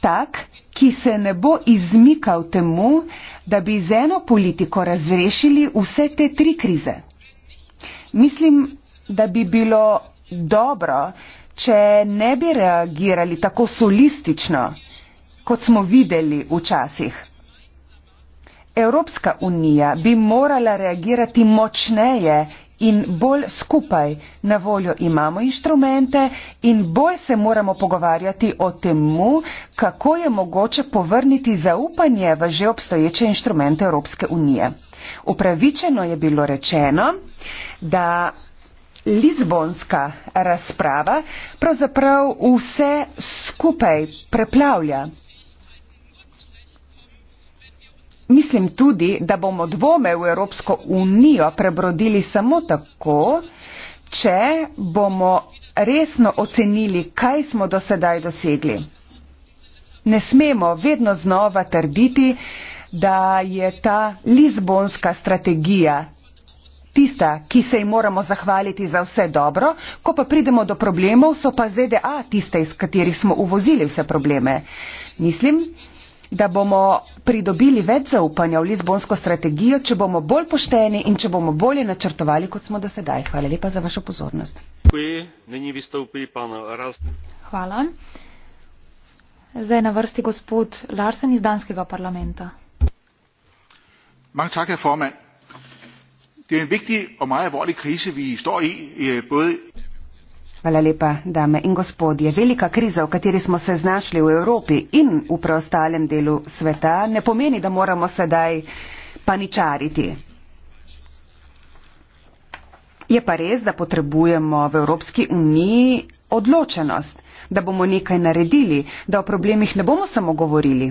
Tak, ki se ne bo izmikal temu, da bi z eno politiko razrešili vse te tri krize. Mislim, da bi bilo dobro, če ne bi reagirali tako solistično, kot smo videli včasih. Evropska unija bi morala reagirati močneje in bolj skupaj. Na voljo imamo inštrumente in bolj se moramo pogovarjati o tem, kako je mogoče povrniti zaupanje v že obstoječe inštrumente Evropske unije. Upravičeno je bilo rečeno, da Lizbonska razprava pravzaprav vse skupaj preplavlja. Mislim tudi, da bomo dvome v Evropsko unijo prebrodili samo tako, če bomo resno ocenili, kaj smo do sedaj dosegli. Ne smemo vedno znova trditi, da je ta Lizbonska strategija tista, ki se jim moramo zahvaliti za vse dobro, ko pa pridemo do problemov, so pa ZDA tiste, iz katerih smo uvozili vse probleme. Mislim, da bomo pridobili več zaupanja v Lizbonsko strategijo, če bomo bolj pošteni in če bomo bolje načrtovali, kot smo do sedaj. Hvala lepa za vašo pozornost. Hvala. Zdaj na vrsti gospod Larsen iz Danskega parlamenta. Mange tak, herr formand. Det er en vigtig og meget alvorlig krise, vi står i, eh, både Hvala lepa, dame in gospodje. Velika kriza, v kateri smo se znašli v Evropi in v preostalem delu sveta, ne pomeni, da moramo sedaj paničariti. Je pa res, da potrebujemo v Evropski uniji odločenost, da bomo nekaj naredili, da o problemih ne bomo samo govorili.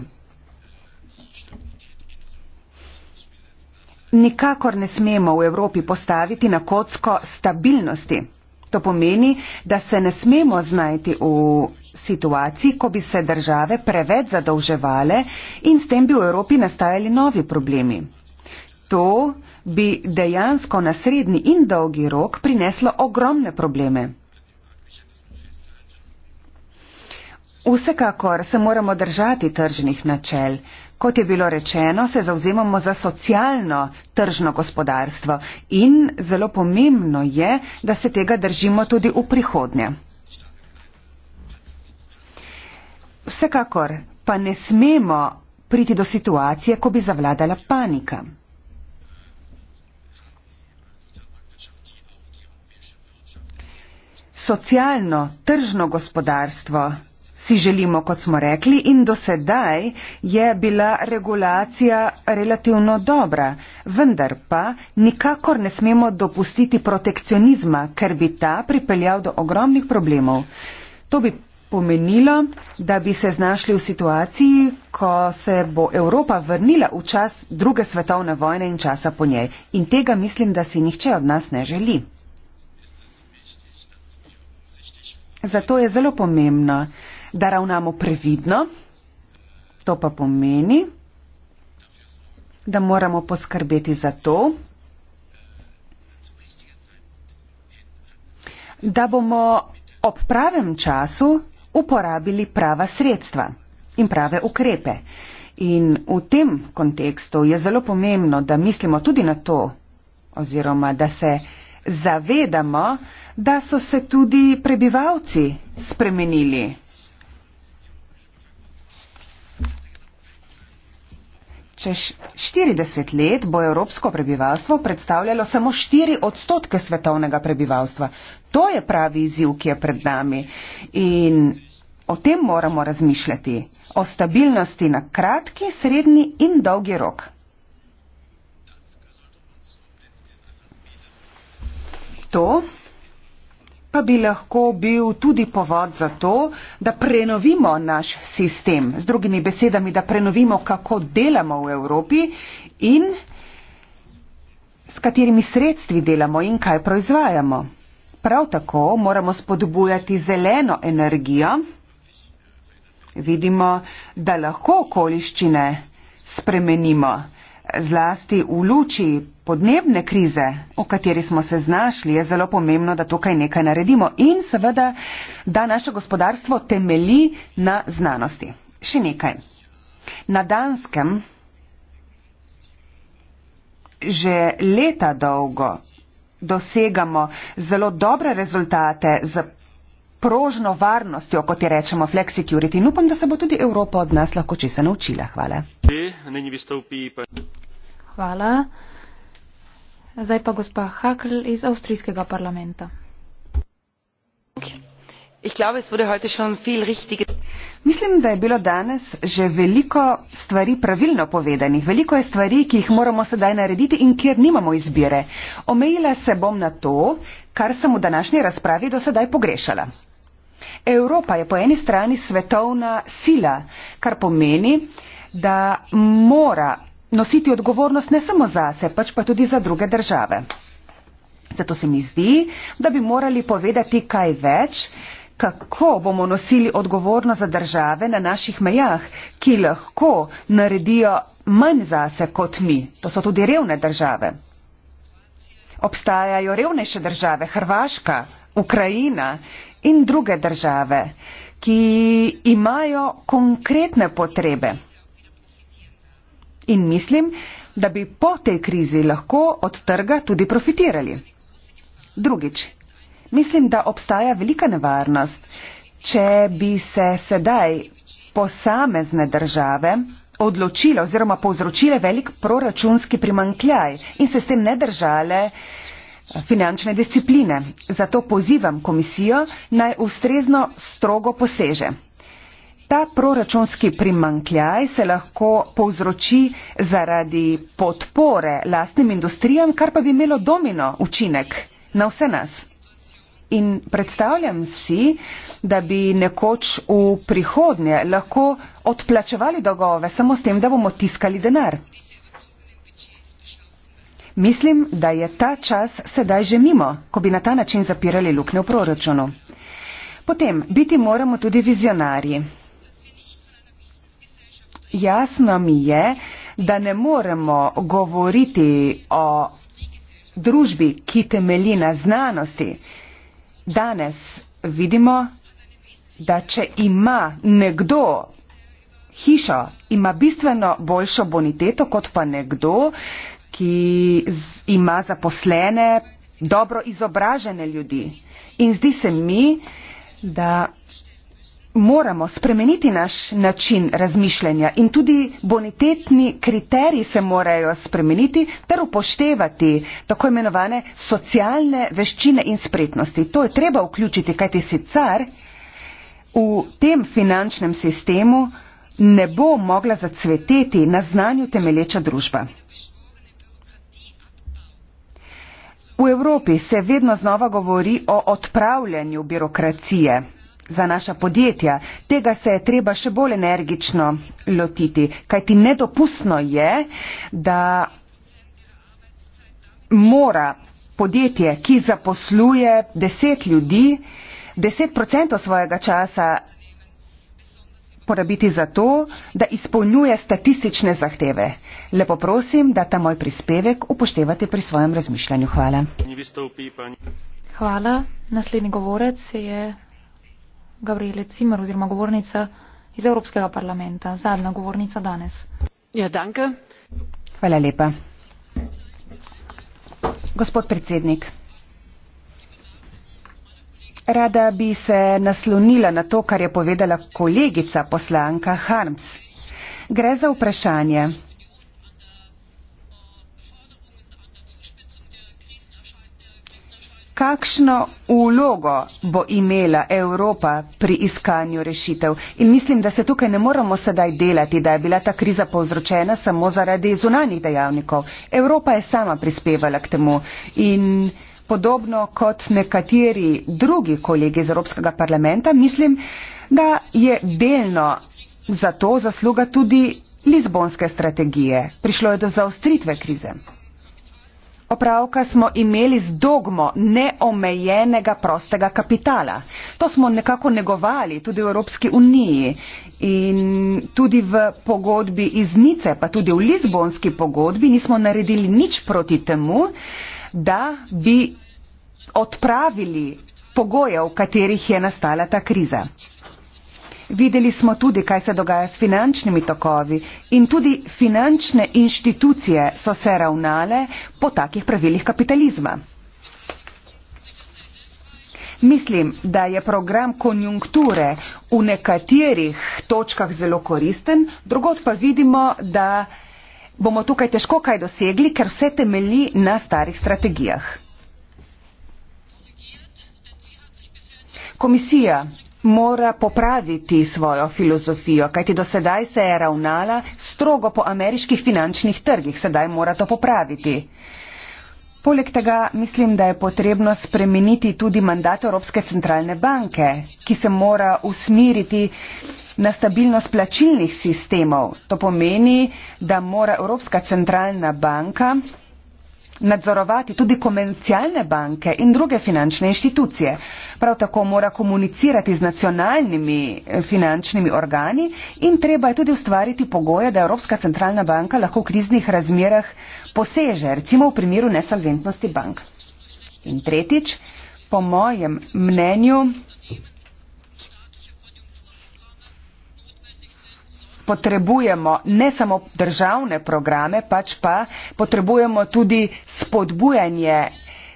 Nikakor ne smemo v Evropi postaviti na kocko stabilnosti. To pomeni, da se ne smemo znajti v situaciji, ko bi se države preveč zadolževale in s tem bi v Evropi nastajali novi problemi. To bi dejansko na srednji in dolgi rok prineslo ogromne probleme. Vsekakor se moramo držati tržnih načel. Kot je bilo rečeno, se zauzemamo za socialno tržno gospodarstvo in zelo pomembno je, da se tega držimo tudi v prihodnje. Vsekakor pa ne smemo priti do situacije, ko bi zavladala panika. Socialno tržno gospodarstvo si želimo, kot smo rekli, in do sedaj je bila regulacija relativno dobra, vendar pa nikakor ne smemo dopustiti protekcionizma, ker bi ta pripeljal do ogromnih problemov. To bi pomenilo, da bi se znašli v situaciji, ko se bo Evropa vrnila v čas druge svetovne vojne in časa po njej. In tega mislim, da si nihče od nas ne želi. Zato je zelo pomembno, da ravnamo previdno. To pa pomeni, da moramo poskrbeti za to, da bomo ob pravem času uporabili prava sredstva in prave ukrepe. In v tem kontekstu je zelo pomembno, da mislimo tudi na to, oziroma da se zavedamo, da so se tudi prebivalci spremenili. Čez 40 let bo evropsko prebivalstvo predstavljalo samo 4 odstotke svetovnega prebivalstva. To je pravi izziv, ki je pred nami. In o tem moramo razmišljati. O stabilnosti na kratki, srednji in dolgi rok. To pa bi lahko bil tudi povod za to, da prenovimo naš sistem. Z drugimi besedami, da prenovimo, kako delamo v Evropi in s katerimi sredstvi delamo in kaj proizvajamo. Prav tako moramo spodbujati zeleno energijo. Vidimo, da lahko okoliščine spremenimo, zlasti v luči podnebne krize, v kateri smo se znašli, je zelo pomembno, da tukaj nekaj naredimo in seveda, da naše gospodarstvo temeli na znanosti. Še nekaj. Na Danskem že leta dolgo dosegamo zelo dobre rezultate z prožno varnostjo, kot je rečemo flexicurity. In upam, da se bo tudi Evropa od nas lahko česa naučila. Hvala. Hvala. Zdaj pa gospa Hakl iz avstrijskega parlamenta. Mislim, da je bilo danes že veliko stvari pravilno povedanih. Veliko je stvari, ki jih moramo sedaj narediti in kjer nimamo izbire. Omejila se bom na to, kar sem v današnji razpravi do sedaj pogrešala. Evropa je po eni strani svetovna sila, kar pomeni, da mora nositi odgovornost ne samo za se, pač pa tudi za druge države. Zato se mi zdi, da bi morali povedati kaj več, kako bomo nosili odgovornost za države na naših mejah, ki lahko naredijo manj zase kot mi. To so tudi revne države. Obstajajo revnejše države, Hrvaška, Ukrajina in druge države, ki imajo konkretne potrebe. In mislim, da bi po tej krizi lahko od trga tudi profitirali. Drugič, mislim, da obstaja velika nevarnost, če bi se sedaj posamezne države odločile oziroma povzročile velik proračunski primankljaj in se s tem ne držale eh, finančne discipline. Zato pozivam komisijo naj ustrezno strogo poseže. Ta proračunski primankljaj se lahko povzroči zaradi podpore lastnim industrijam, kar pa bi imelo domino učinek na vse nas. In predstavljam si, da bi nekoč v prihodnje lahko odplačevali dolgove samo s tem, da bomo tiskali denar. Mislim, da je ta čas sedaj že mimo, ko bi na ta način zapirali luknje v proračunu. Potem, biti moramo tudi vizionarji jasno mi je, da ne moremo govoriti o družbi, ki temelji na znanosti. Danes vidimo, da če ima nekdo hišo, ima bistveno boljšo boniteto kot pa nekdo, ki ima zaposlene, dobro izobražene ljudi. In zdi se mi, da moramo spremeniti naš način razmišljanja in tudi bonitetni kriteriji se morajo spremeniti ter upoštevati tako imenovane socialne veščine in spretnosti. To je treba vključiti, kajti sicer v tem finančnem sistemu ne bo mogla zacveteti na znanju temelječa družba. V Evropi se vedno znova govori o odpravljanju birokracije za naša podjetja. Tega se je treba še bolj energično lotiti, kajti nedopustno je, da mora podjetje, ki zaposluje deset ljudi, deset procentov svojega časa porabiti za to, da izpolnjuje statistične zahteve. Lepo prosim, da ta moj prispevek upoštevate pri svojem razmišljanju. Hvala. Hvala. Naslednji govorec je Gabriele Cimer oziroma govornica iz Evropskega parlamenta, zadnja govornica danes. Ja, danke. Hvala lepa. Gospod predsednik. Rada bi se naslonila na to, kar je povedala kolegica poslanka Harms. Gre za vprašanje. kakšno vlogo bo imela Evropa pri iskanju rešitev. In mislim, da se tukaj ne moramo sedaj delati, da je bila ta kriza povzročena samo zaradi zunanjih dejavnikov. Evropa je sama prispevala k temu. In podobno kot nekateri drugi kolegi iz Evropskega parlamenta, mislim, da je delno za to zasluga tudi Lizbonske strategije. Prišlo je do zaostritve krize opravka smo imeli z dogmo neomejenega prostega kapitala. To smo nekako negovali tudi v Evropski uniji in tudi v pogodbi iz Nice, pa tudi v Lizbonski pogodbi nismo naredili nič proti temu, da bi odpravili pogoje, v katerih je nastala ta kriza. Videli smo tudi, kaj se dogaja s finančnimi tokovi in tudi finančne inštitucije so se ravnale po takih pravilih kapitalizma. Mislim, da je program konjunkture v nekaterih točkah zelo koristen, drugot pa vidimo, da bomo tukaj težko kaj dosegli, ker vse temelji na starih strategijah. Komisija mora popraviti svojo filozofijo, kajti do sedaj se je ravnala strogo po ameriških finančnih trgih, sedaj mora to popraviti. Poleg tega mislim, da je potrebno spremeniti tudi mandat Evropske centralne banke, ki se mora usmiriti na stabilnost plačilnih sistemov. To pomeni, da mora Evropska centralna banka nadzorovati tudi komercialne banke in druge finančne inštitucije. Prav tako mora komunicirati z nacionalnimi eh, finančnimi organi in treba je tudi ustvariti pogoje, da Evropska centralna banka lahko v kriznih razmerah poseže, recimo v primeru nesolventnosti bank. In tretjič, po mojem mnenju, potrebujemo ne samo državne programe, pač pa potrebujemo tudi spodbujanje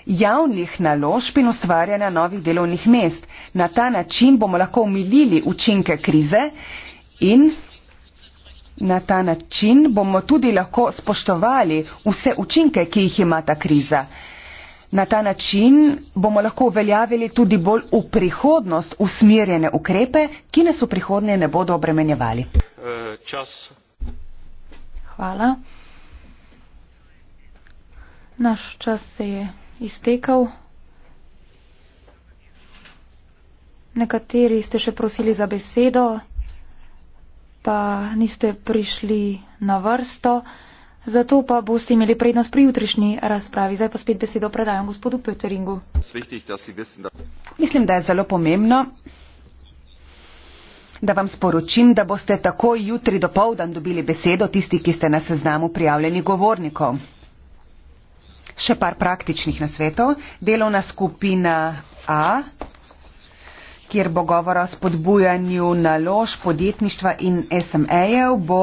javnih naložb in ustvarjanja novih delovnih mest. Na ta način bomo lahko umilili učinke krize in na ta način bomo tudi lahko spoštovali vse učinke, ki jih ima ta kriza. Na ta način bomo lahko uveljavili tudi bolj v prihodnost usmirjene ukrepe, ki nas v prihodnje ne bodo obremenjevali. Eh, čas. Hvala. Naš čas se je iztekal. Nekateri ste še prosili za besedo, pa niste prišli na vrsto, zato pa boste imeli prednost pri jutrišnji razpravi. Zdaj pa spet besedo predajam gospodu Peteringu. Mislim, da je zelo pomembno, da vam sporočim, da boste takoj jutri do povdan dobili besedo tisti, ki ste na seznamu prijavljeni govornikov. Še par praktičnih nasvetov. Delovna skupina A, kjer bo govora o spodbujanju nalož podjetništva in SME-jev, bo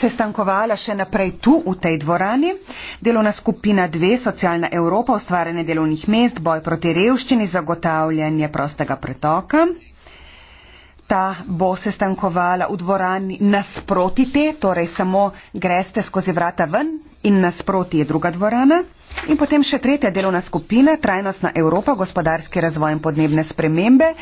se stankovala še naprej tu v tej dvorani. Delovna skupina 2, socialna Evropa, ustvarjanje delovnih mest, boj proti revščini, zagotavljanje prostega pretoka ta bo sestankovala v dvorani nasproti te, torej samo greste skozi vrata ven in nasproti je druga dvorana. In potem še tretja delovna skupina, trajnostna Evropa, gospodarski razvoj in podnebne spremembe.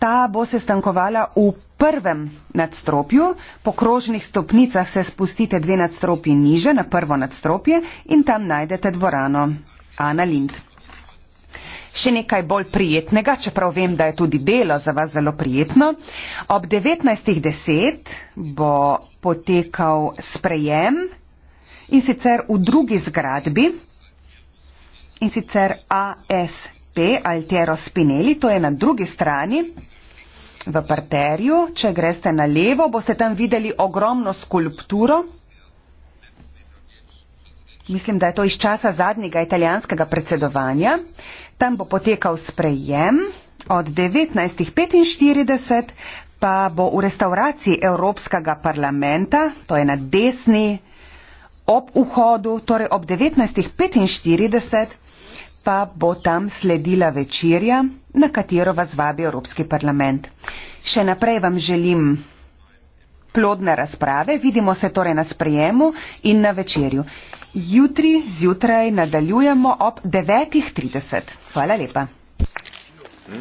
Ta bo sestankovala v prvem nadstropju, po krožnih stopnicah se spustite dve nadstropji niže na prvo nadstropje in tam najdete dvorano Ana Lind še nekaj bolj prijetnega, čeprav vem, da je tudi delo za vas zelo prijetno. Ob 19.10 bo potekal sprejem in sicer v drugi zgradbi in sicer ASP Altero Spinelli, to je na drugi strani. V parterju, če greste na levo, boste tam videli ogromno skulpturo. Mislim, da je to iz časa zadnjega italijanskega predsedovanja. Tam bo potekal sprejem od 19.45, pa bo v restauraciji Evropskega parlamenta, to je na desni, ob vhodu, torej ob 19.45, pa bo tam sledila večerja, na katero vas vabi Evropski parlament. Še naprej vam želim plodne razprave, vidimo se torej na sprejemu in na večerju jutri zjutraj nadaljujemo ob 9.30. Hvala lepa. Hm?